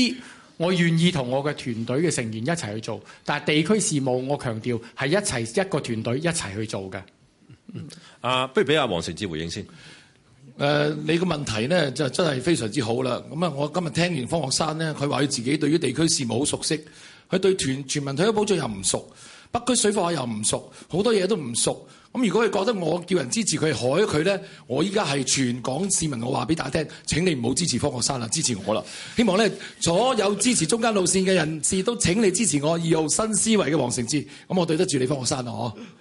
我願意同我嘅團隊嘅成員一齊去做。但係地區事務，我強調係一齊一,一個團隊一齊去做嘅。啊，不如俾阿黃成智回應先。誒、呃，你個問題咧就真係非常之好啦。咁啊，我今日聽完方學生咧，佢話佢自己對於地區事務好熟悉，佢對全全民退休保障又唔熟，北區水貨又唔熟，好多嘢都唔熟。咁如果你覺得我叫人支持佢海佢咧，我依家係全港市民，我話俾大家聽：請你唔好支持方國珊啦，支持我啦！希望咧，所有支持中間路線嘅人士都請你支持我二號新思維嘅黃成智。咁我對得住你方國珊啦，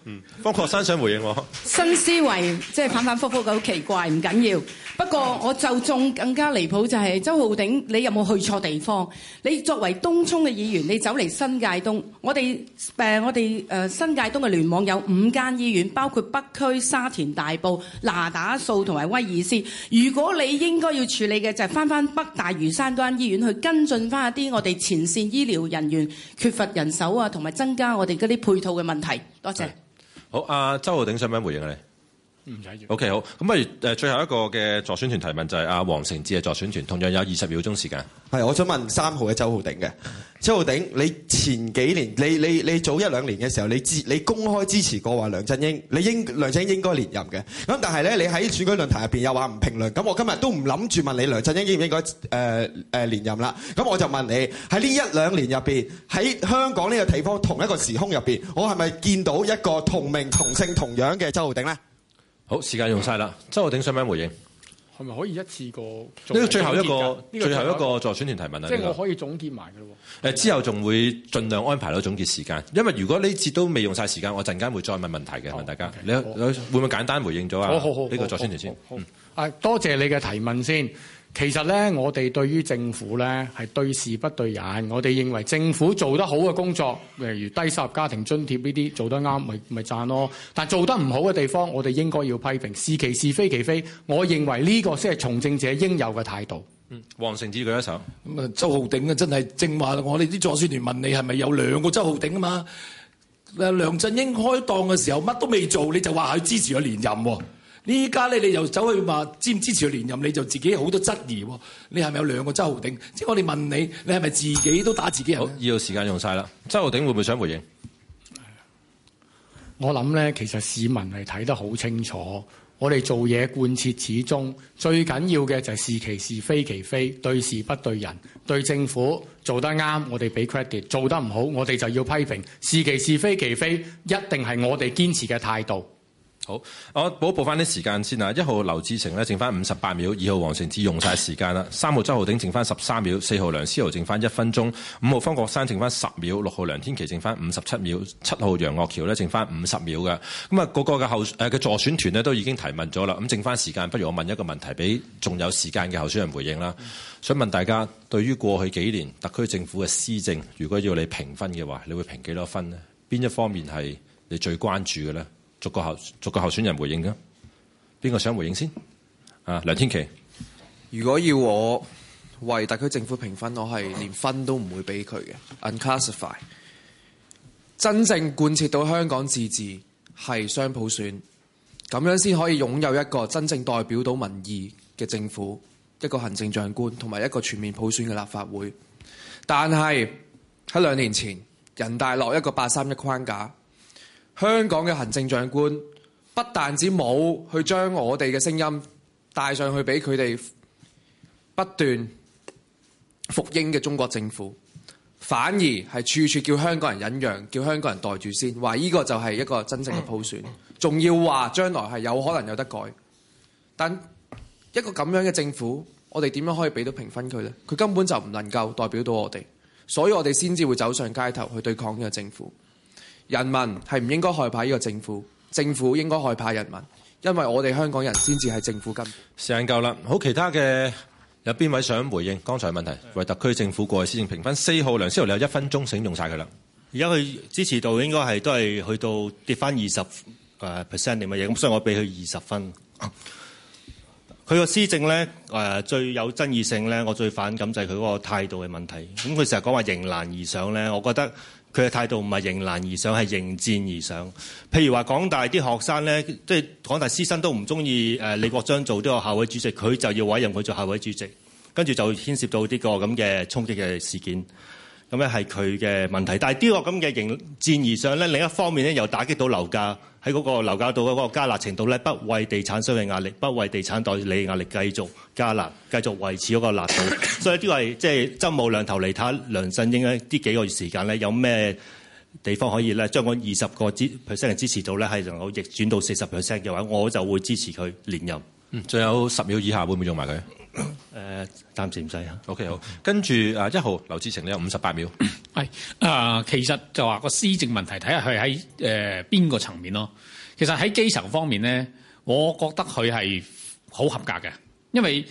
嗯，方國珊想回應我。新思維即係、就是、反反覆覆好奇怪，唔緊要。不過我就仲更加離譜、就是，就係周浩鼎，你有冇去錯地方？你作為東涌嘅議員，你走嚟新界東，我哋、呃、我哋、呃、新界東嘅聯網有五間醫院包包括北區、沙田、大埔、那打素同埋威爾斯，如果你應該要處理嘅就係返返北大嶼山嗰間醫院去跟進返一啲我哋前綫醫療人員缺乏人手啊，同埋增加我哋嗰啲配套嘅問題。多謝。好，阿、啊、周浩鼎，想唔想回應你？唔使住。OK，好。咁最後一個嘅助選團提問就係阿黃成智嘅助選團，同樣有二十秒鐘時間。係，我想問三號嘅周浩鼎嘅。周浩鼎，你前幾年，你你你早一兩年嘅時候，你支你公開支持過話梁振英，你應梁振英應該連任嘅。咁但係咧，你喺選舉論壇入面又話唔評論。咁我今日都唔諗住問你梁振英應唔應該、呃呃、連任啦。咁我就問你喺呢一兩年入面，喺香港呢個地方同一個時空入面，我係咪見到一個同名同姓同樣嘅周浩鼎咧？好，時間用晒啦。周浩鼎，想唔想回應？係咪可以一次過一個？呢個最後一個,一個，最後一個助選團提問啊！即、就、係、是、我可以總結埋㗎咯。誒、這個，之後仲會盡量安排到總結時間，因為如果呢次都未用晒時間，我陣間會再問問題嘅問大家。Okay, 你會會唔會簡單回應咗啊？呢、這個助選團先。好好好好好好嗯、多謝你嘅提問先。其實咧，我哋對於政府咧係對事不對人。我哋認為政府做得好嘅工作，例如低收入家庭津貼呢啲做得啱，咪咪讚咯。但做得唔好嘅地方，我哋應該要批評，是其是非其非。我認為呢個先係從政者應有嘅態度。嗯，黃成智舉一手，咁啊，周浩鼎啊，真係正話我哋啲助選團問你係咪有兩個周浩鼎啊嘛？梁振英開檔嘅時候乜都未做，你就話佢支持咗連任喎？呢家咧，你又走去話支唔支持佢連任，你就自己好多質疑喎。你係咪有兩個周浩鼎？即我哋問你，你係咪自己都打自己人？好，呢個時間用晒啦。周浩鼎會唔會想回應？我諗咧，其實市民係睇得好清楚。我哋做嘢貫徹始終，最緊要嘅就係是其是非其非，對事不對人。對政府做得啱，我哋俾 credit；做得唔好，我哋就要批評。是其是非其非，一定係我哋堅持嘅態度。好，我補補翻啲時間先啊！一號劉志成呢剩翻五十八秒；二號黃成智用晒時間啦；三號周浩鼎剩翻十三秒；四號梁思豪剩翻一分鐘；五號方國珊剩翻十秒；六號梁天琦剩翻五十七秒；七號楊岳橋呢剩翻五十秒嘅。咁啊，個個嘅後誒嘅助選團呢都已經提問咗啦。咁剩翻時間，不如我問一個問題俾仲有時間嘅候選人回應啦、嗯。想問大家，對於過去幾年特區政府嘅施政，如果要你評分嘅話，你會評幾多分呢？邊一方面係你最關注嘅呢？逐個候逐個候選人回應噶，邊個想回應先？啊，梁天琦：「如果要我為特區政府評分，我係連分都唔會俾佢嘅。Unclassify、嗯。真正貫徹到香港自治係雙普選，咁樣先可以擁有一個真正代表到民意嘅政府，一個行政長官同埋一個全面普選嘅立法會。但係喺兩年前，人大落一個八三一框架。香港嘅行政長官不但止冇去將我哋嘅聲音帶上去俾佢哋不斷服膺嘅中國政府，反而係處處叫香港人忍讓，叫香港人袋住先，話呢個就係一個真正嘅普選，仲要話將來係有可能有得改。但一個咁樣嘅政府，我哋點樣可以俾到評分佢呢？佢根本就唔能夠代表到我哋，所以我哋先至會走上街頭去對抗呢個政府。人民係唔應該害怕呢個政府，政府應該害怕人民，因為我哋香港人先至係政府根。時間夠啦，好，其他嘅有邊位想回應剛才嘅問題？為特區政府過去施政評分，四號梁思豪你有一分鐘醒了，醒用晒佢啦。而家佢支持度應該係都係去到跌翻二十誒 percent 定乜嘢，咁所以我俾佢二十分。佢個施政咧誒最有爭議性咧，我最反感就係佢嗰個態度嘅問題。咁佢成日講話迎難而上咧，我覺得。佢嘅態度唔係迎難而上，係迎戰而上。譬如話，港大啲學生咧，即係港大師生都唔中意誒李國章做呢個校委主席，佢就要委任佢做校委主席，跟住就牽涉到呢個咁嘅衝擊嘅事件。咁咧係佢嘅問題，但係呢個咁嘅形戰而上咧，另一方面咧又打擊到樓價，喺嗰個樓價度嗰個加辣程度咧，不為地產商嘅壓力，不為地產代理壓力繼續加辣，繼續維持嗰個辣度。 [coughs] 所以呢個係即係針無兩頭利，睇下梁振英咧，呢幾個月時間咧有咩地方可以咧將嗰二十個之 percent 嘅支持度咧係能夠逆轉到四十 percent 嘅話，我就會支持佢連任。嗯，仲有十秒，以下會唔會用埋佢？誒、呃，暫時唔使 O K，好，跟住一號劉志成咧，你有五十八秒。係、呃、其實就話個施政問題睇下佢喺誒邊個層面咯。其實喺基層方面咧，我覺得佢係好合格嘅，因為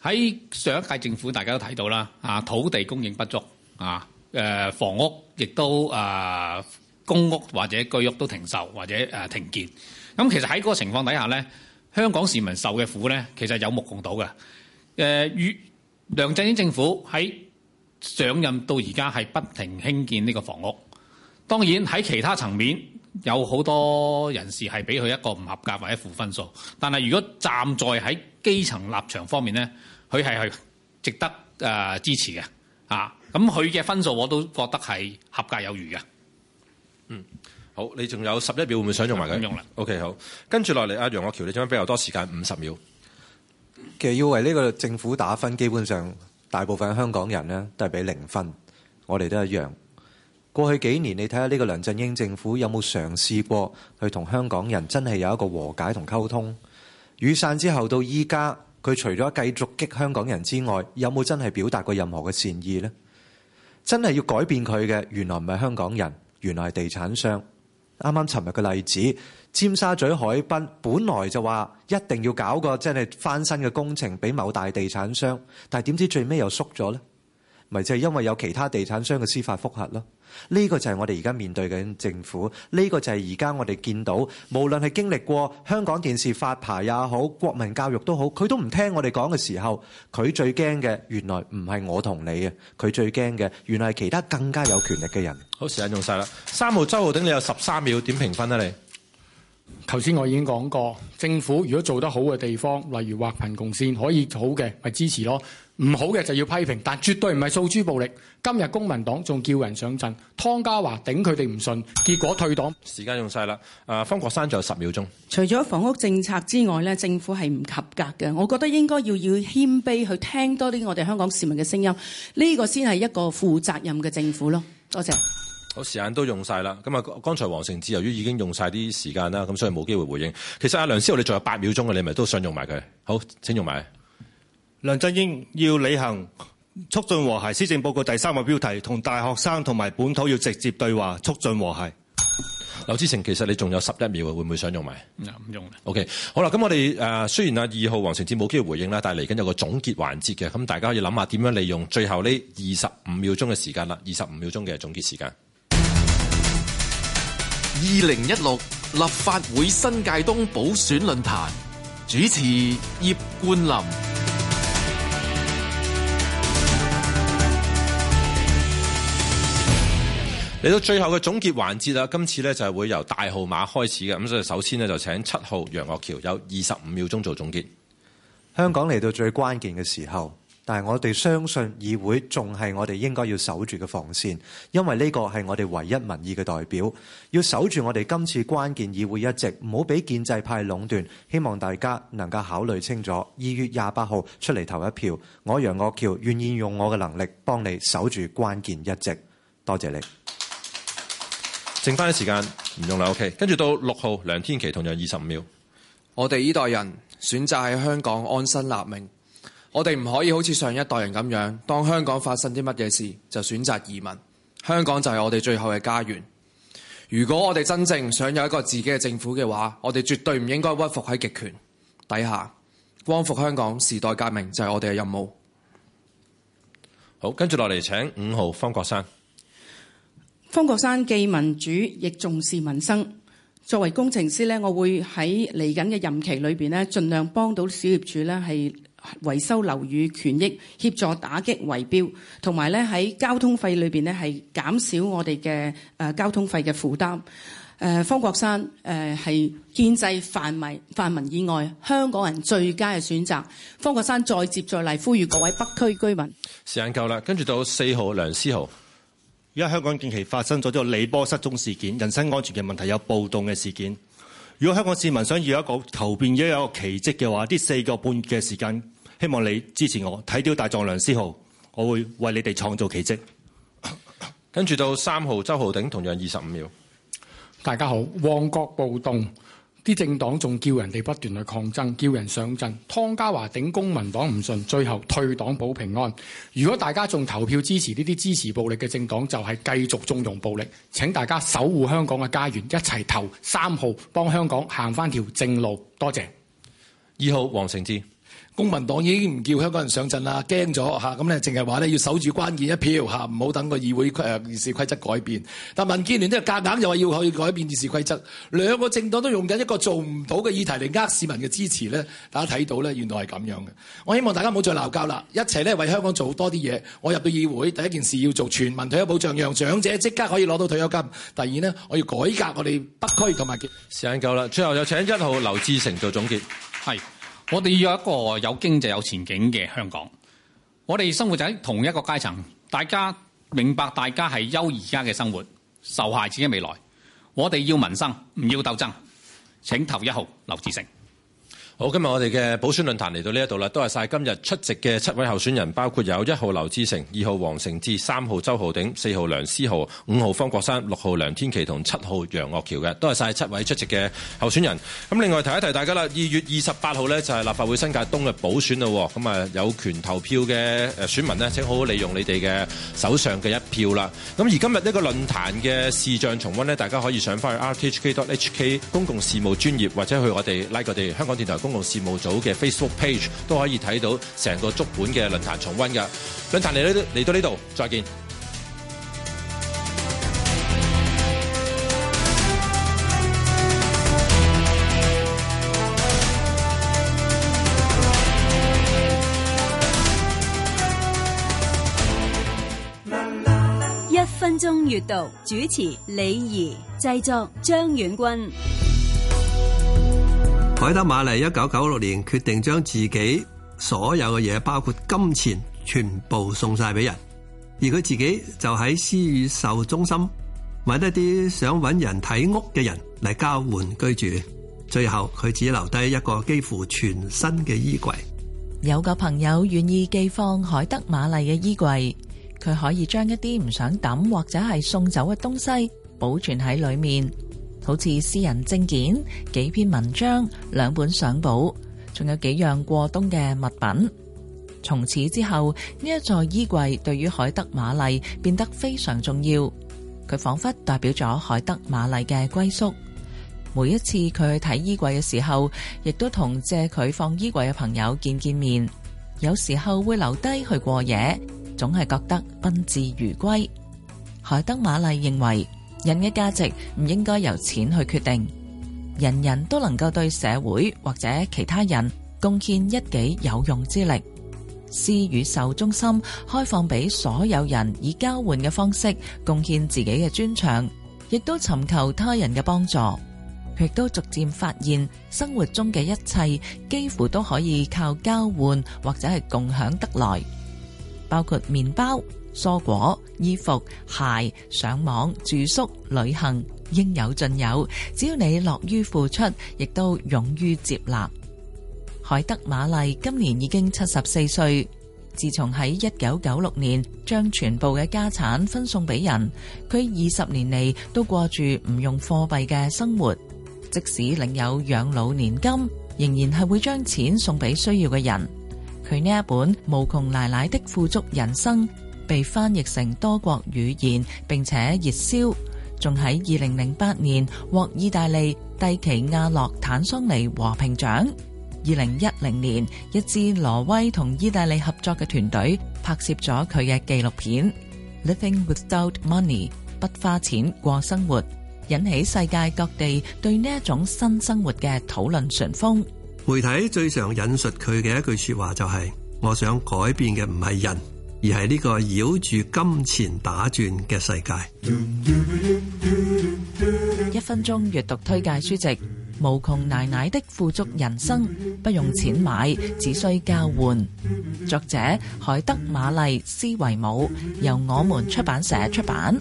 喺上一屆政府大家都睇到啦啊，土地供應不足啊，誒房屋亦都、啊、公屋或者居屋都停售或者誒、啊、停建。咁其實喺嗰個情況底下咧，香港市民受嘅苦咧，其實有目共睹嘅。誒、呃、與梁振英政府喺上任到而家係不停興建呢個房屋，當然喺其他層面有好多人士係俾佢一個唔合格或者負分數，但係如果站在喺基層立場方面咧，佢係係值得誒、呃、支持嘅啊！咁佢嘅分數我都覺得係合格有餘嘅。嗯，好，你仲有十一秒，會唔會想用埋佢？用啦。O K，好，跟住落嚟阿楊岳橋，你將比較多時間，五十秒。其實要為呢個政府打分，基本上大部分香港人呢都係俾零分，我哋都一樣。過去幾年，你睇下呢個梁振英政府有冇嘗試過去同香港人真係有一個和解同溝通？雨傘之後到依家，佢除咗繼續激香港人之外，有冇真係表達過任何嘅善意呢？真係要改變佢嘅，原來唔係香港人，原來係地產商。啱啱尋日嘅例子。尖沙咀海濱本來就話一定要搞個真係翻新嘅工程俾某大地產商，但係點知最尾又縮咗呢？咪就係、是、因為有其他地產商嘅司法覆核咯。呢、這個就係我哋而家面對緊政府，呢、這個就係而家我哋見到，無論係經歷過香港電視發牌也好，國民教育都好，佢都唔聽我哋講嘅時候，佢最驚嘅原來唔係我同你啊，佢最驚嘅原來係其他更加有權力嘅人。好，時間用晒啦，三號周浩鼎，你有十三秒點評分啊你？頭先我已經講過，政府如果做得好嘅地方，例如劃貧共線可以做好嘅，咪支持咯；唔好嘅就要批評，但絕對唔係訴諸暴力。今日公民黨仲叫人上陣，湯家驊頂佢哋唔順，結果退黨。時間用晒啦，誒、啊，方國珊仲有十秒鐘。除咗房屋政策之外咧，政府係唔及格嘅。我覺得應該要要謙卑去聽多啲我哋香港市民嘅聲音，呢、這個先係一個負責任嘅政府咯。多謝。好時間都用晒啦，咁啊，剛才黃成智，由於已經用晒啲時間啦，咁所以冇機會回應。其實阿梁思豪，你，你仲有八秒鐘嘅，你咪都想用埋佢。好，請用埋梁振英，要履行促進和諧施政報告第三個標題，同大學生同埋本土要直接對話，促進和諧。劉志成，其實你仲有十一秒嘅，會唔會想用埋？唔、嗯、用 O、okay, K，好啦，咁我哋誒，雖然阿二號黃成智冇機會回應啦，但係嚟緊有個總結環節嘅，咁大家可以諗下點樣利用最後呢二十五秒鐘嘅時間啦，二十五秒鐘嘅總結時間。二零一六立法會新界東補選論壇，主持葉冠霖。嚟到最後嘅總結環節啦，今次咧就係會由大號碼開始嘅，咁所以首先呢，就請七號楊岳橋有二十五秒鐘做總結。香港嚟到最關鍵嘅時候。但係我哋相信議會仲係我哋應該要守住嘅防線，因為呢個係我哋唯一民意嘅代表，要守住我哋今次關鍵議會一席，唔好俾建制派壟斷。希望大家能夠考慮清楚，二月廿八號出嚟投一票。我楊岳橋願意用我嘅能力幫你守住關鍵一席。多謝你。剩翻啲時間唔用啦，OK。跟住到六號梁天琦，同樣二十五秒。我哋呢代人選擇喺香港安身立命。我哋唔可以好似上一代人咁樣，當香港發生啲乜嘢事就選擇移民。香港就係我哋最後嘅家園。如果我哋真正想有一個自己嘅政府嘅話，我哋絕對唔應該屈服喺極權底下。光復香港、時代革命就係我哋嘅任務。好，跟住落嚟，請五號方國珊。方國珊既民主亦重視民生。作為工程師呢，我會喺嚟緊嘅任期裏邊呢，盡量幫到小業主呢。係。維修樓宇權益，協助打擊圍標，同埋咧喺交通費裏邊咧係減少我哋嘅誒交通費嘅負擔。誒、呃、方國珊誒係、呃、建制泛民泛民以外香港人最佳嘅選擇。方國珊再接再厲，呼籲各位北區居民。時間夠啦，跟住到四號梁思豪。而家香港近期發生咗呢個李波失蹤事件，人身安全嘅問題，有暴動嘅事件。如果香港市民想要一個求變有一個奇蹟嘅話，呢四個半月嘅時間。希望你支持我，睇雕大壯梁思豪，我會為你哋創造奇蹟。跟 [laughs] 住到三號周浩鼎，同樣二十五秒。大家好，旺角暴動，啲政黨仲叫人哋不斷去抗爭，叫人上陣。湯家驊頂公民黨唔順，最後退黨保平安。如果大家仲投票支持呢啲支持暴力嘅政黨，就係、是、繼續縱容暴力。請大家守護香港嘅家園，一齊投三號，幫香港行翻條正路。多謝。二號黃成智。公民黨已經唔叫香港人上陣啦，驚咗吓，咁咧淨係話咧要守住關鍵一票吓，唔好等個議會、呃、議事規則改變。但民建聯都夾硬又話要可以改變議事規則，兩個政黨都用緊一個做唔到嘅議題嚟呃市民嘅支持咧。大家睇到咧，原來係咁樣嘅。我希望大家唔好再鬧交啦，一齊咧為香港做多啲嘢。我入到議會第一件事要做全民退休保障，讓長者即刻可以攞到退休金。第二咧，我要改革我哋北區同埋嘅。時間夠啦，最後就請一號劉志成做總結。係。我哋要一個有經濟有前景嘅香港，我哋生活就喺同一個階層，大家明白大家係憂而家嘅生活，愁孩子嘅未來。我哋要民生，唔要鬥爭。請投一號劉志成。好，今日我哋嘅補選論壇嚟到呢一度啦，多謝晒今日出席嘅七位候選人，包括有：一號劉志成、二號黃成智、三號周浩鼎、四號梁思豪、五號方國珊、六號梁天琦同七號楊岳橋嘅，多謝晒七位出席嘅候選人。咁另外提一提大家啦，二月二十八號呢就係立法會新界東嘅補選喎。咁啊有權投票嘅選民呢，請好好利用你哋嘅手上嘅一票啦。咁而今日呢個論壇嘅視像重温呢，大家可以上翻去 rthk.hk 公共事務專頁或者去我哋拉、like、我哋香港電台公。無事務組嘅 Facebook page 都可以睇到成個足本嘅論壇重溫㗎。論壇，嚟到嚟到呢度再見。一分鐘閱讀，主持李怡，製作張遠軍。海德瑪麗一九九六年決定將自己所有嘅嘢，包括金錢，全部送晒俾人，而佢自己就喺私售中心揾一啲想揾人睇屋嘅人嚟交換居住。最後佢只留低一個幾乎全新嘅衣櫃。有個朋友願意寄放海德瑪麗嘅衣櫃，佢可以將一啲唔想抌或者係送走嘅東西保存喺裏面。好似私人證件、幾篇文章、兩本相簿，仲有幾樣過冬嘅物品。從此之後，呢一座衣櫃對於海德瑪麗變得非常重要。佢彷彿代表咗海德瑪麗嘅歸宿。每一次佢去睇衣櫃嘅時候，亦都同借佢放衣櫃嘅朋友見見面。有時候會留低去過夜，總係覺得賓至如歸。海德瑪麗認為。人嘅價值唔應該由錢去決定，人人都能夠對社會或者其他人貢獻一己有用之力。施與受中心開放俾所有人，以交換嘅方式貢獻自己嘅專長，亦都尋求他人嘅幫助，亦都逐漸發現生活中嘅一切幾乎都可以靠交換或者係共享得來，包括麵包。蔬果、衣服、鞋、上網、住宿、旅行，應有盡有。只要你樂於付出，亦都勇於接納。海德瑪麗今年已經七十四歲，自從喺一九九六年將全部嘅家產分送俾人，佢二十年嚟都過住唔用貨幣嘅生活。即使領有養老年金，仍然係會將錢送俾需要嘅人。佢呢一本《無窮奶奶的富足人生》。被翻譯成多國語言，並且熱銷，仲喺二零零八年獲意大利蒂奇亞洛坦桑尼和平獎。二零一零年，一支挪威同意大利合作嘅團隊拍攝咗佢嘅紀錄片《Living Without Money》，不花錢過生活，引起世界各地對呢一種新生活嘅討論順風。媒體最常引述佢嘅一句說話就係：我想改變嘅唔係人。而係呢個繞住金錢打轉嘅世界。一分鐘閱讀推介書籍《無窮奶奶的富足人生》，不用錢買，只需交換。作者海德瑪麗斯維姆，由我們出版社出版。